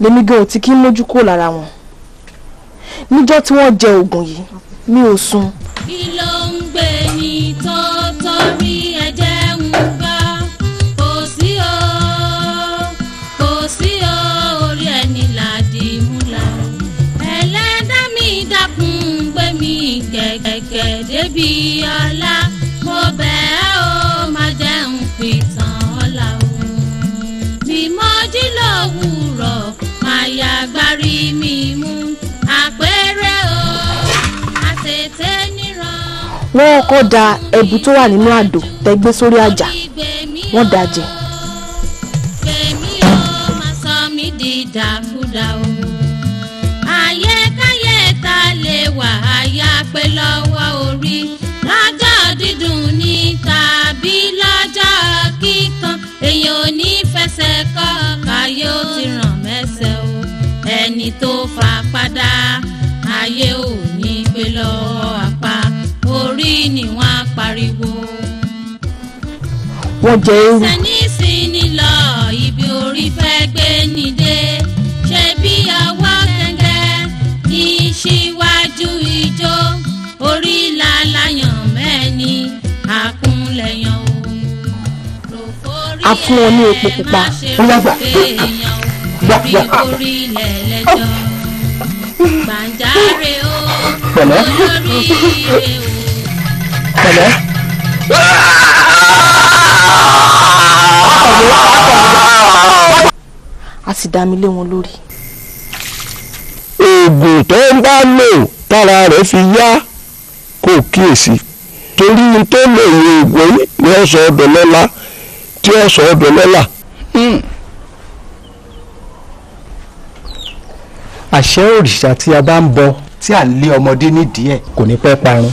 lèmi gan ò ti kí ń mójú kúrò lára wọn níjọ́ tí wọ́n jẹ oògùn yìí mi ò sùn. kí ló wọ́n kọ́ da ẹbu tó wà nínú àdó tẹ́gbẹ́ sórí àjà wọ́n dà jẹ. ẹni tó fà padà ayé ò ní gbé lọ nísìnyí ni wọ́n á pariwo. wọ́n jẹ ewu. ṣe lọ ibi orí fẹ́ gbé ni dé ṣe bí ọwọ́ gẹ́gẹ́ ní síwájú ijó orí làlàyàn mẹ́ni àkúnlẹ̀yàn òun ló forí ẹ̀ má ṣe rò pé èèyàn orí orí lẹ̀lẹ́jọ́ gbàǹjáre o olóríire o pẹ̀lẹ́. a sì dá mi lé wọn lórí. oògùn tó ń bá lò tára rẹ̀ fi yá kò kíyèsí torí tó lè yẹ oògùn yìí ni ó sọ ọbẹ̀ lọ́la tí ó sọ ọbẹ̀ lọ́la. Hmm. àṣẹ òrìṣà tí a bá ń bọ tí à lé ọmọdé nídìí ẹ̀ kò ní pẹ́ parun.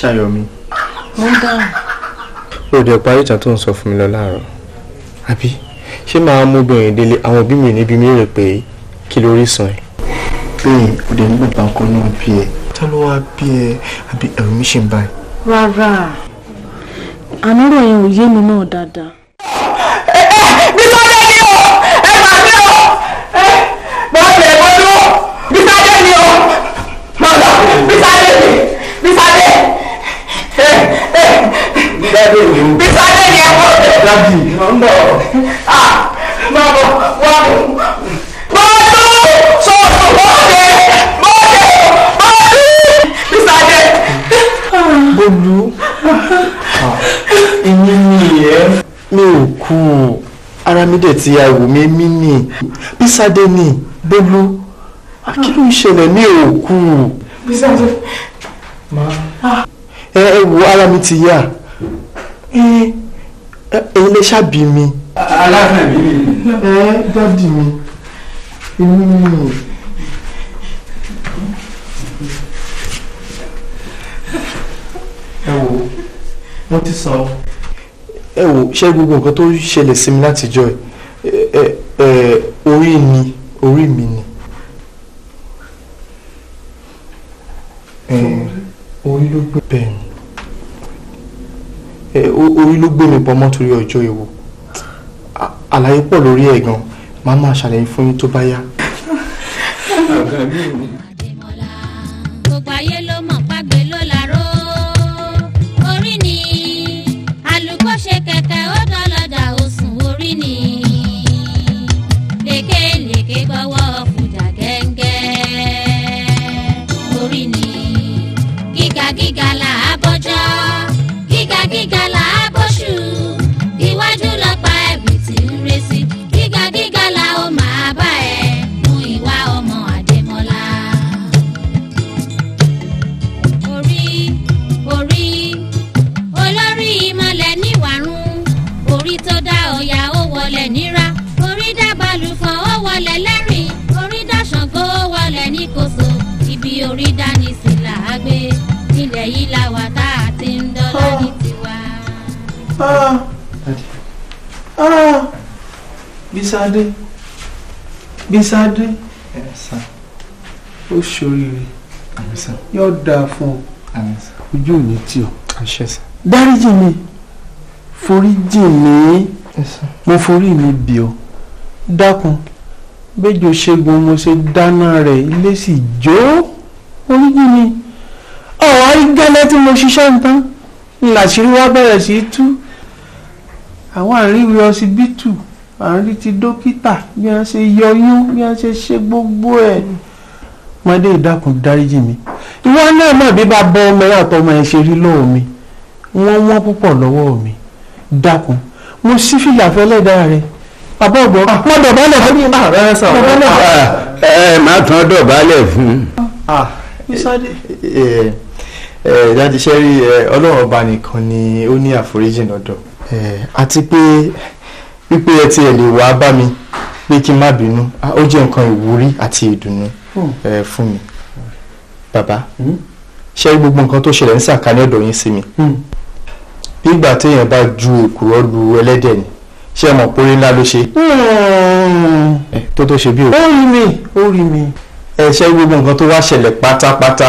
ṣàyọmí. mo ń dáhùn. o ò dẹ̀ parí ìtàn tó ń sọ fún mi lọ láàárọ̀ àbí ṣé máa mú obìnrin délé àwọn òbí mi níbi mi rè pé kí ló rí sàn ẹ. bẹ́ẹ̀ o dẹ̀ nígbà bá ọkọ náà bí ẹ ta ló wá bí ẹ àbí ẹ̀rù mi ṣe ń báyìí. rárá àmọ́ ìròyìn ò yé mi náà dáadáa. Bisa jadi, bisa bísádé ni. bísádé ni ẹ wọ. dájú mọ n bọ. máa bọ wá bọ. bọ́ọ̀dù sọ̀rọ̀ bọ́ọ̀dẹ bọ́ọ̀dẹ bọ́ọ̀dù bísádé. bọ́ọ̀dù èmi ni ẹ mi ò kú ara mi dẹ̀ ti àwò mi mí ni bísádé ni bọ́ọ̀dù ah, kí ló ń ṣẹlẹ̀ mi ò kú. bísádé. ẹ wo ara mi ti yá ẹ̀yin lè ṣàbí mi. aláàfin mi ni. ẹ dáàdì mi èmi ni. ẹ wo mo ti sọ. ẹ wo ṣé gbogbo nǹkan tó ṣẹlẹ̀ sí mi látijọ́ ẹ ẹ orí mi orí mi ni. orí ló gbé bẹ́ẹ̀ ni orí ló gbé mi bọ́ mọ́ torí ọjọ́ ìwò àlàyé pọ̀ lórí ẹ̀ gan màá máa ṣàlàyé fún yín tó bá yá. orí dání sí là á gbé nílẹ̀ yìí la wà tá a ti ń dọ́là ní tiwa. Ah. Ah. Ah. Bísádé Bísádé ó ṣoríire yóò dáa fún ọ ojú ò ní tì ọ dáríjì mi foríjì mi mo forí mi bì ọ dákun bẹ́jọ́ ṣẹ́gun mo ṣe dáná rẹ̀ ilé sì jó oríjì mi ọ̀wá gẹ́lẹ́ tí mo ṣiṣẹ́ nǹkan làṣírí wá bẹ̀rẹ̀ sí í tú àwọn àríwí ọsibítù àrí ti dókítà bí wọ́n ṣe yọyún bí wọ́n ṣe ṣe gbogbo ẹ̀ mọ́dé ìdákun dáríjì mi ìwọ náà mọ̀ bí bá bọ́ ọmọ ẹ̀ àtọmọ ẹ̀ ṣe rí lọ́wọ́ mi wọ́n wọ́n púpọ̀ lọ́wọ́ mi dákun mo ṣí fìlà fẹ́lẹ́dá rẹ̀ bàbá ọ̀gbọ́n mo dọ̀bálẹ̀ fún mi. bàbá náà ẹ máa tán dọ̀bálẹ̀ fún un. Ah dáàdi eh, sẹ́rí eh, eh, ọlọ́run ọba nìkan ni ó ní àforíjì lọ́dọ̀ àti pé wípé ẹ tiẹ̀ lè wá bá mi pé kí n má bínú ó jẹ́ nǹkan ìwúrí àti ìdùnnú hmm. fún mi bàbá sẹ́rí hmm. gbogbo nǹkan tó ṣẹlẹ̀ ń sàkání ọ̀dọ̀ yín sí mi bí hmm. ìgbà téèyàn bá ju èkùrọ́ lu ẹlẹ́dẹ̀ ni ṣé ẹ mọ̀ pé ńlá ló ṣe tó tó ṣe bí o. ó rí mi ó rí mi ẹ̀ṣẹ̀ gbogbo nǹkan tó wá ṣẹlẹ̀ pátápátá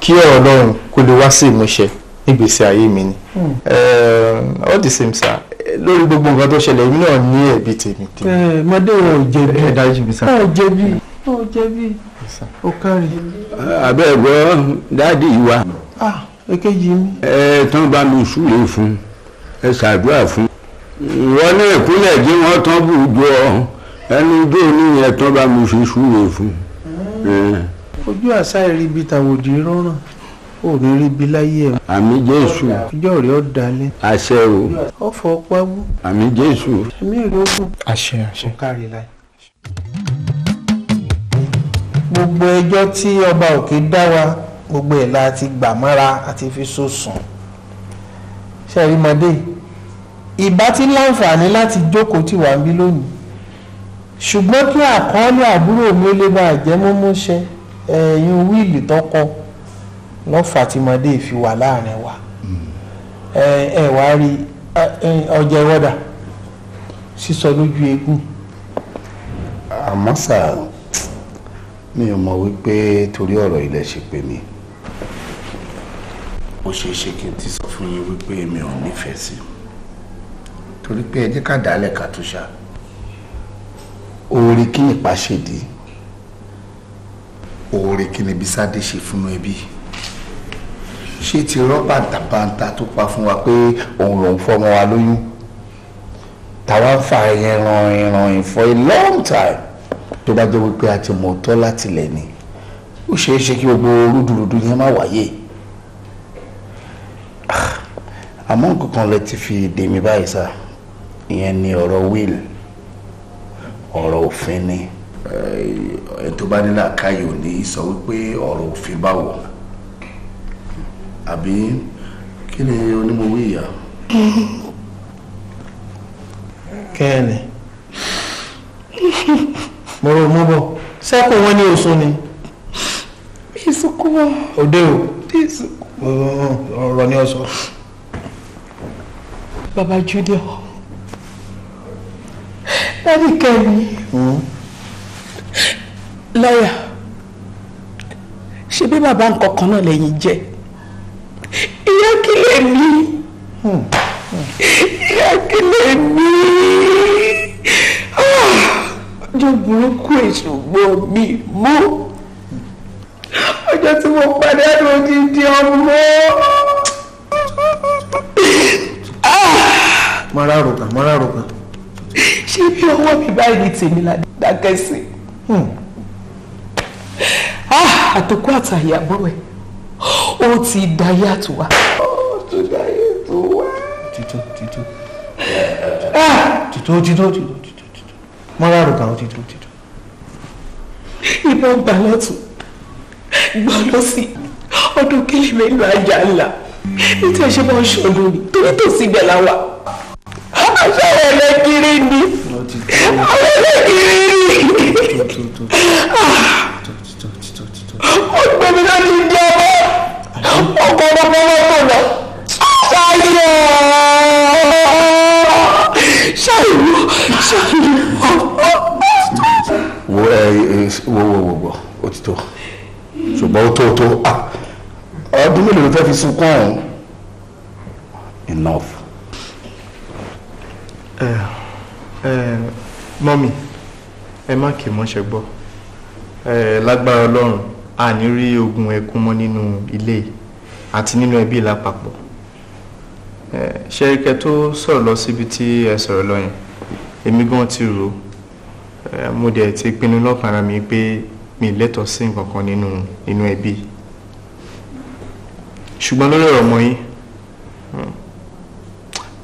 kí ọ̀rọ̀ Ọlọ́run kó lè wá sí ìmúṣẹ nígbèsè ayé mi ni hmm. eh, all the same sir lórí gbogbo nǹkan tó ṣẹlẹ̀ èmi náà ní ẹ̀bi tèmi. Eh, mọdé ò jẹ̀bi ẹ dájú mi sá. ò jẹ̀bi hmm. ò jẹ̀bi ò kárí. àbẹ̀gbọ́ ah, dáàdi ìwà. Ah, èkejì mi. ẹ tán bá mi súre fún ẹ ṣàdúrà fún. wọ́n ní ìkúnlẹ̀ jí wọ́n tán bù jọ ẹnu ijó ní ẹ tán bá mi ṣe fún. Eh. ojú àṣà ìrìbí tàwòdì rọrùn òní ríbi láyé ẹ. àmì jésù. ọjọ́ rẹ̀ ó dalẹ̀. àṣẹ o. ọ̀fọ̀ pawú. àmì jésù. ẹ̀mí rẹ̀ ó kù. àṣẹ àṣẹ. ó kárí láyé. gbogbo ẹjọ́ tí ọba òkè dá wa gbogbo ẹ̀ la ti gbà mọ́ra àti fi so sùn. ṣe é rí mọ́dé ìbá ti láǹfààní láti jókòó tì ń bí lónìí ṣùgbọ́n kí àkọọ́lẹ̀ àbúrò mi lè máa jẹ́ mímúṣẹ ẹ̀yìn wíìlì tọkọ lọ́fà tí mọ̀dé fi wà láàrin wa ẹ wá rí ọjà ìwọ́dà sísọ lójú eégún. àmọ́ ṣá mi ò mọ̀ wípé torí ọ̀rọ̀ ilẹ̀ ṣe pè mí ó ṣeé ṣe kí n ti sọ fún yín wípé mi ò nífẹ̀ẹ́ sí torí pé ẹ ká dálẹ̀ ká tó ṣáà oore kí ni ipa ṣèdí oore kí ni bisade ṣe fún ẹbí ṣé ti rọ́bà tàbáńtà tó pa fún wa pé òun lòún fọmọ wa lóyún táwa ń fa ìran ìran ìfọ a long time tó bá jẹ́ wípé a ti mọ̀ tọ́ láti lẹ̀ ni ó ṣeé ṣe kí gbogbo rúdurùdu yẹn má wáyé ah, àmọ́ nǹkan kan lè ti fi dèmi báyìí sá ìyẹn ni ọ̀rọ̀ wíìlì ọ̀rọ̀ òfin ni ẹni tó bá ní làákàyè ò ní sọ wípé ọ̀rọ̀ òfin bá wọ̀ àbí kí ni onímọ̀wé ìyá. [laughs] kẹ́ẹ̀nì mo rò mú bọ̀ sẹ́kù wọn ní òṣù ni. èso kú wọn. òde o èso. ọ̀rọ̀ ni ọ sọ. baba Jude ẹnikẹ́ni hmm. lọ́yà ṣe bí bàbá nǹkan kan náà lẹ́yìn jẹ́ ìyá kí lè mí hmm. ìyá kí lè mí ah, ọjọ́ burúkú ìṣùgbọ́n mi mú ọjọ́ tí mo padà lódìdí ọmọ. Ah. mara rokan mara rokan ṣé bí ọwọ́ mi báyìí ní tèmi la dákẹ́ sí hmm. ah, àtòkù àtàyàbọ̀ ẹ̀ ó ti dayé àtùwá. ó ti dayé àtùwá. títú títú títú títú títú títú mọ́ra àrùkà ó títú títú. ìbọn bá lọ́tún gbọ́ lọ́sí ọdún kílì mélòó ajá ńlá nítorí ṣe bá ń ṣọdún ni torí tòsí ibẹ̀ la wà. aṣọ ẹ̀rẹ̀ kiri ni ti tó. àwọn ẹlẹ́gìrì ni. ó gbé mi láti di ọmọ ọkọ ọmọ ọmọ ọmọ ṣáyé ṣáyé ṣáyé. wo ẹ wo wo wo ó ti tó ṣùgbọ́n ó tó tó ọdún mélòó ló fẹ́ fi sunkún ọ̀hún enough. mọ́mì ẹ má kì í mọ́ṣẹ́ gbọ́ lágbára ọlọ́run a ní rí ogun ẹkún mọ́ nínú ilé àti nínú ẹbí lápapọ̀ ṣe kẹ tó sọ̀rọ̀ lọ síbi tí ẹ sọ̀rọ̀ lọ yẹn èmi gan ti rò mo dẹ̀ ti pinnu lọ́kàn ara mi pé mi lẹ́tọ̀ọ́ sí nǹkan kan nínú inú ẹbí ṣùgbọ́n lórí ọ̀rọ̀ ọmọ yín hmm,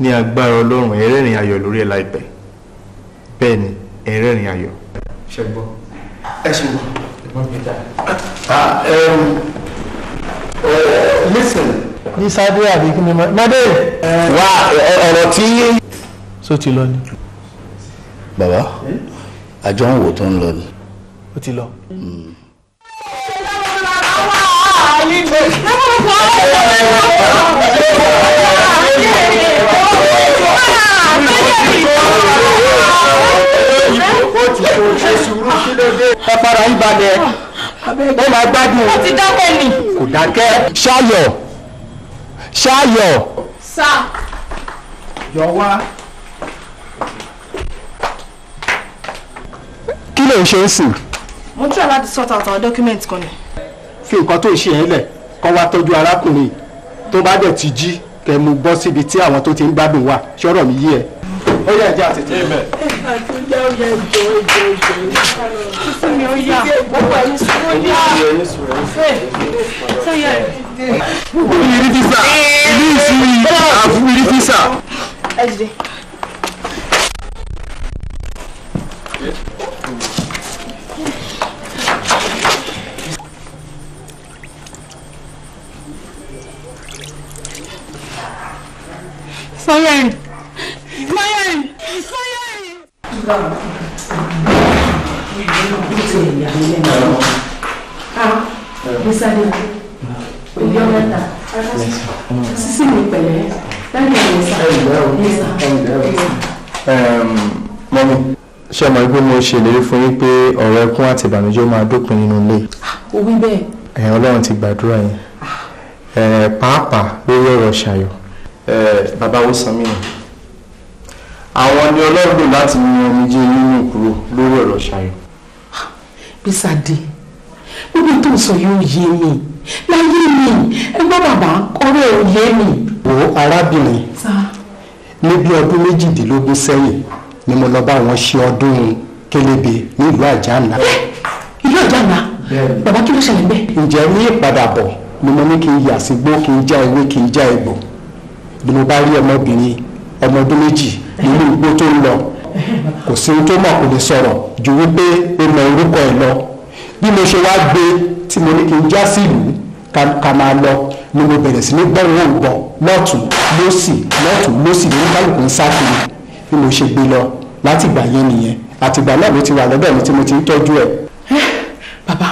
ní agbára ọlọ́run ẹ̀rẹ́rìn ayọ̀ lórí ẹ̀ láìpẹ́ bẹ́ẹ̀ ni ẹ̀rẹ́ rìn ayọ̀. ṣe gbọ́ ẹ ṣe wọ ẹ ah, um, uh, listen. ní sáde àbí kí ni mo mọdé. wá ọ̀rọ̀ tí. so ti lọ ni. bàbá àjọ ń wò tó ń lọ ni. ó ti lọ. Thank hmm. you ẹ fara yín balẹ̀ ó máa gbádùn. ó ti dákẹ́ ni. kò dákẹ́. ṣáyọ̀ ṣáyọ̀. sá. jọ wá. kí ló ń ṣe ń sìn. mo ń try láti sort out àwọn document kan ni. fi nǹkan tó ń ṣe yẹn lẹ̀ kó wá tọ́jú arákùnrin tó bá dẹ̀ ti jí kẹ mú síbi tí àwọn tó ti ń gbádùn wà ṣọ́rọ̀ mi yé ẹ. ó yẹ ẹjẹ àti tèmi. àtúndà ọ̀rẹ́ ìjọ ìjọ ìjọ ìjọ mi ó yà gbogbo ẹ̀yìn sùn ó yà sọ́yà rẹ̀. ìrírí fisa ìlú ìsúrí àfún ìrírí fisa. ẹ jìde. Fọyẹ́rì Fọyẹ́rì Fọyẹ́rì. Ìyá mẹ́ta. Sísí mi pẹ̀lẹ́. Láti ẹ̀yẹ sá. Mọ́mí, ṣé ọmọ ẹgbẹ́ mo ṣèlérí fún yín pé ọ̀rọ̀ ẹkún àti ìbànújẹ́ máa dópin nínú ilé? Ó wí bẹ́ẹ̀. Ọlọ́run ti gbàdúrà yín. Pàápàá lórí ọ̀rọ̀ ṣàyọ̀ bàbá wo sàn mí nà àwọn ni ọlọ́run lò láti mú omijé nínú kúrò lórí ọ̀rọ̀ ṣayọ. bísàdé níbi tó ń sọ yóò yé mi láyé mi ẹgbẹ́ bàbá ọ̀rọ̀ ẹ̀ ò yé mi. wo arábìnrin ní bí ọdún méjìdínlógún sẹ́yìn ni mo lọ bá wọn ṣe ọdún kélébé nílùú àjànà. ìlú àjànà bàbá kí ló ṣẹlẹ̀ bẹ́ẹ̀. ǹjẹ́ ní ìpadàbọ̀ ni mo ní kí n yà sígbó kí n já ewé kí n já egbò bí mo bá rí ọmọbìnrin ọmọ ọdún méjì nínú igbó tó ń lọ kò sí ohun tó mọ̀ kò lè sọ̀rọ̀ ju wípé ó mọ orúkọ ẹ̀ lọ bí mo ṣe wá gbé tí mo ní kí n já sí ìlú ká máa lọ ni mo bẹ̀rẹ̀ sí ní gbọ́rùn òǹgbọ̀ lọ́tún lọ́sì lọ́tún lọ́sì ní kálukú ń sáfìrí bí mo ṣe gbé lọ láti ìgbà yẹn nìyẹn àtìgbà náà ló ti wà lọ́dọ̀ mi tí mo ti ń tọ́jú ẹ̀. Eh, bàbá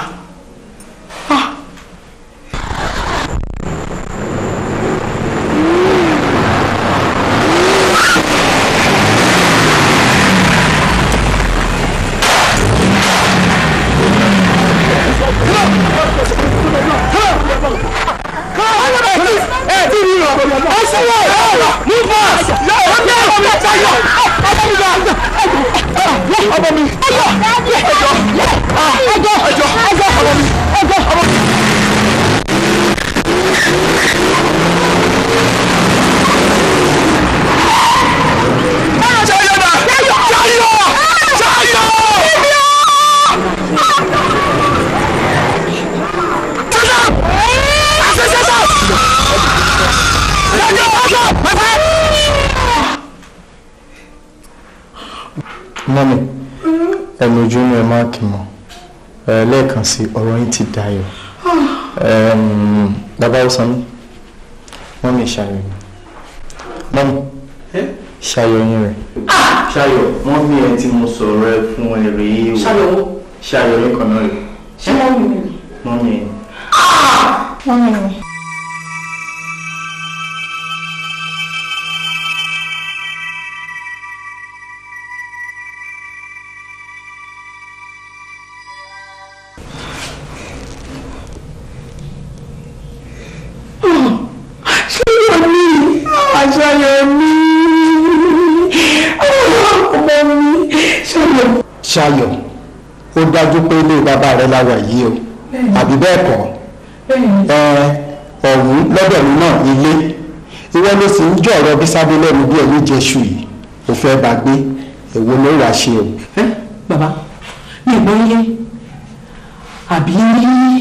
sí ọ̀rọ̀ yín ti dayọ̀ ah. bàbá ọ̀sán mi wọ́n mi ṣàyọ̀ mi mọ́mi ṣàyọ̀ yín rẹ̀. Ah! ṣàyọ̀ wọ́n mi ẹ̀ tí mo sọ̀rọ̀ ẹ fún ẹ rèé o ṣàyọ̀ yín kan náà rèé. la wà yìí o àbí bẹ́ẹ̀ kọ́ ẹ ọ̀hún lọ́dọ̀ mi náà ilé ìwọ ló sì ń jọ̀rọ̀ bí sábẹ́ lẹ́nu bí ẹni jẹ́sù yìí ò fẹ́ bá gbé èwo ló wàá ṣe o. ẹ bàbá mi ò gbọ́ ilé àbí rí